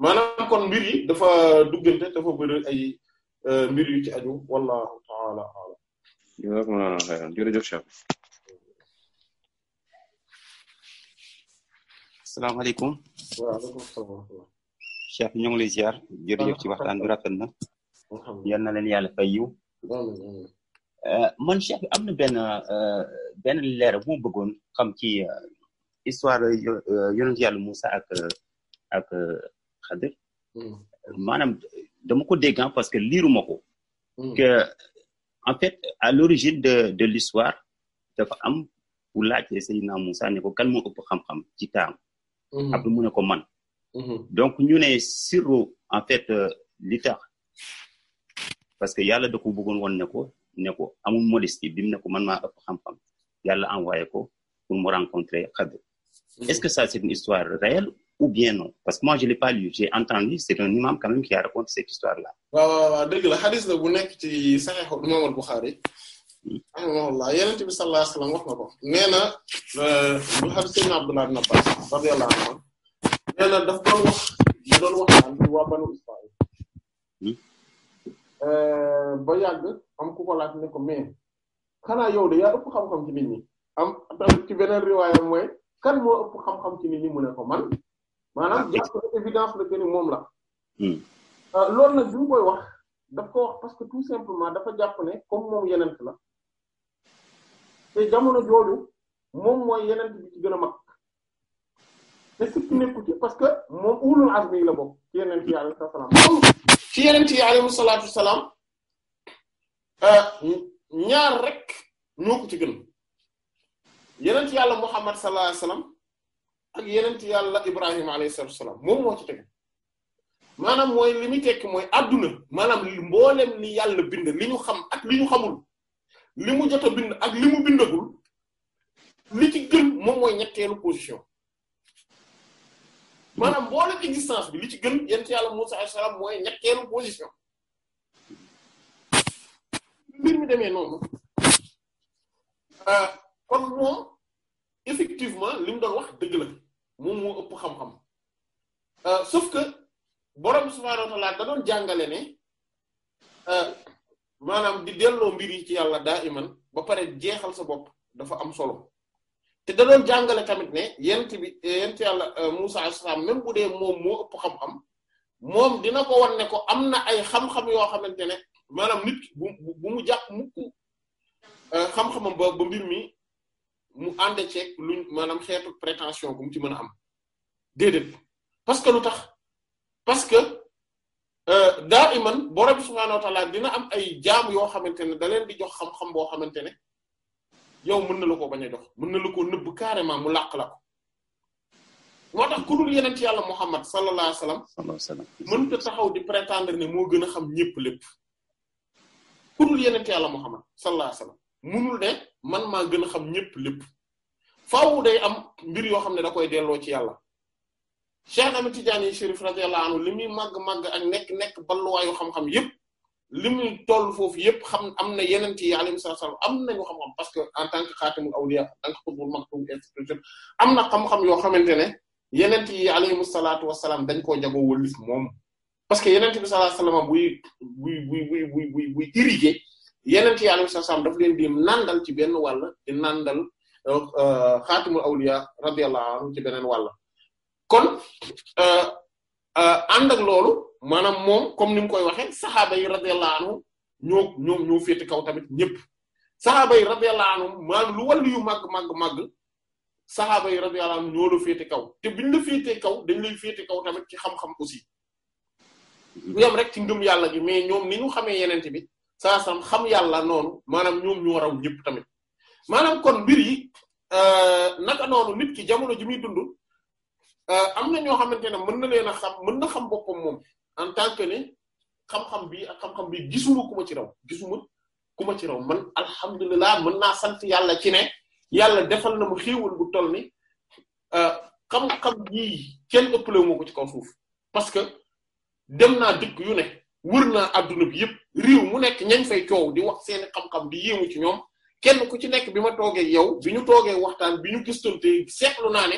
maanaam kon mbir yi dafa duggante dafa bëri ay euh, mbir yu ci aju wallahu taala alam jërëjëf Mawlana xayran jërëjëf Cheikh. asalaamaaleykum. waaleykum salaam. Cheikh ñu ngi lay ci waxtaan bi rafet na. yal na leen yàlla fay yiw. Euh, man Cheikh am na benn euh, benn leer bu mu bëggoon xam ci euh, histoire yonent yàlla Moussa ak ak Xadir. Hmm. maanaam dama ko dégg ah, parce que liiruma ko. Hmm. que en fait à l'origine de de l'histoire dafa am bu laajtee Seydina Moussa ne ko kan moo ëpp xam-xam ci taam mhm. après mu ne ko man mhm. donc ñu ne sirru en fait euh, li tax parce que yàlla da ko bëggoon woon ne ko ne ko amul modestie bi mu ne ko man maa ëpp xam-xam yàlla envoyé ko pour mu rencontrer Xadir mhm. est-ce que ça c'est une histoire réelle ou bien non parce que moi je l'ai pas lu j'ai entendu c'est un imam quand même a raconté cette histoire là waaw waaw waaw xadis la bu nekk ci saxeexu imam al Buxaari rahimahullah yenente bi sallallahu alayhi wax na ko nee na lu euh, xadis sayyidina Abdullah ibn Abbas radiyallahu anhu nee na daf doon wax da doon wax naan ci waa banu hmm? euh, ba yàgg am ku ko ne ko mais xanaa yow de yaa ëpp xam-xam ci nit ñi am tamit ci beneen riwaayam kan moo ëpp xam-xam ci nit ñi mu ne ko man maanaam jàpp na évidence la gën a la. Hmm. Euh, loolu nag bi koy wax daf ko wax parce que tout simplement dafa jàpp ne comme moom yenent la te jamono jooju moom mooy yenent bi ci gën a mag te sikk parce que moom ulul azmi yi la bokk ci yenent yi alayhi salaam moom ci yenent yi alayhi salaatu salaam euh, ñaar rek ñoo ko ci yenent yàlla Muhammad sallallahu alayhi ak yenent yàlla Ibrahima alayhi salaatu wassalaam moom moo ci teg maanaam mooy li mooy adduna maanaam mboolem li yàlla bind li ñu xam ak li ñu xamul li mu jot a bind ak li mu bindagul li ci gën moom mooy ñetteelu position maanaam mboolem existence bi li ci gën yenent yàlla Muusaa alayhi salaam mooy ñetteelu position mbir mi demee noonu euh, kon moom. effectivement li mu doon wax dëgg la moom moo ëpp xam-xam euh, sauf que borom subhaanahu wa ta'aala da doon jàngale ne euh, maanaam di delloo mbir ci yàlla daa iman ba pare jeexal sa bopp dafa am solo te da doon jàngale tamit ne yent bi yent yàlla euh, Musaa alayhi salaam même bu dee moom moo ëpp xam-xam moom dina ko wan ne ko am na ay xam-xam yoo xamante ne maanaam nit bu bu mu jàpp mukk xam-xamam ba ba mbir mi. mu ànd ceeg lu maanaam xeetu prétention bu mu ci mën a am déedéet parce que lu tax parce que euh, daa iman boo bi subhaanahu wa dina am ay jaam yoo xamante ne da leen di jox xam-xam boo xamante ne yow mën na la ko bañ a jox mën na la ko nëbb carrément mu làq la ko moo tax ku dul yeneen ci yàlla Muhammad sallallahu alayhi wasallam sallallahu a taxaw di prétendre ne moo gën a xam ñépp lépp yeneen ci yàlla Muhammad sallallahu alayhi wasallam munul ne. man maa gën a xam ñëpp lépp faaw day am mbir yoo xam ne da koy delloo ci yàlla Cheikh Ahmed Tidiane Chérif radiyallahu anhu li muy màgg-màgg ak nekk-nekk balluwaayu xam-xam yëpp li muy toll foofu yëpp xam am na yeneen ci alayhi salaam am nañu xam-xam parce que en tant que xaatimul awliya en tant que am na xam-xam yoo xamante ne yeneen yi alayhi salaatu wasalaam dañ koo jagoo wëllis moom parce que yeneen bi sallallahu alayhi wasallam buy buy buy buy buy buy yenent yi alayhi salaam daf leen di nandal ci benn wàll di nandal euh, xaatimul awliya radiyallahu ci beneen wàll kon euh, euh, ànd ak loolu maanaam moom comme ni koy waxee saxaaba yi radiyallahu anhu ñoo ñoom ñoo kaw tamit ñëpp saxaaba yi radiyallahu anhu maanaam yu màgg màgg màgg saxaaba yi radiyallahu anhu ñoo la kaw te buñ la féetee kaw dañ lay féete kaw tamit ci xam-xam aussi. bu yam rek ci ngëm yàlla gi mais ñoom ni ñu xamee yenent bi. sa sam xam yàlla noonu maanaam ñoom ñoo raw ñëpp tamit maanaam kon mbir yi euh, naka noonu nit ki jamono ji muy dund euh, am na ñoo xamante ne mën na leen a xam mën na xam boppam moom en tant que ne xam-xam bi ak xam bi gisuma ku ma ci raw gisuma ku ma ci raw man alhamdulilah mën naa sant yàlla ci ne yàlla defal na mu xéewal bu toll ni euh, xam-xam yii kenn ëppale wu ko ci kaw suuf parce que dem naa dëkk yu ne. wër naa adduna bi yëpp réew mu nekk ñañ fay coow di wax seeni xam-xam di yéemu ci ñoom kenn ku ci nekk bi ma toogee yow bi ñu toogee waxtaan bi ñu gistantee seetlu naa ne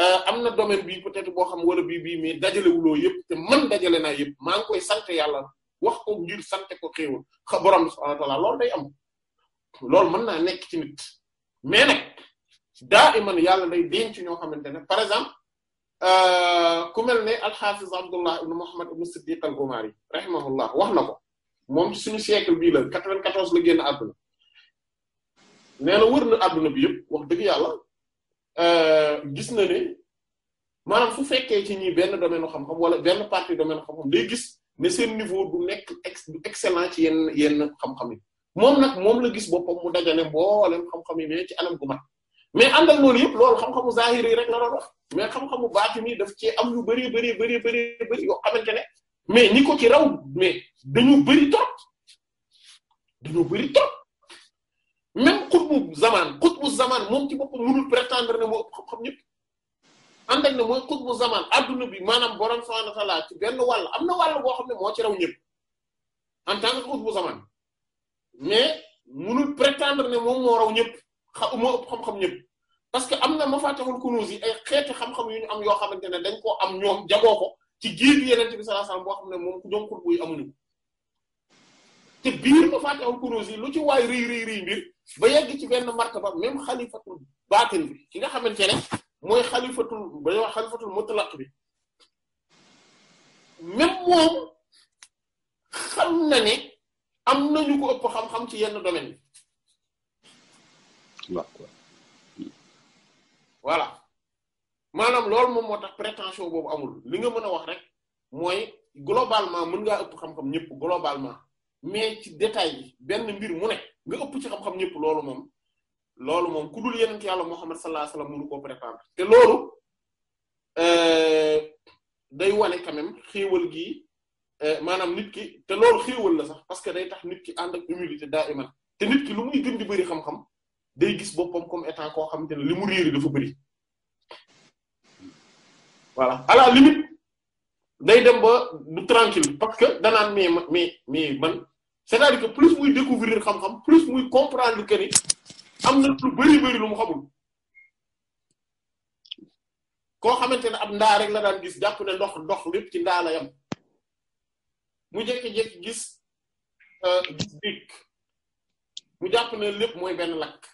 euh, am na domaine bi peut-être boo xam wala bii bii mais dajalewuloo yëpp te man dajale naa yëpp maa ngi koy sant yàlla wax ko ngir salte ko xéewal xa borom subhanahu wa ta'ala loolu day am loolu mën naa nekk ci nit mais nag daa iman yàlla day ci ñoo xamante ne par exemple Euh, ku mel ne alxaafiz abdullah ibn muhammad ibn siddiq al gumaari rahimahullah wax na ko moom ci suñu siècle bii la 94 la génn àdduna nee na wër na àdduna bi yëpp wax dëgg yàlla euh, gis na ne maanaam fu fekkee ci ñi benn domaine xam-xam wala benn partie domaine xam-xam day gis ne seen niveau du nekk ex du excellent ci yenn yenn xam-xam yi moom nag moom la gis boppam mu dajale mboolem xam-xam yi ne ci anam gu mat mais ànd ak loolu yëpp loolu xam-xamu zahir yi rek la doon wax mais xam u baatin yi daf ci am yu bari bari bari bari bari yoo xamante ne mais ñi ko ci raw mais dañu bëri trop dañu bari trop même bu zaman xutbu zaman moom ci boppam mënul prétendre ne moo xam-xam ñëpp ànd ak ne mooy xutbu zaman adduna bi maanaam borom subhanahu wa ta'ala ci benn wàll am na wàll boo xam ne moo ci raw ñëpp en tant que xutbu zaman mais mënul prétendre ne moom moo raw ñëpp. xa moo ëpp xam-xam ñëpp parce que am na ma mafatihul kunuz yi ay xeeti xam-xam yu ñu am yoo xamante ne dañ koo am ñoom jamoo ko ci giir yeneen bi sallallahu alayhi wasallam boo xam ne moom ñoom xutbu yi amuñu te biir mafatihul kunuz yi lu ci waay riy riy riy mbir ba yegg ci benn martaba même xalifatul baatin bi ki nga xamante ne mooy xalifatul ba ñuy wax xalifatul mutlaq bi même moom xam na ne am na ñu ko ëpp xam-xam ci yenn domaine bi waaw voilà maanaam loolu moom moo tax prétention boobu amul li nga mën a wax rek mooy globalement mën ngaa ëpp xam-xam ñëpp globalement mais ci détail bi benn mbir mu ne nga ëpp ci xam-xam ñëpp loolu moom loolu moom ku dul yenent yàlla Muhammad sallallahu alayhi wasallam mënu koo prétendre te loolu euh, day wane quand même xéewal gi euh, maanaam nit ki te loolu xéewal la sax parce que day tax nit ki ànd ak humilité daa iman te nit ki lu muy gën di bëri xam-xam day gis boppam comme état koo xamante ne li mu réer dafa bëri voilà à day dem ba du tranquille parce que danaan mais mais mais man c'est-à-dire que plus muy découvrir xam-xam plus muy comprendre que ni am na lu bëri bëri lu mu xamul koo xamante ne ab ndaa la daan gis jàpp ne ndox ndox lépp ci ndaala la yam mu jékki-jékki gis euh, gis dégg mu jàpp ne lépp mooy benn lakk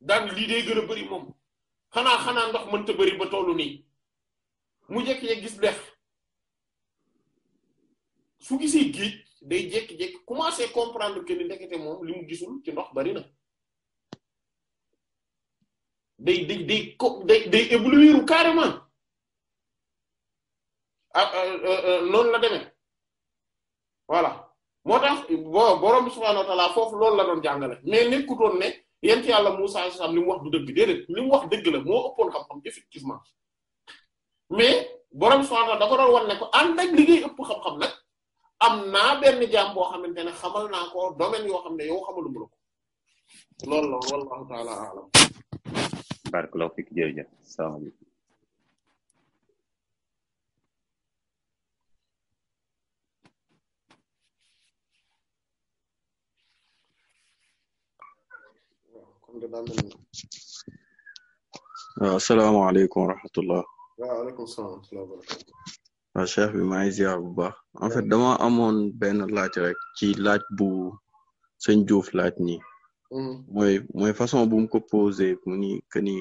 daan lii day gën a bëri moom xanaa xanaa ndox mënta bari ba tollu nii mu jékki-jékki gis dex su gisee géej day jékki-jékki commencer comprendre que ni ndekete moom li gisul ci ndox bari na day day day co day day évoluer carrément ah, ah, ah, ah noonu la demee voilà moo tax bon borom subhaanahu wa ta'aala foofu loolu la doon jàngale mais nekkutoon ne. yent yàlla Musaa alayhi salaam li mu wax du dëgg déedéet li mu wax dëgg la moo ëppoon xam-xam effectivement mais borom subhaanahu dafa ta'aala da ko doon wan ne ko ëpp xam-xam nag am na benn jaam boo xamante ne xamal naa ko domaine yoo xam ne yow xamaluma la ko loolu la wallahu ta'aala a'lam. barkallahu fiik jërëjëf salaamaaleykum li baal nañ waaw salaamaaleykum wa rahmatullah waaleykum salaam wa rahmatullah wa bu baax en fait dama amoon benn laaj rek ci laaj bu sëñ Diouf laaj ni mooy mooy façon bu ko pose mu ni que ni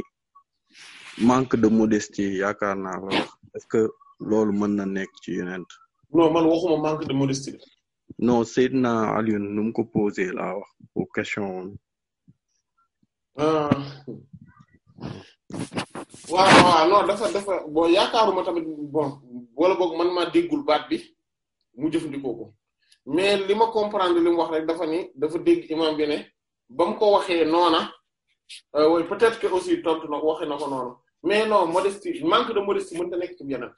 manque de modestie yaakaar naa la est loolu mën na nekk ci yonent non man waxuma manque de ko posé laa wax bu question Ah. waaw waaw non dafa dafa bon yaakaaruma tamit bon wala boog man maa déggul baat bi mu jëfandikoo ko mais li ma comprendre li mu wax rek dafa ni dafa dégg imam bi ba mu ko waxee noona way euh, peut-être que aussi tontu na waxee na ko noonu mais non modestie manque de modestie mënta nekk ci yeneen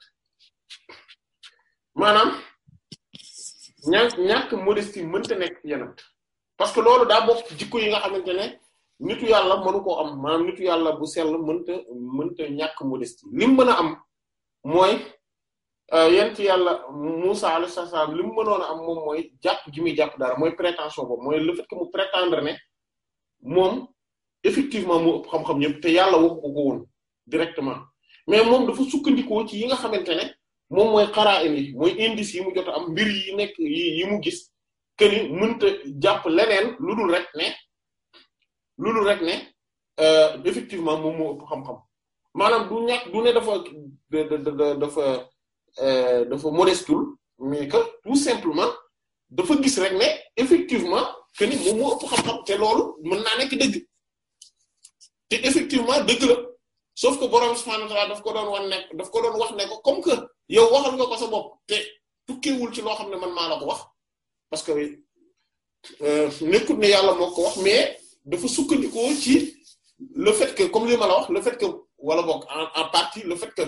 maanaam ñàkk ñàkk modestie mënta nekk ci yeneen parce que loolu daa bokk jikko yi nga xamante ne. nitu yàlla mënu koo am maanaam nitu yàlla bu sell mënta ñàkk modestie li mu mën a am mooy euh, yent yàlla Musa alayhi salaam li mu mënoon a am moom mooy jàpp gi muy jàpp dara mooy prétention boobu mooy le fait mu prétendre ne moom effectivement mu ëpp xam-xam ñëpp te yàlla waxu ko ko directement mais moom dafa sukkandikoo ci yi nga xamante ne moom mooy xaraa'in yi mooy indice yi mu a am mbir yi nekk yi yi mu gis que ni mënta jàpp leneen lu dul rek loolu rek ne euh, effectivement moom moo xam-xam maanaam du ñàkk du ne dafa da dafa euh, dafa modestul mais que tout simplement dafa gis rek ne effectivement que ni moom moo xam-xam te loolu mën naa nekk dëgg te effectivement dëgg la sauf que borom subhanahu wa ta'ala daf ko doon wan ne daf ko doon wax ne ko comme que yow waxal nga ko sa bopp te tukkiwul ci loo xam ne man maa la ko wax parce que euh, nekkut ne yàlla moo wax mais. dafa sukkandikoo ci le fait que comme li ma la wax le fait que wala boog en en partie le fait que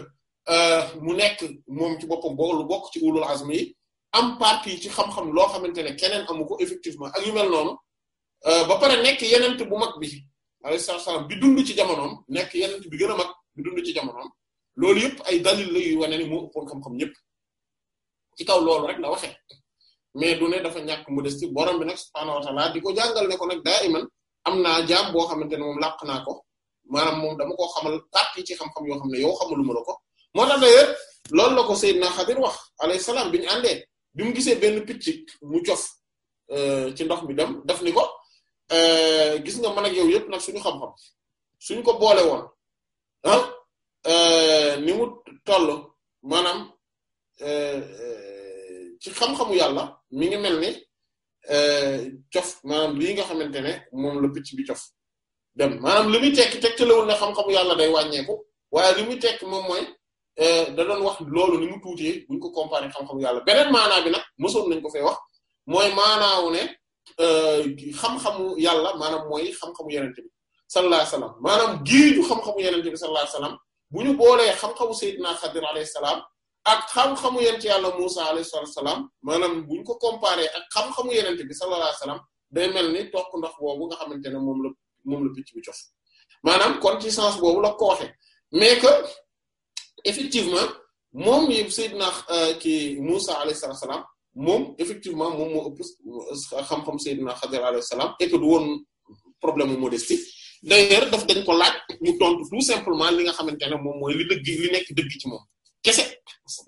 euh, mu nekk moom ci boppam boobu bokk ci ulul azmi yi am partie ci xam-xam loo xamante ne keneen amu ko effectivement ak yu noonu euh, ba pare nekk yenent bu mag bi alayhi salaam bi dund ci jamonoom nekk yenent bi gën a mag bi dund ci jamonoom loolu yëpp ay dalil la yuy wane ni moo ëppoon xam-xam ñëpp ci kaw loolu rek la waxee mais du ne dafa ñàkk modestie borom bi nag subhaanahu wa ta'aala di ko jàngal ne ko nag daa iman am naa jaam boo xamante ne moom làq naa ko maanaam moom dama koo xamal partie ci xam-xam yoo xam ne yow xamaluma la ko moo tax d'ailleurs loolu la ko Seydina Xadir wax alayhi salaam bi ñu àndee bi mu gisee benn picc mu cof euh, ci ndox mi dam daf ni ko euh, gis nga man yow yëpp nag suñu xam-xam suñ ko boole woon ah euh, ni mu toll maanaam ci xam-xamu yàlla mi nga mel ni Euh, cof maanaam lii nga xamante ne moom la picc bi cof dem maanaam li muy tekki tegtalawul ne xam-xamu yàlla day wàññeeku waaye li muy tekki moom mooy euh, da doon wax loolu ni mu tuutee buñ ko comparé xam-xamu yàlla beneen maanaa bi nag mosoon nañ ko fee wax mooy maanaawu ne euh, xam-xamu yàlla maanaam mooy xam-xamu yenente bi sallallahu alayhi wasallam maanaam xam-xamu yenente bi sallallahu alayhi wasallam bu ñu boolee xam-xamu sayyidina Xadir alayhi salaam ak xam-xamu yent yàlla Musa alayhi salaam maanaam buñ ko comparé ak xam-xamu yenente bi sallallahu alayhi day mel ni toq ndox boobu nga xamante ne moom la moom la picc bi cof maanaam kon ci sens boobu la ko waxe mais que effectivement moom yi Seydina euh, ki Musa alayhi salaam moom effectivement moom moo ëpp xam-xam Seydina Xadir alayhi salaam et que du woon problème mu modestie d'ailleurs daf dañ ko laaj mu tontu tout simplement li nga xamante ne moom mooy li dëgg li nekk dëgg ci moom kese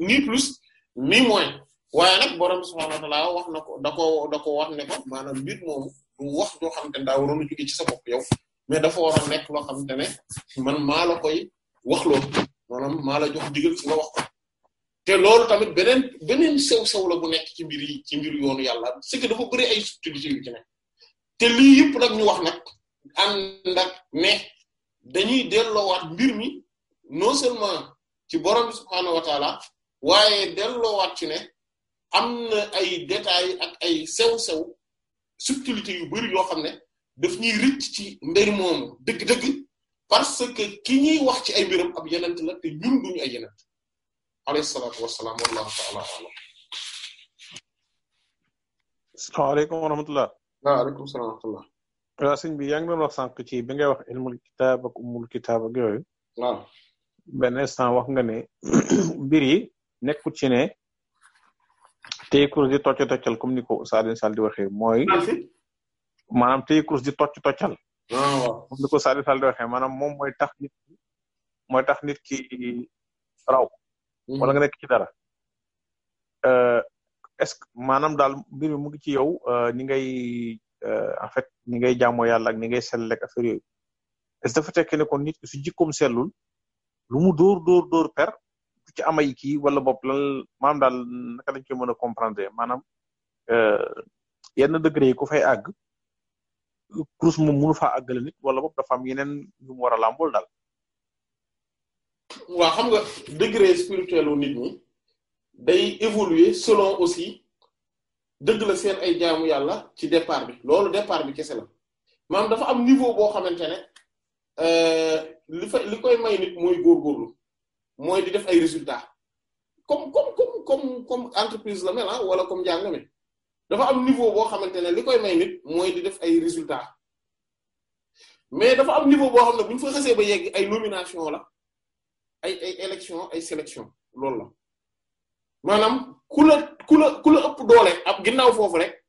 ni plus ni moins waaye nag borom subhaanahu wa wax na ko da ko da ko wax ne ko mbir moomu du wax doo xam te ne daa waroon ci sa bopp yow mais dafa war nekk loo xam te ne maa la koy wax loolu maanaam maa la loolu tamit beneen beneen sew-sew la bu nekk ci mbir yi ci mbir yoonu yàlla c'est dafa bëri ay subtilité ci nekk te lii yëpp nag ñu wax nag ànd ak ne dañuy delloowaat mbir mi non seulement ci borom subhaanahu wa waaye delloowaat ci ne am na ay détails ak ay sew-sew subtilité yu bari yoo xam ne def ñuy rëcc ci mbir moomu dëgg-dëgg parce que ki ñuy wax ci ay mbiram ab yenent la te ñun duñu ay yenent alayhi salaatu wassalaam wallahu ta'ala a'lam salaamaaleykum wa wa rahmatullah sëñ bi yaa ngi doon wax sànq ci ba ngay wax ilmul kitaab ak umul kitaab ak yooyu waaw benn instant wax nga ne [CLEARS THROAT] mbir yi nekk ci ne téye course di tocc toccal comme ni ko Sadine Sall di waxee mooy ah, maanaam téye course di tocc toccal ah, comme ni ko Sadine Sall maanaam moom mooy tax nit ki mooy tax nit ki raw mm-hmm. wala nga nekk ci dara euh, est-ce que maanaam daal mbir mi mu ngi ci yow euh, ni ngay euh, en fait ni ngay jaamoo yàlla ak ni ngay sell ak affaire yooyu est-ce que dafa tekki ne kon nit ki su jikkoom sellul lu mu dor dóor per ci amay kii wala bopp lan maam daal naka lañ koy mën a comprendre maanaam euh, yenn degré yi ku fay àgg kurus moom mënu fa àggale nit wala bopp dafa am yeneen yu mu war a làmbool daal wa xam nga degré spirituel wu nit ñi day évoluer selon aussi dëgg la seen ay jaamu yàlla ci départ bi loolu départ bi kese la maanaam dafa am niveau boo xamante ne euh, li fa li koy may nit mooy góorgóorlu mooy di def ay résultats comme comme comme comme entreprise la mel ah wala comme njàng mi dafa am niveau boo xamante ne li koy may nit mooy di def ay résultats mais dafa am niveau boo xam ne bu ñu fa xasee ba yegg ay nomination la ay ay élection ay sélection loolu la maanaam ku la ku la ku la ëpp doole ab ginaaw foofu rek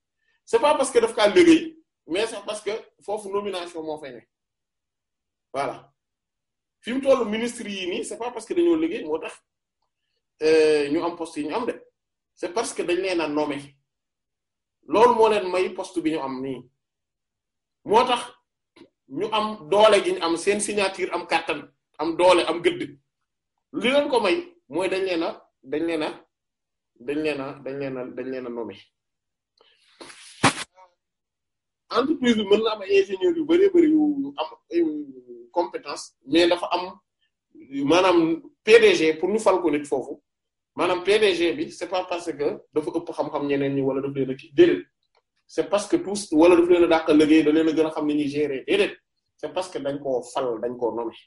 c'est pas parce que def ka liggéey mais c'est parce que foofu nomination moo fay ne fi mu toll ministre yii nii c'est pas parce que dañoo liggéey moo tax euh, ñu am poste yi ñu am de c'est parce que dañ leen a nommé loolu moo leen may post bi ñu am nii moo tax ñu am doole gi am seen signature am kàttan am doole am gëdd li leen ko may mooy dañ leen a dañ leen a dañ leen a dañ leen a dañ leen a nommé entreprise bi mën na am ay ingénieurs yu bari bari yu am compétence mais dafa am maanaam PDG pour ñu fal ko nit foofu maanaam PDG bi c'est pas parce que dafa ëpp xam-xam ñeneen ñi wala daf leen a kii déedéet c'est parce que tous wala daf leen a dàq liggéey da leen a gën a xam ni ñuy gérer déedéet c'est parce que dañ koo fal dañ ko nommer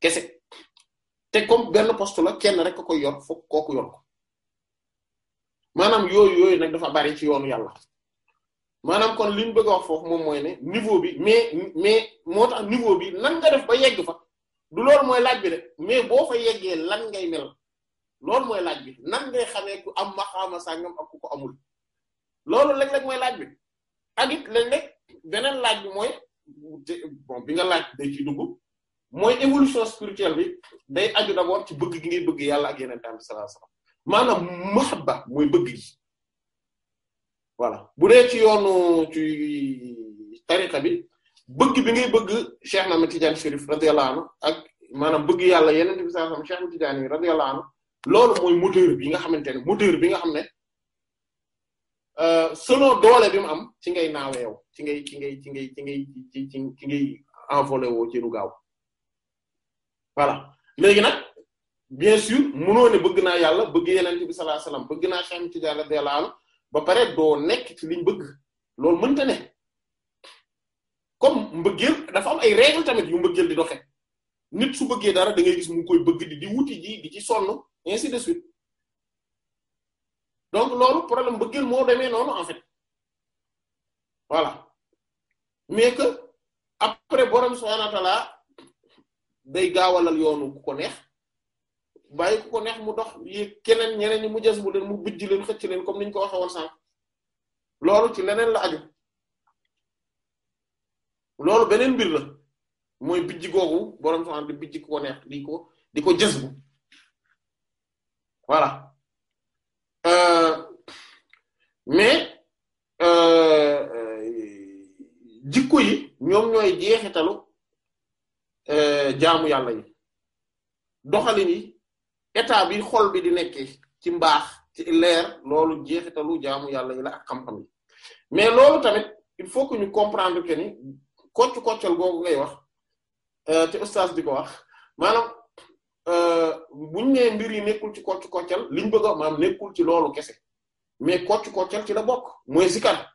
kese te comme benn poste la kenn rek ko koy yor foog kooku yor ko maanaam yooyu yooyu nag dafa bari ci yoonu yàlla maanaam kon li ñu bëgg a wax foofu moom mooy ne niveau bi mais mais moo tax niveau bi nan nga def ba yegg fa du loolu mooy laaj bi de mais boo fa yeggee lan ngay mel loolu mooy laaj bi nan ngay xamee ku am maxaama sàngam ak ko amul loolu léeg mooy laaj bi ak it beneen laaj bi mooy bon bi nga laaj day ci dugg mooy évolution spirituelle bi day aju d'abord ci bëgg gi ngay bëgg yàlla ak yeneen tamit sallallahu alayhi wasallam maanaam mahabba mooy bëgg gi voilà bu dee ci yoonu ci tariqa bi bëgg bi ngay bëgg Cheikh na Tidiane Chérif radiyallahu anhu ak maanaam bëgg yàlla yeneen bi sallallahu alayhi wasallam Cheikh Tidiane radiyallahu loolu mooy moteur bi nga xamante ne moteur bi nga xam ne euh, selon doole bi am ci ngay naawe ci ngay ci ngay ci ngay ci ngay ci ci ngay woo ci lu gaaw voilà bëgg naa yàlla bëgg yeneen bi sallallahu bëgg naa Cheikh Tidiane radiyallahu anhu ba pare doo nekk ci liñ bëgg loolu mënta ne comme mbëggeel dafa am ay règle tamit yu mbëggeel di doxe nit su bëggee dara da ngay gis mu koy bëgg di di wuti ji di ci sonn ainsi de suite donc loolu problème mbëggeel moo demee noonu en fait voilà mais que après borom subhanahu wa ta'ala day gaawalal yoonu ku ko neex. bàyyi ku ko neex mu dox yi keneen ñeneen ñi mu jës bu leen mu bijj leen xëcc leen comme niñ ko waxee woon sànq loolu ci leneen la aju loolu beneen mbir la mooy bijji googu borom soo di bijji ku ko neex di ko di ko jës bu voilà euh, mais euh, euh, jikko yi ñoom ñooy jeexitalu jaamu yàlla yi doxalin yi. état bi xol bi di nekkee ci mbaax ci leer loolu jeexitalu jaamu yàlla yi la ak xam-xam yi mais loolu tamit il faut que ñu comprendre keni ni kocc googu ngay wax euh, te ustaas di ko wax maanaam euh, buñ nee mbir yi nekkul ci kocc koccal liñ bëgg a nekkul ci loolu kese mais kocc koccal ci la bokk mooy zikar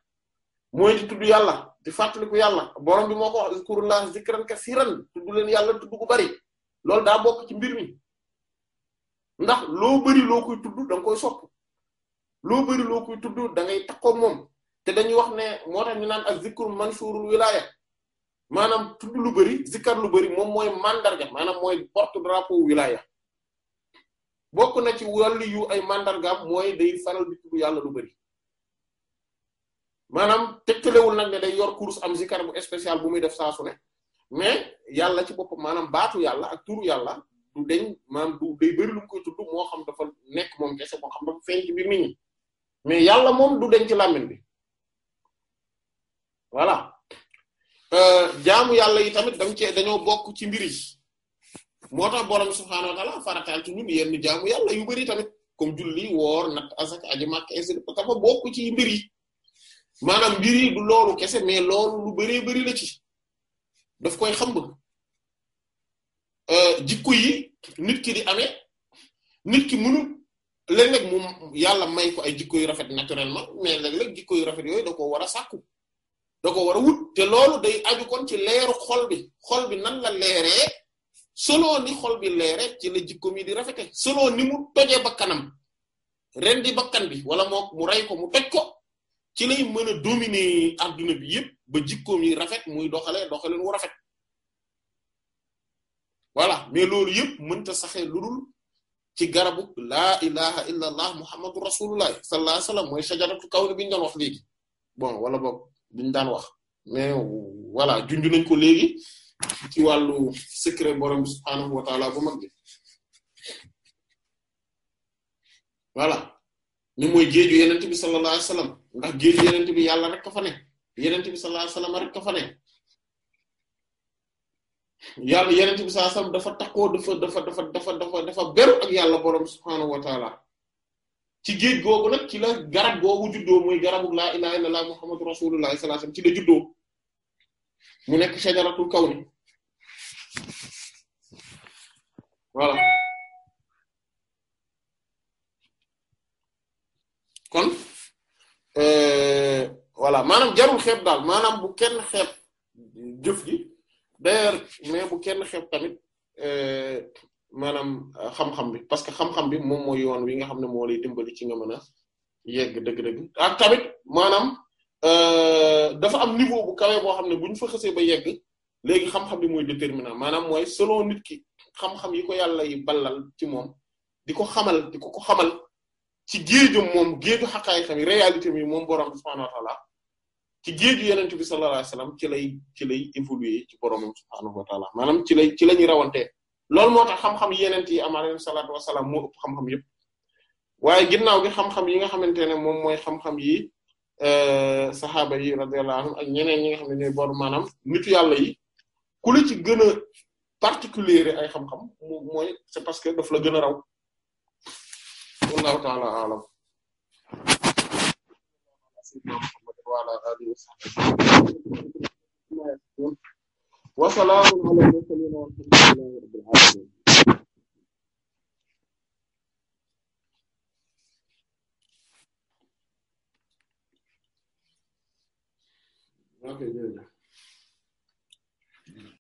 mooy di tudd yàlla di fàttaliku yàlla borom bi moo ko wax zikrullaah zikran kasiran tudd leen yàlla tudd gu bari loolu daa bokk ci mbir mi ndax loo bëri loo koy tudd da nga koy sopp loo bëri loo koy tudd da ngay takkoog moom te dañuy wax ne moo tax ñu naan ak zikru mansurul wilaya maanaam tudd lu bëri zikkar lu bari moom mooy mandarga maanaam mooy porte drapeau bokk na ci wàllu ay mandargaam mooy day faral di tudd yàlla lu bari maanaam tegtalewul nag ne day yor course am zikkar bu spécial bu muy def saa ne mais yàlla ci boppam maanaam baatu yàlla ak turu yàlla du dañ maam du day lu mu moo xam dafa nekk moom kese moo xam dafa feeñ ci mi nit mais yàlla moom du dañ ci làmmiñ bi voilà euh, jaamu yàlla yi tamit dañ cee dañoo bokk ci mbir yi moo tax borom subhaanahu wa ta'ala farataal ci ñun yenn jaamu yàlla yu bëri tamit comme julli woor nag asak aji màkk ainsi dafa bokk ci mbir yi maanaam mbir du loolu kese mais loolu lu bëree bëri la ci def koy xam Euh, jikko yi nit ki di amee nit ki mënul léeg-léeg moom yàlla may ko ay jikko yu rafet naturellement mais léeg-léeg jikko yu rafet yooyu da ko war a sàkku da ko war a wut te loolu day aju kon ci leeru xol bi xol bi nan la leeree selon ni xol bi leere ci la jikko yi di rafete selon ni mu tojee bakkanam ren di bakkan bi wala mook mu rey ko mu toj ko ci lay mën a dominer adduna bi yëpp ba jikko yi rafet muy doxalee doxaleen wu rafet voilà mais loolu yëpp mënta saxee lu dul ci garabu la ilaha illa allah muhammadu rasulullah sallallahu alayhi wasallam mooy shajaratu kawni bi ñu doon wax léegi bon wala boog biñu daan wax mais voilà junj nañ ko léegi ci wàllu secret borom bi wa taala bu mag bi voilà ni mooy géeju yenent bi sallallahu alayhi wasallam ndax géeju yenent bi yàlla rek ka fa ne yenent bi sallallahu alayhi wasallam rek ka fa ne yàlla yeneen bi saa dafa takkoo dafa dafa dafa dafa dafa beru ak yàlla boroom subhaanahu wa ci géej googu nag ci la garab googu juddoo muy garabu laa ilaha illallah muhammadu rasulullah sallallahu alayhi wasallam ci la juddoo mu nekk shajaratul kawni voilà kon euh, voilà maanaam jarul xeeb daal maanaam bu kenn xeeb jëf gi d'ailleurs mais bu kenn xeeb tamit euh, maanaam euh, xam-xam bi parce que xam-xam bi moom mooy yoon wi nga xam ne moo lay dimbali ci nga mën a yegg dëgg-dëgg ak tamit maanaam euh, dafa am niveau bu kawe boo xam ne bu ñu fa xasee ba yegg léegi xam-xam bi mooy déterminant maanaam mooy solo nit ki xam-xam yi ko yàlla yi ballal ci moom di ko xamal di ko xamal ci géejum moom géeju xaqaay xam réalité mi moom borom subhaanahu wa ci géeju yenent bi sallallahu alayhi wasallam ci lay ci lay évoluer ci boroomam subhaanahu wa taala maanaam ci lay ci la ñuy rawante loolu moo tax xam-xam yenent yi am alayhi salaatu wasalaam moo ëpp xam-xam yëpp waaye ginnaaw gi xam yi nga xamante ne moom mooy xam yi euh, saxaaba yi radiyallahu anhum ak ñeneen ñi nga xam ne ñooy bor maanaam nitu yàlla yi ku ci gën a particulier ay xam-xam moom mooy c'est parce que daf la gën a raw wa ala alihi wa sahbihi wa salaamun ala al-mursalin walhamdulillahi rabbil alamin Okay, good.